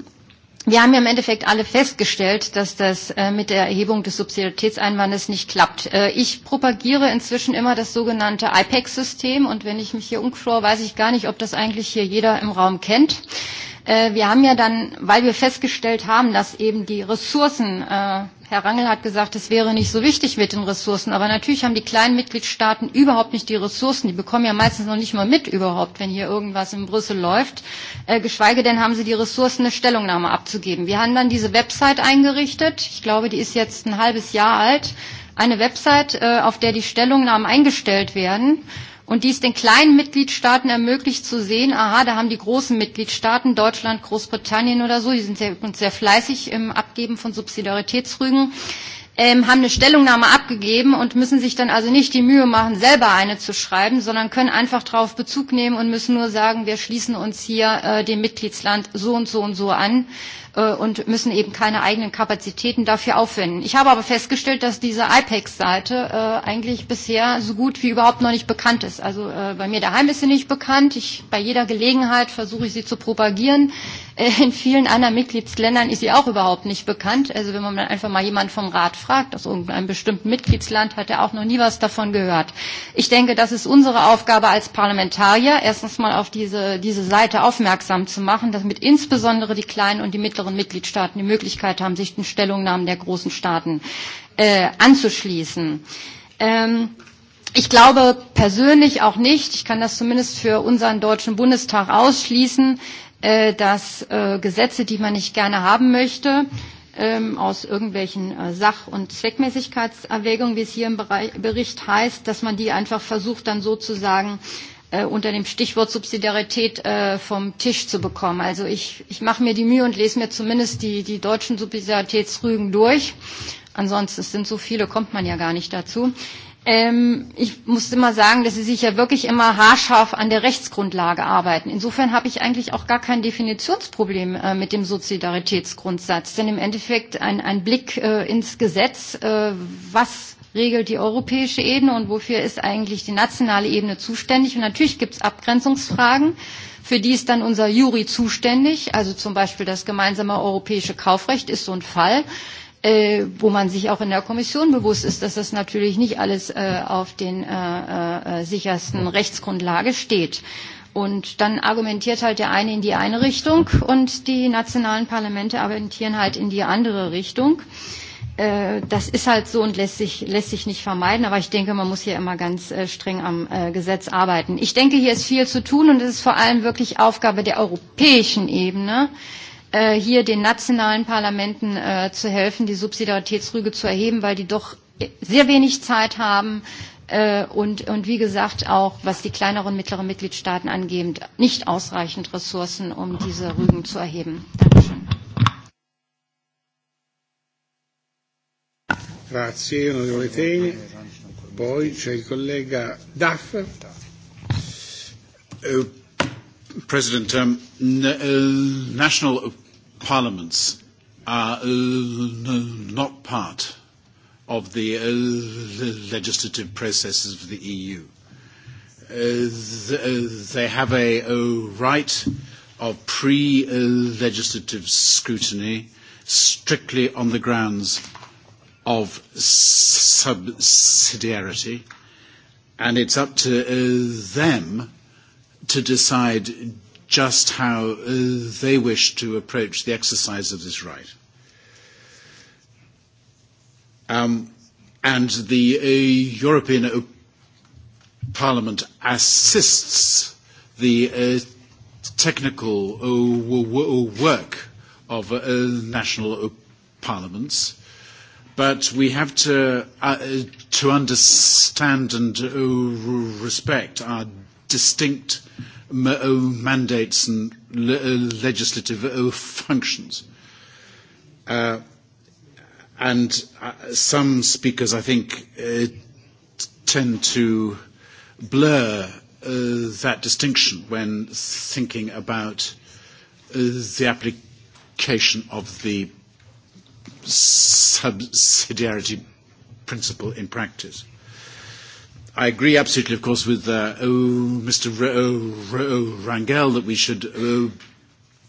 Wir haben ja im Endeffekt alle festgestellt, dass das mit der Erhebung des Subsidiaritätseinwandes nicht klappt. Ich propagiere inzwischen immer das sogenannte IPEC-System und wenn ich mich hier umschaue, weiß ich gar nicht, ob das eigentlich hier jeder im Raum kennt. Wir haben ja dann, weil wir festgestellt haben, dass eben die Ressourcen Herr Rangel hat gesagt, es wäre nicht so wichtig mit den Ressourcen. Aber natürlich haben die kleinen Mitgliedstaaten überhaupt nicht die Ressourcen. Die bekommen ja meistens noch nicht mal mit überhaupt, wenn hier irgendwas in Brüssel läuft. Äh, geschweige denn haben sie die Ressourcen, eine Stellungnahme abzugeben. Wir haben dann diese Website eingerichtet. Ich glaube, die ist jetzt ein halbes Jahr alt. Eine Website, äh, auf der die Stellungnahmen eingestellt werden und dies den kleinen Mitgliedstaaten ermöglicht zu sehen, aha, da haben die großen Mitgliedstaaten, Deutschland, Großbritannien oder so, die sind sehr, sehr fleißig im Abgeben von Subsidiaritätsrügen, ähm, haben eine Stellungnahme abgegeben und müssen sich dann also nicht die Mühe machen, selber eine zu schreiben, sondern können einfach darauf Bezug nehmen und müssen nur sagen, wir schließen uns hier äh, dem Mitgliedsland so und so und so an und müssen eben keine eigenen Kapazitäten dafür aufwenden. Ich habe aber festgestellt, dass diese IPEX-Seite eigentlich bisher so gut wie überhaupt noch nicht bekannt ist. Also bei mir daheim ist sie nicht bekannt. Ich, bei jeder Gelegenheit versuche ich sie zu propagieren. In vielen anderen Mitgliedsländern ist sie auch überhaupt nicht bekannt. Also wenn man dann einfach mal jemanden vom Rat fragt, aus irgendeinem bestimmten Mitgliedsland, hat er auch noch nie was davon gehört. Ich denke, das ist unsere Aufgabe als Parlamentarier, erstens mal auf diese, diese Seite aufmerksam zu machen, damit insbesondere die kleinen und die mittleren anderen Mitgliedstaaten die Möglichkeit haben, sich den Stellungnahmen der großen Staaten äh, anzuschließen. Ähm, ich glaube persönlich auch nicht, ich kann das zumindest für unseren Deutschen Bundestag ausschließen, äh, dass äh, Gesetze, die man nicht gerne haben möchte, aus irgendwelchen Sach- und Zweckmäßigkeitserwägungen, wie es hier im Bericht heißt, dass man die einfach versucht, dann sozusagen unter dem Stichwort Subsidiarität vom Tisch zu bekommen. Also ich, ich mache mir die Mühe und lese mir zumindest die, die deutschen Subsidiaritätsrügen durch. Ansonsten sind so viele, kommt man ja gar nicht dazu. Ähm, ich muss immer sagen, dass Sie sich ja wirklich immer haarscharf an der Rechtsgrundlage arbeiten. Insofern habe ich eigentlich auch gar kein Definitionsproblem äh, mit dem Subsidiaritätsgrundsatz. Denn im Endeffekt ein, ein Blick äh, ins Gesetz, äh, was regelt die europäische Ebene und wofür ist eigentlich die nationale Ebene zuständig. Und natürlich gibt es Abgrenzungsfragen. Für die ist dann unser Jury zuständig. Also zum Beispiel das gemeinsame europäische Kaufrecht ist so ein Fall wo man sich auch in der Kommission bewusst ist, dass das natürlich nicht alles äh, auf den äh, äh, sichersten Rechtsgrundlage steht. Und dann argumentiert halt der eine in die eine Richtung und die nationalen Parlamente argumentieren halt in die andere Richtung. Äh, das ist halt so und lässt sich, lässt sich nicht vermeiden. Aber ich denke, man muss hier immer ganz streng am Gesetz arbeiten. Ich denke, hier ist viel zu tun und es ist vor allem wirklich Aufgabe der europäischen Ebene, hier den nationalen Parlamenten zu helfen, die Subsidiaritätsrüge zu erheben, weil die doch sehr wenig Zeit haben, und, und wie gesagt auch, was die kleineren und mittleren Mitgliedstaaten angeht, nicht ausreichend Ressourcen, um diese Rügen zu erheben. Dankeschön. Grazie onorevole Teni. Poi c'è il collega Duff. President, um, uh, national parliaments are uh, not part of the uh, legislative processes of the EU. uh, they have a, a right of pre-legislative scrutiny strictly on the grounds of subsidiarity, and it's up to them to decide just how they wish to approach the exercise of this right. Um, and the uh, European uh, Parliament assists the uh, technical uh, work of uh, national uh, parliaments but we have to, uh, to understand and uh, respect our distinct mandates and legislative uh, functions. Uh, and uh, some speakers, I think, uh, tend to blur uh, that distinction when thinking about uh, the application of the subsidiarity principle in practice. I agree absolutely, of course, with uh, oh, Mr. R- R- Rangel that we should uh,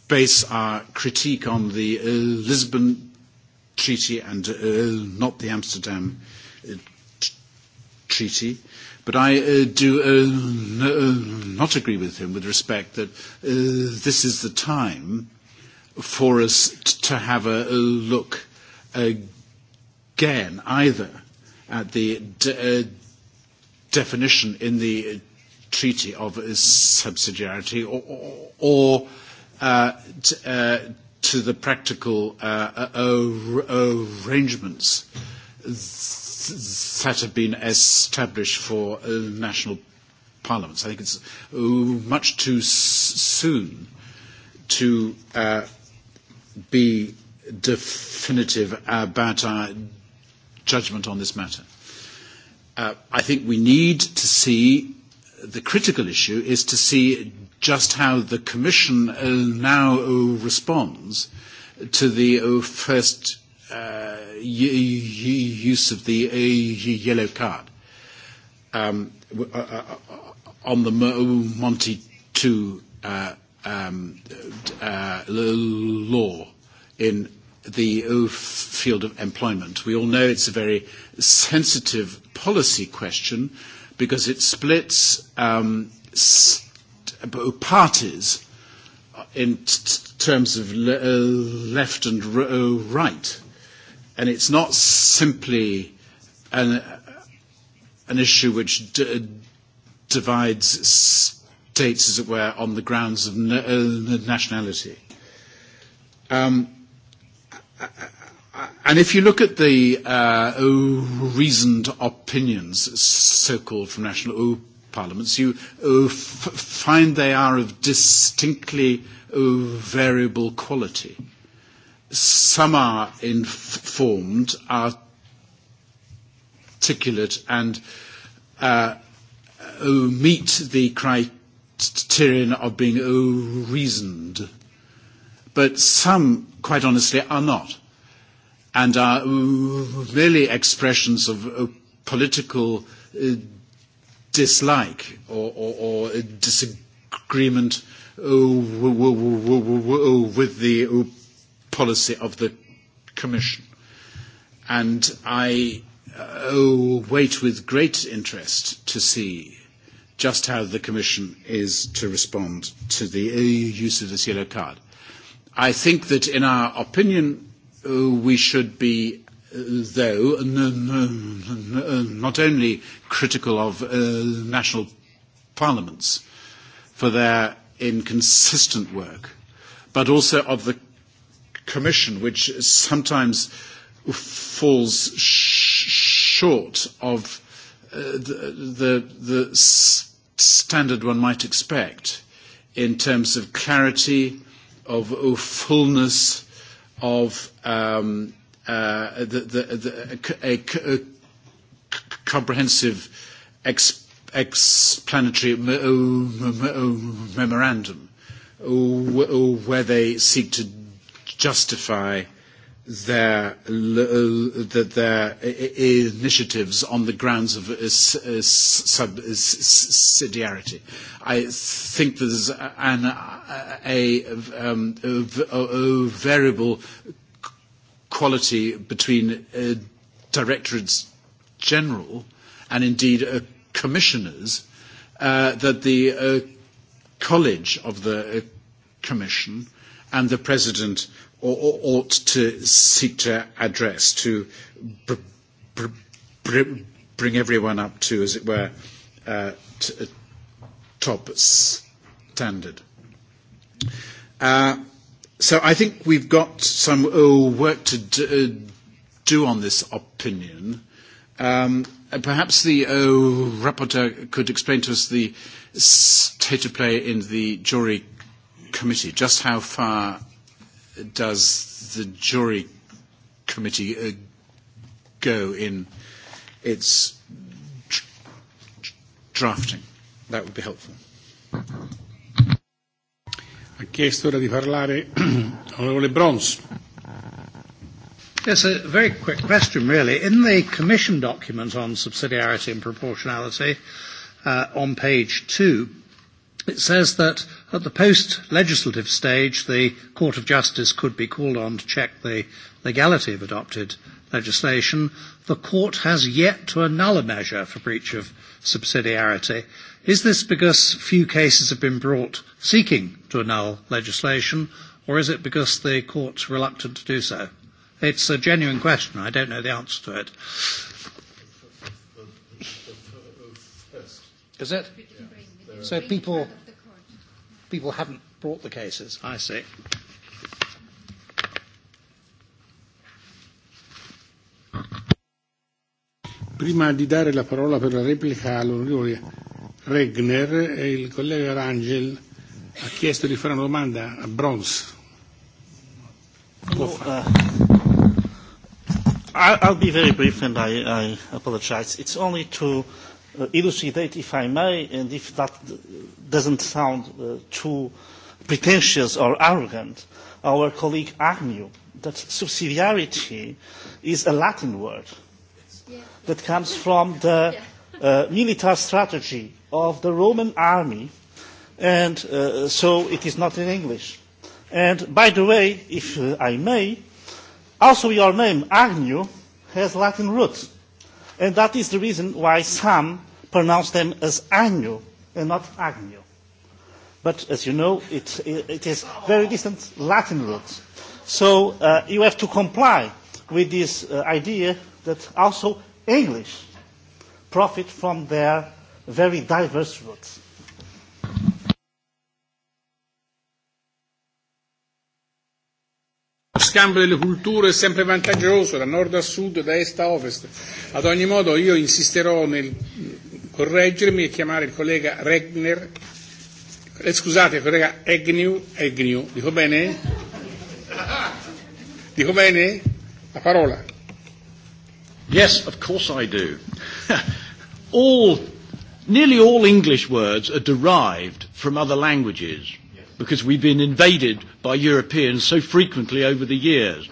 base our critique on the uh, Lisbon Treaty and uh, not the Amsterdam uh, t- Treaty. But I uh, do uh, uh, not agree with him with respect that uh, this is the time for us t- to have a, a look again, either at the de- uh, definition in the treaty of subsidiarity or, or, or uh, t- uh, to the practical uh, arrangements that have been established for national parliaments. I think it's much too soon to be definitive about our judgment on this matter. I think we need to see the critical issue is to see just how the Commission now responds to the first use of the yellow card um, on the Monty II uh, um, uh, law in the field of employment. We all know it's a very sensitive policy question because it splits parties in terms of left and right. And it's not simply an, an issue which d- divides states, as it were, on the grounds of nationality. Um, And if you look at the uh, reasoned opinions, so-called from national parliaments, you f- find they are of distinctly variable quality. Some are informed, articulate, and uh, meet the criterion of being reasoned but some, quite honestly, are not, and are merely expressions of political dislike or, or, or disagreement with the policy of the Commission. And I wait with great interest to see just how the Commission is to respond to the use of this yellow card. I think that in our opinion, we should be, though, not only critical of national parliaments for their inconsistent work, but also of the Commission, which sometimes falls short of the the standard one might expect in terms of clarity, of, of fullness, of um, uh, the, the, the, a, a, a comprehensive explanatory memorandum where they seek to justify their, their initiatives on the grounds of subsidiarity. I think there's an, a, um, a, variable quality between directorates general and indeed commissioners that the college of the commission and the president ought to seek to address to bring everyone up to, as it were, uh, t- top standard. Uh, so I think we've got some oh, work to d- do on this opinion. Um, perhaps the oh, rapporteur could explain to us the state of play in the jury committee, just how far does the jury committee uh, go in its drafting? That would be helpful. Ha chiesto ora di parlare Yes, a very quick question really. In the Commission document on subsidiarity and proportionality uh, on page two, It says that at the post-legislative stage, the Court of Justice could be called on to check the legality of adopted legislation. The Court has yet to annul a measure for breach of subsidiarity. Is this because few cases have been brought seeking to annul legislation, or is it because the Court's reluctant to do so? It's a genuine question. I don't know the answer to it. Is it? So people, people haven't brought the cases. I see. Prima di dare la parola per la replica all'onorevole Regner, il collega Rangel ha chiesto di fare una domanda a Brons. I'll be very brief and I, I apologize. It's only to elucidate, if I may, and if that doesn't sound uh, too pretentious or arrogant, our colleague Agnew, that subsidiarity is a Latin word that comes from the uh, military strategy of the Roman army, and uh, so it is not in English. And by the way, if uh, I may, also your name, Agnew, has Latin roots. And that is the reason why some pronounce them as Agnew and not Agnew. But as you know, it, it has very distant Latin roots. So uh, you have to comply with this uh, idea that also English profit from their very diverse roots. Lo scambio delle culture è sempre vantaggioso da nord a sud, da est a ovest. Ad ogni modo io insisterò nel correggermi e chiamare il collega Regner, eh, scusate, il collega Egnew, Egnew, dico bene? Dico bene? La parola. Yes, of course I do. all, nearly all English words are derived from other languages because we've been invaded by Europeans so frequently over the years.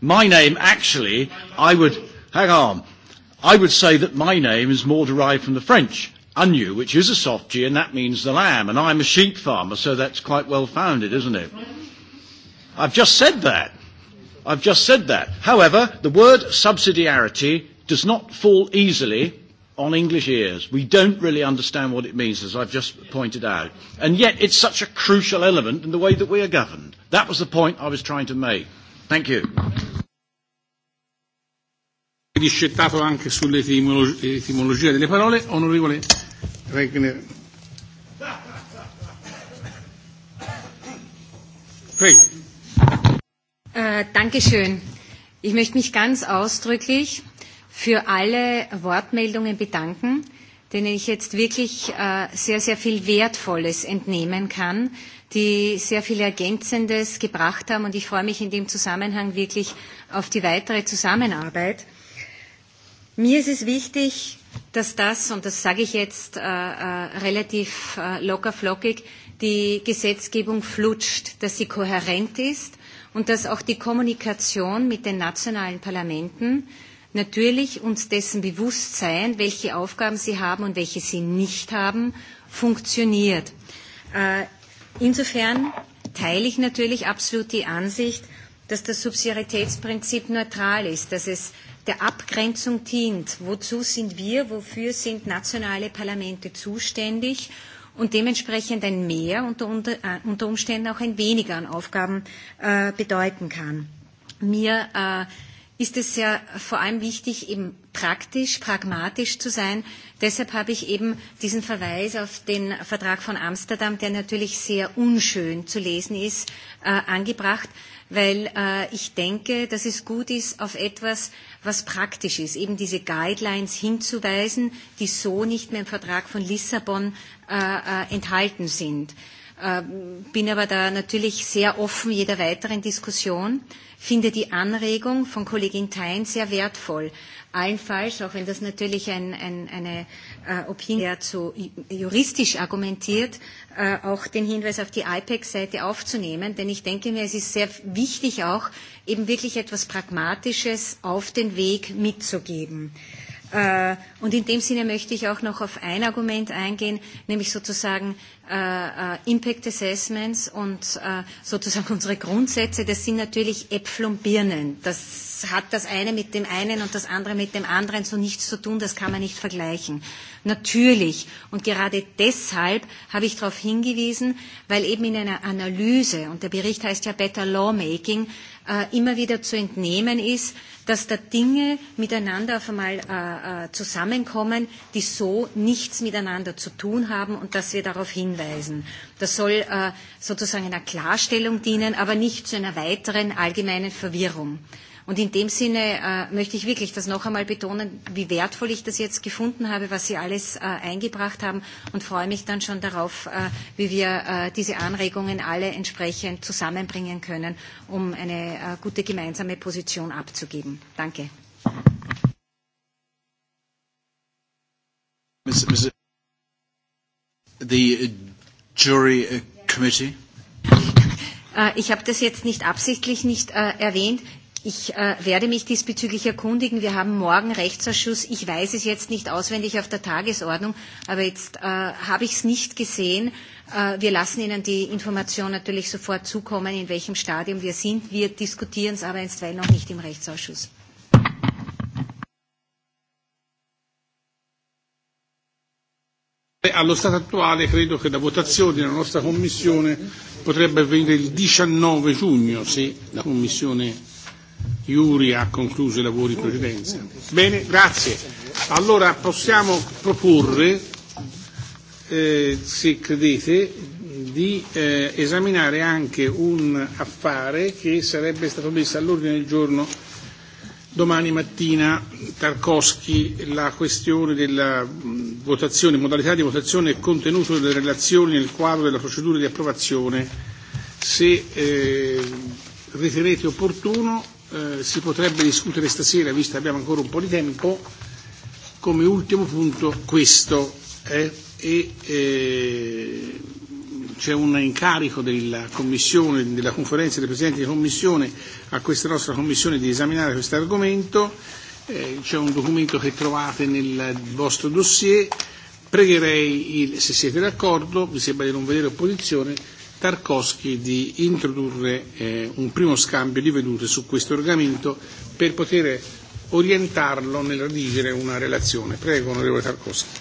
My name, actually, I would, hang on, I would say that my name is more derived from the French, agneau, which is a soft G, and that means the lamb. And I'm a sheep farmer, so that's quite well founded, isn't it? I've just said that. I've just said that. However, the word subsidiarity does not fall easily on English ears. We don't really understand what it means, as I've just pointed out. And yet, it's such a crucial element in the way that we are governed. That was the point I was trying to make. Thank you. Discettato anche sull'etimologia delle parole, onorevole Regner. Prego. Äh, Dankeschön. Ich möchte mich ganz ausdrücklich für alle Wortmeldungen bedanken, denen ich jetzt wirklich sehr, sehr viel Wertvolles entnehmen kann, die sehr viel Ergänzendes gebracht haben. Und ich freue mich in dem Zusammenhang wirklich auf die weitere Zusammenarbeit. Mir ist es wichtig, dass das, und das sage ich jetzt äh, äh, relativ äh, flockig die Gesetzgebung flutscht, dass sie kohärent ist und dass auch die Kommunikation mit den nationalen Parlamenten natürlich uns dessen bewusst sein, welche Aufgaben sie haben und welche sie nicht haben, funktioniert. Insofern teile ich natürlich absolut die Ansicht, dass das Subsidiaritätsprinzip neutral ist, dass es der Abgrenzung dient. Wozu sind wir, wofür sind nationale Parlamente zuständig und dementsprechend ein Mehr unter, unter Umständen auch ein Weniger an Aufgaben äh, bedeuten kann. Mir äh, ist es ja vor allem wichtig, eben praktisch, pragmatisch zu sein. Deshalb habe ich eben diesen Verweis auf den Vertrag von Amsterdam, der natürlich sehr unschön zu lesen ist, äh, angebracht, weil äh, ich denke, dass es gut ist, auf etwas was praktisch ist, eben diese Guidelines hinzuweisen, die so nicht mehr im Vertrag von Lissabon äh, enthalten sind. Äh, bin aber da natürlich sehr offen jeder weiteren Diskussion, finde die Anregung von Kollegin Thein sehr wertvoll allenfalls, auch wenn das natürlich ein, ein, eine äh, Opinion der zu juristisch argumentiert, äh, auch den Hinweis auf die IPEC-Seite aufzunehmen. Denn ich denke mir, es ist sehr wichtig auch, eben wirklich etwas Pragmatisches auf den Weg mitzugeben. Und in dem Sinne möchte ich auch noch auf ein Argument eingehen, nämlich sozusagen Impact Assessments und sozusagen unsere Grundsätze. Das sind natürlich Äpfel und Birnen. Das hat das eine mit dem einen und das andere mit dem anderen so nichts zu tun, das kann man nicht vergleichen. Natürlich. Und gerade deshalb habe ich darauf hingewiesen, weil eben in einer Analyse, und der Bericht heißt ja Better Lawmaking, immer wieder zu entnehmen ist, dass da Dinge miteinander auf einmal zusammenkommen, die so nichts miteinander zu tun haben und dass wir darauf hinweisen. Das soll sozusagen einer Klarstellung dienen, aber nicht zu einer weiteren allgemeinen Verwirrung. Und in dem Sinne äh, möchte ich wirklich das noch einmal betonen, wie wertvoll ich das jetzt gefunden habe, was Sie alles äh, eingebracht haben und freue mich dann schon darauf, äh, wie wir äh, diese Anregungen alle entsprechend zusammenbringen können, um eine äh, gute gemeinsame Position abzugeben. Danke. The jury committee? Ich habe das jetzt nicht absichtlich nicht erwähnt. Ich werde mich diesbezüglich erkundigen. Wir haben morgen Rechtsausschuss. Ich weiß es jetzt nicht auswendig auf der Tagesordnung, aber jetzt habe ich es nicht gesehen. wir lassen Ihnen die Information natürlich sofort zukommen, in welchem Stadium wir sind. Wir diskutieren es aber einstweilen noch nicht im Rechtsausschuss. Allo stato attuale credo che la votazione della nostra Commissione potrebbe avvenire il 19 giugno se la Commissione Iuri ha concluso i lavori in precedenza. Bene, grazie. Allora possiamo proporre, eh, se credete, di eh, esaminare anche un affare che sarebbe stato messo all'ordine del giorno domani mattina Tarkovsky la questione della votazione, modalità di votazione e contenuto delle relazioni nel quadro della procedura di approvazione. Se eh, ritenete opportuno eh, si potrebbe discutere stasera, visto che abbiamo ancora un po' di tempo, come ultimo punto questo. Eh, e, eh, c'è un incarico della Commissione, della conferenza dei Presidenti di Commissione a questa nostra Commissione di esaminare questo argomento, eh, c'è un documento che trovate nel vostro dossier, pregherei, il, se siete d'accordo, mi sembra di non vedere opposizione, Tarkovsky di introdurre eh, un primo scambio di vedute su questo argomento per poter orientarlo nel redigere una relazione. Prego, onorevole Tarkovsky.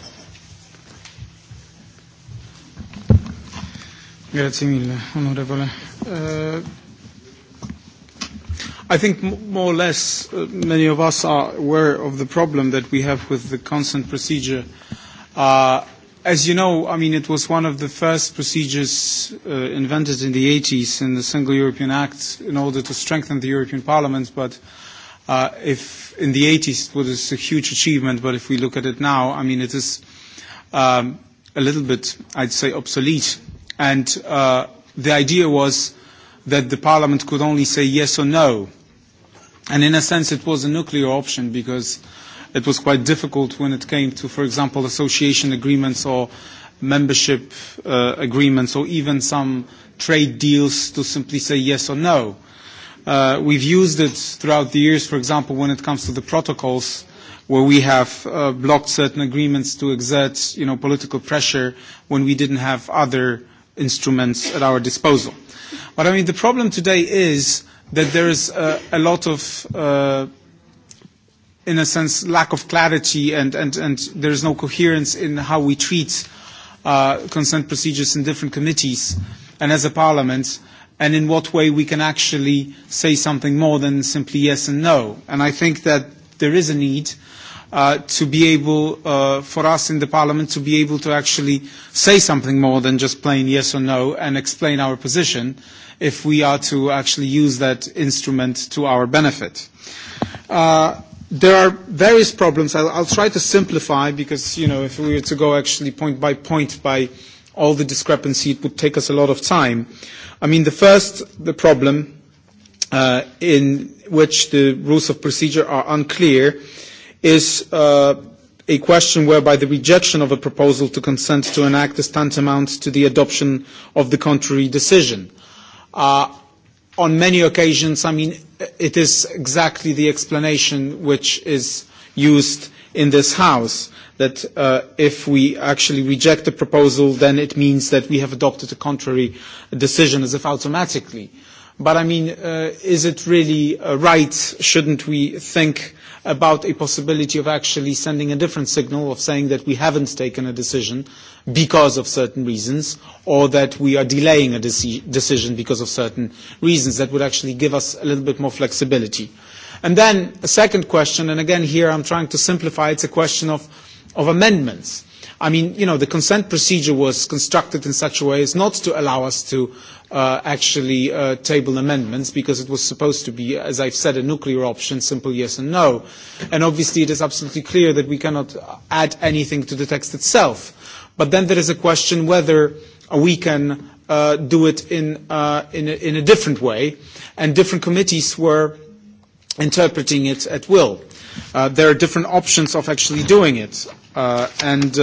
Grazie mille, onorevole. Uh, I think more or less many of us are aware of the problem that we have with the consent procedure uh, As you know, I mean, it was one of the first procedures uh, invented in the 80s in the Single European Act in order to strengthen the European Parliament. But uh, if in the 80s it was a huge achievement, but if we look at it now, I mean, it is um, a little bit, I'd say, obsolete. And uh, the idea was that the Parliament could only say yes or no. And in a sense, it was a nuclear option because it was quite difficult when it came to, for example, association agreements or membership uh, agreements or even some trade deals to simply say yes or no. Uh, we've used it throughout the years, for example, when it comes to the protocols where we have uh, blocked certain agreements to exert you know, political pressure when we didn't have other instruments at our disposal. But I mean, the problem today is that there is a, a lot of uh, in a sense, lack of clarity and, and, and there is no coherence in how we treat uh, consent procedures in different committees and as a parliament and in what way we can actually say something more than simply yes and no. And I think that there is a need uh, to be able, uh, for us in the parliament, to be able to actually say something more than just plain yes or no and explain our position if we are to actually use that instrument to our benefit. Uh, there are various problems. I'll, I'll try to simplify because, you know, if we were to go actually point by point by all the discrepancy, it would take us a lot of time. I mean, the first, the problem uh, in which the rules of procedure are unclear is uh, a question whereby the rejection of a proposal to consent to an act is tantamount to the adoption of the contrary decision. Uh, on many occasions, I mean, it is exactly the explanation which is used in this House, that uh, if we actually reject the proposal, then it means that we have adopted a contrary decision as if automatically. But I mean, uh, is it really uh, right? Shouldn't we think about a possibility of actually sending a different signal of saying that we haven't taken a decision because of certain reasons or that we are delaying a decision because of certain reasons that would actually give us a little bit more flexibility. And then a second question, and again here I'm trying to simplify, it's a question of, of amendments. I mean, you know, the consent procedure was constructed in such a way as not to allow us to actually table amendments because it was supposed to be, as I've said, a nuclear option, simple yes and no. And obviously it is absolutely clear that we cannot add anything to the text itself. But then there is a question whether we can do it in, a, different way, and different committees were interpreting it at will. there are different options of actually doing it. and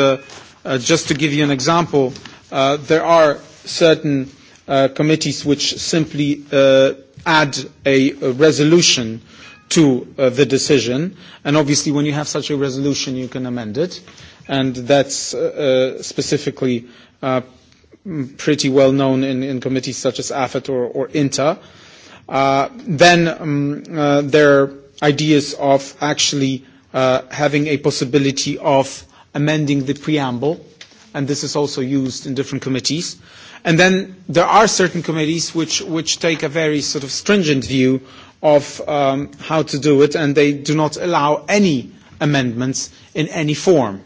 just to give you an example, there are certain uh, committees which simply uh, add a, a resolution to uh, the decision. And obviously, when you have such a resolution, you can amend it. And that's uh, specifically uh, pretty well known in, in committees such as AFET or, or INTA. Uh, then um, uh, there are ideas of actually uh, having a possibility of amending the preamble, and this is also used in different committees. Uh, And then there are certain committees which, which take a very sort of stringent view of um, how to do it, and they do not allow any amendments in any form.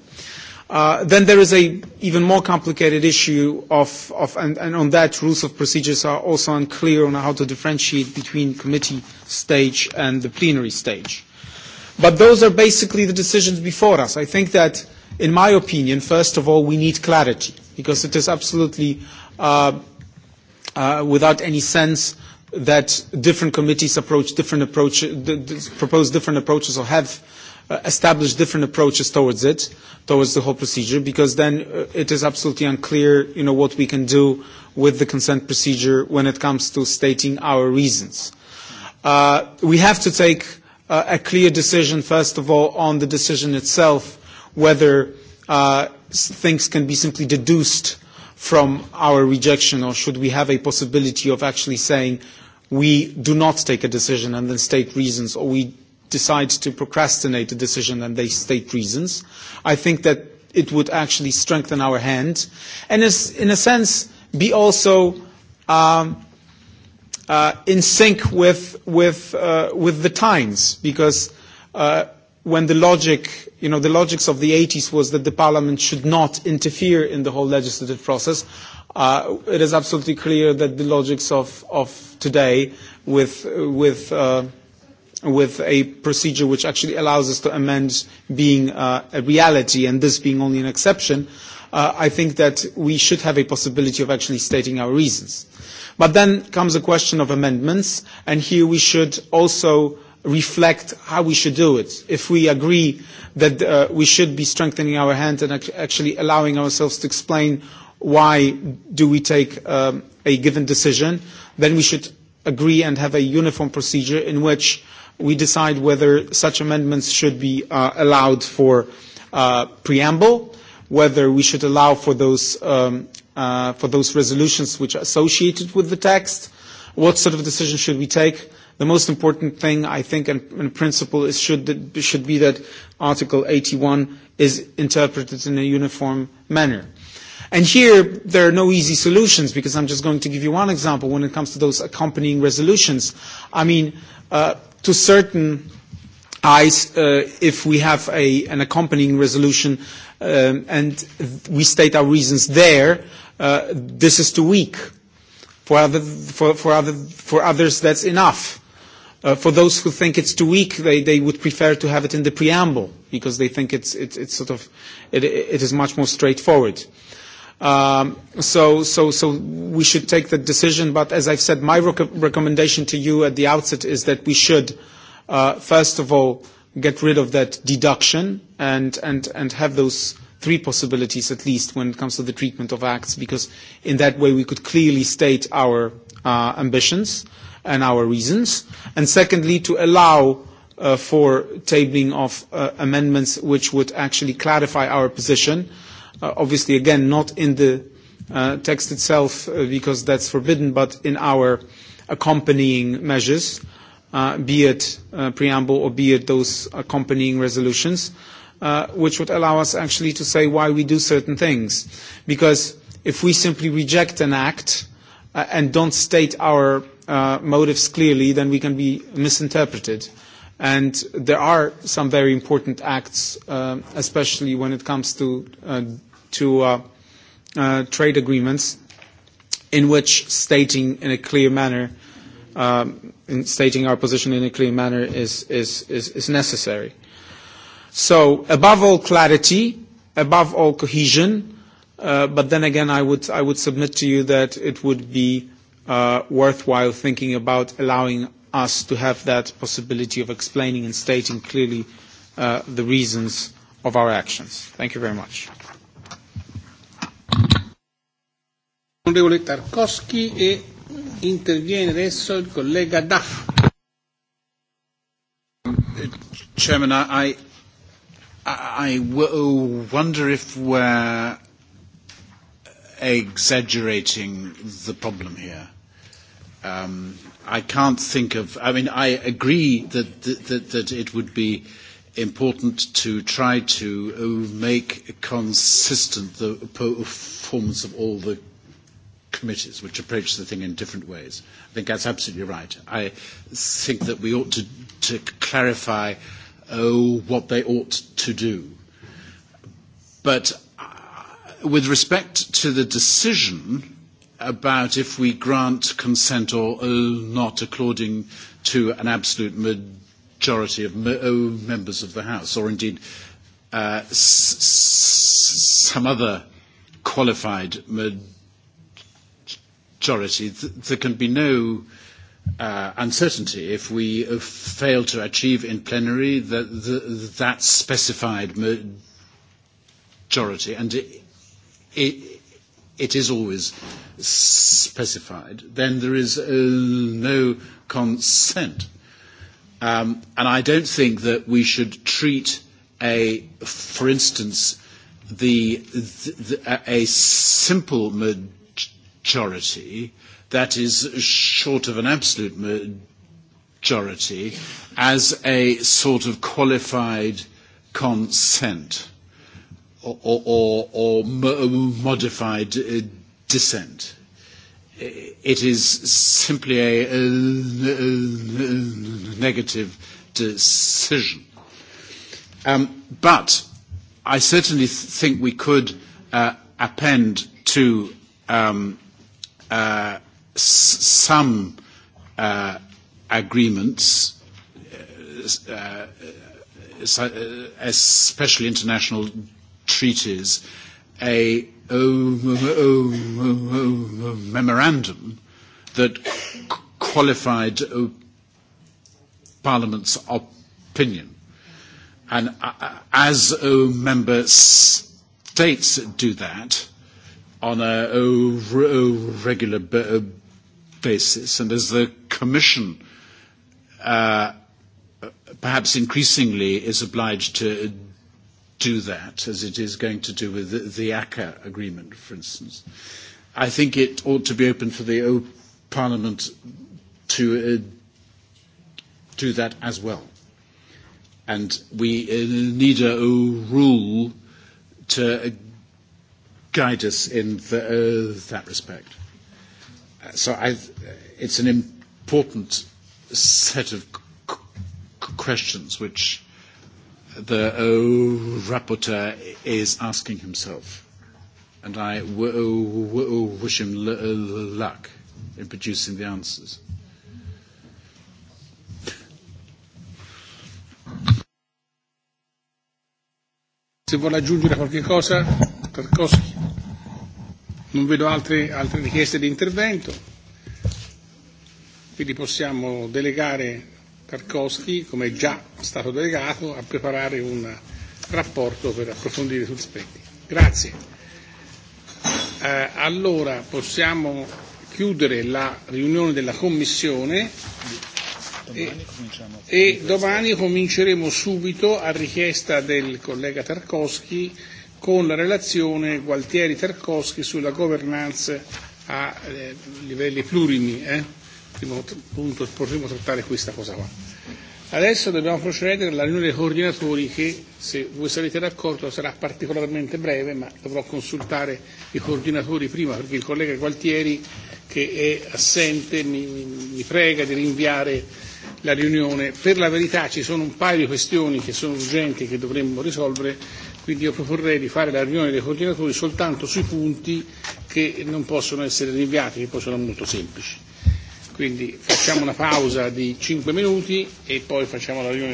Uh, then there is a even more complicated issue of, of and, and on that rules of procedures are also unclear on how to differentiate between committee stage and the plenary stage. But those are basically the decisions before us. I think that, in my opinion, first of all, we need clarity because it is absolutely uh, uh, without any sense that different committees approach different approach, propose different approaches or have uh, established different approaches towards it, towards the whole procedure, because then uh, it is absolutely unclear, you know, what we can do with the consent procedure when it comes to stating our reasons. Uh, we have to take uh, a clear decision, first of all, on the decision itself, whether uh, things can be simply deduced from our rejection, or should we have a possibility of actually saying we do not take a decision and then state reasons, or we decide to procrastinate a decision and they state reasons? I think that it would actually strengthen our hand, and is, in a sense, be also um, uh, in sync with with uh, with the times, because. Uh, when the logic, you know, the logics of the 80s was that the parliament should not interfere in the whole legislative process, uh, it is absolutely clear that the logics of, of today with, with, uh, with a procedure which actually allows us to amend being uh, a reality and this being only an exception, uh, I think that we should have a possibility of actually stating our reasons. But then comes a question of amendments, and here we should also reflect how we should do it. If we agree that uh, we should be strengthening our hand and ac- actually allowing ourselves to explain why do we take um, a given decision, then we should agree and have a uniform procedure in which we decide whether such amendments should be uh, allowed for uh, preamble, whether we should allow for those, um, uh, for those resolutions which are associated with the text, what sort of decision should we take, The most important thing, I think, and in principle, is should, should be that Article 81 is interpreted in a uniform manner. And here, there are no easy solutions because I'm just going to give you one example when it comes to those accompanying resolutions. I mean, uh, to certain eyes, uh, if we have a, an accompanying resolution um, and we state our reasons there, uh, this is too weak. For, other, for, for, other, for others, that's enough Uh, for those who think it's too weak, they, they would prefer to have it in the preamble because they think it's, it's, it's sort of, it, it is much more straightforward. Um, so, so, so we should take the decision, but as I've said, my rec- recommendation to you at the outset is that we should, uh, first of all, get rid of that deduction and, and, and have those three possibilities at least when it comes to the treatment of acts because in that way we could clearly state our uh, ambitions. Uh, and our reasons, and secondly, to allow for tabling of amendments which would actually clarify our position. Obviously, again, not in the text itself, because that's forbidden, but in our accompanying measures, be it preamble or be it those accompanying resolutions, which would allow us actually to say why we do certain things. Because if we simply reject an act and don't state our uh, motives clearly, then we can be misinterpreted. And there are some very important acts, uh, especially when it comes to, uh, to uh, uh, trade agreements, in which stating in a clear manner, um, in stating our position in a clear manner is, is, is, is necessary. So above all clarity, above all cohesion, uh, but then again I would, I would submit to you that it would be worthwhile thinking about allowing us to have that possibility of explaining and stating clearly the reasons of our actions. Thank you very much. Onorevole Tarkovsky I, I w- wonder if we're exaggerating the problem here um, I can't think of. I mean, I agree that, that, that it would be important to try to make consistent the performance of all the committees, which approach the thing in different ways. I think that's absolutely right. I think that we ought to, to clarify oh, what they ought to do. But with respect to the decision, about if we grant consent or not according to an absolute majority of members of the House, or indeed some other qualified majority. There can be no uncertainty if we fail to achieve in plenary that specified majority. And it is always specified, then there is no consent. and I don't think that we should treat a, for instance, the, the a simple majority that is short of an absolute majority as a sort of qualified consent or, or, or modified dissent. It is simply a, negative decision. but I certainly think we could uh append to um uh some uh agreements, uh especially international treaties a memorandum that qualified Parliament's opinion. And as member states do that on a regular basis, and as the Commission perhaps increasingly is obliged to do that, as it is going to do with the, the ACCA agreement, for instance. I think it ought to be open for the Parliament to uh, do that as well. And we uh, need a, rule to guide us in the, uh, that respect. So I, it's an important set of questions which the rapporteur is asking himself. And I wish him luck in producing the answers. Se vuole aggiungere qualche cosa, Tarkovsky. Non vedo altre, altre richieste di intervento, quindi possiamo delegare Tarkovsky, come è già stato delegato, a preparare un rapporto per approfondire gli aspetti. Grazie. Eh, allora possiamo chiudere la riunione della Commissione e, e domani cominceremo subito, a richiesta del collega Tarkovsky, con la relazione Gualtieri Tarkovsky sulla governance a eh, livelli plurimi. Eh? primo punto potremo trattare questa cosa qua. Adesso dobbiamo procedere alla riunione dei coordinatori che, se voi sarete d'accordo, sarà particolarmente breve, ma dovrò consultare i coordinatori prima perché il collega Gualtieri, che è assente, mi, mi prega di rinviare la riunione. Per la verità ci sono un paio di questioni che sono urgenti e che dovremmo risolvere, quindi io proporrei di fare la riunione dei coordinatori soltanto sui punti che non possono essere rinviati, che poi sono molto semplici. Quindi facciamo una pausa di 5 minuti e poi facciamo la riunione.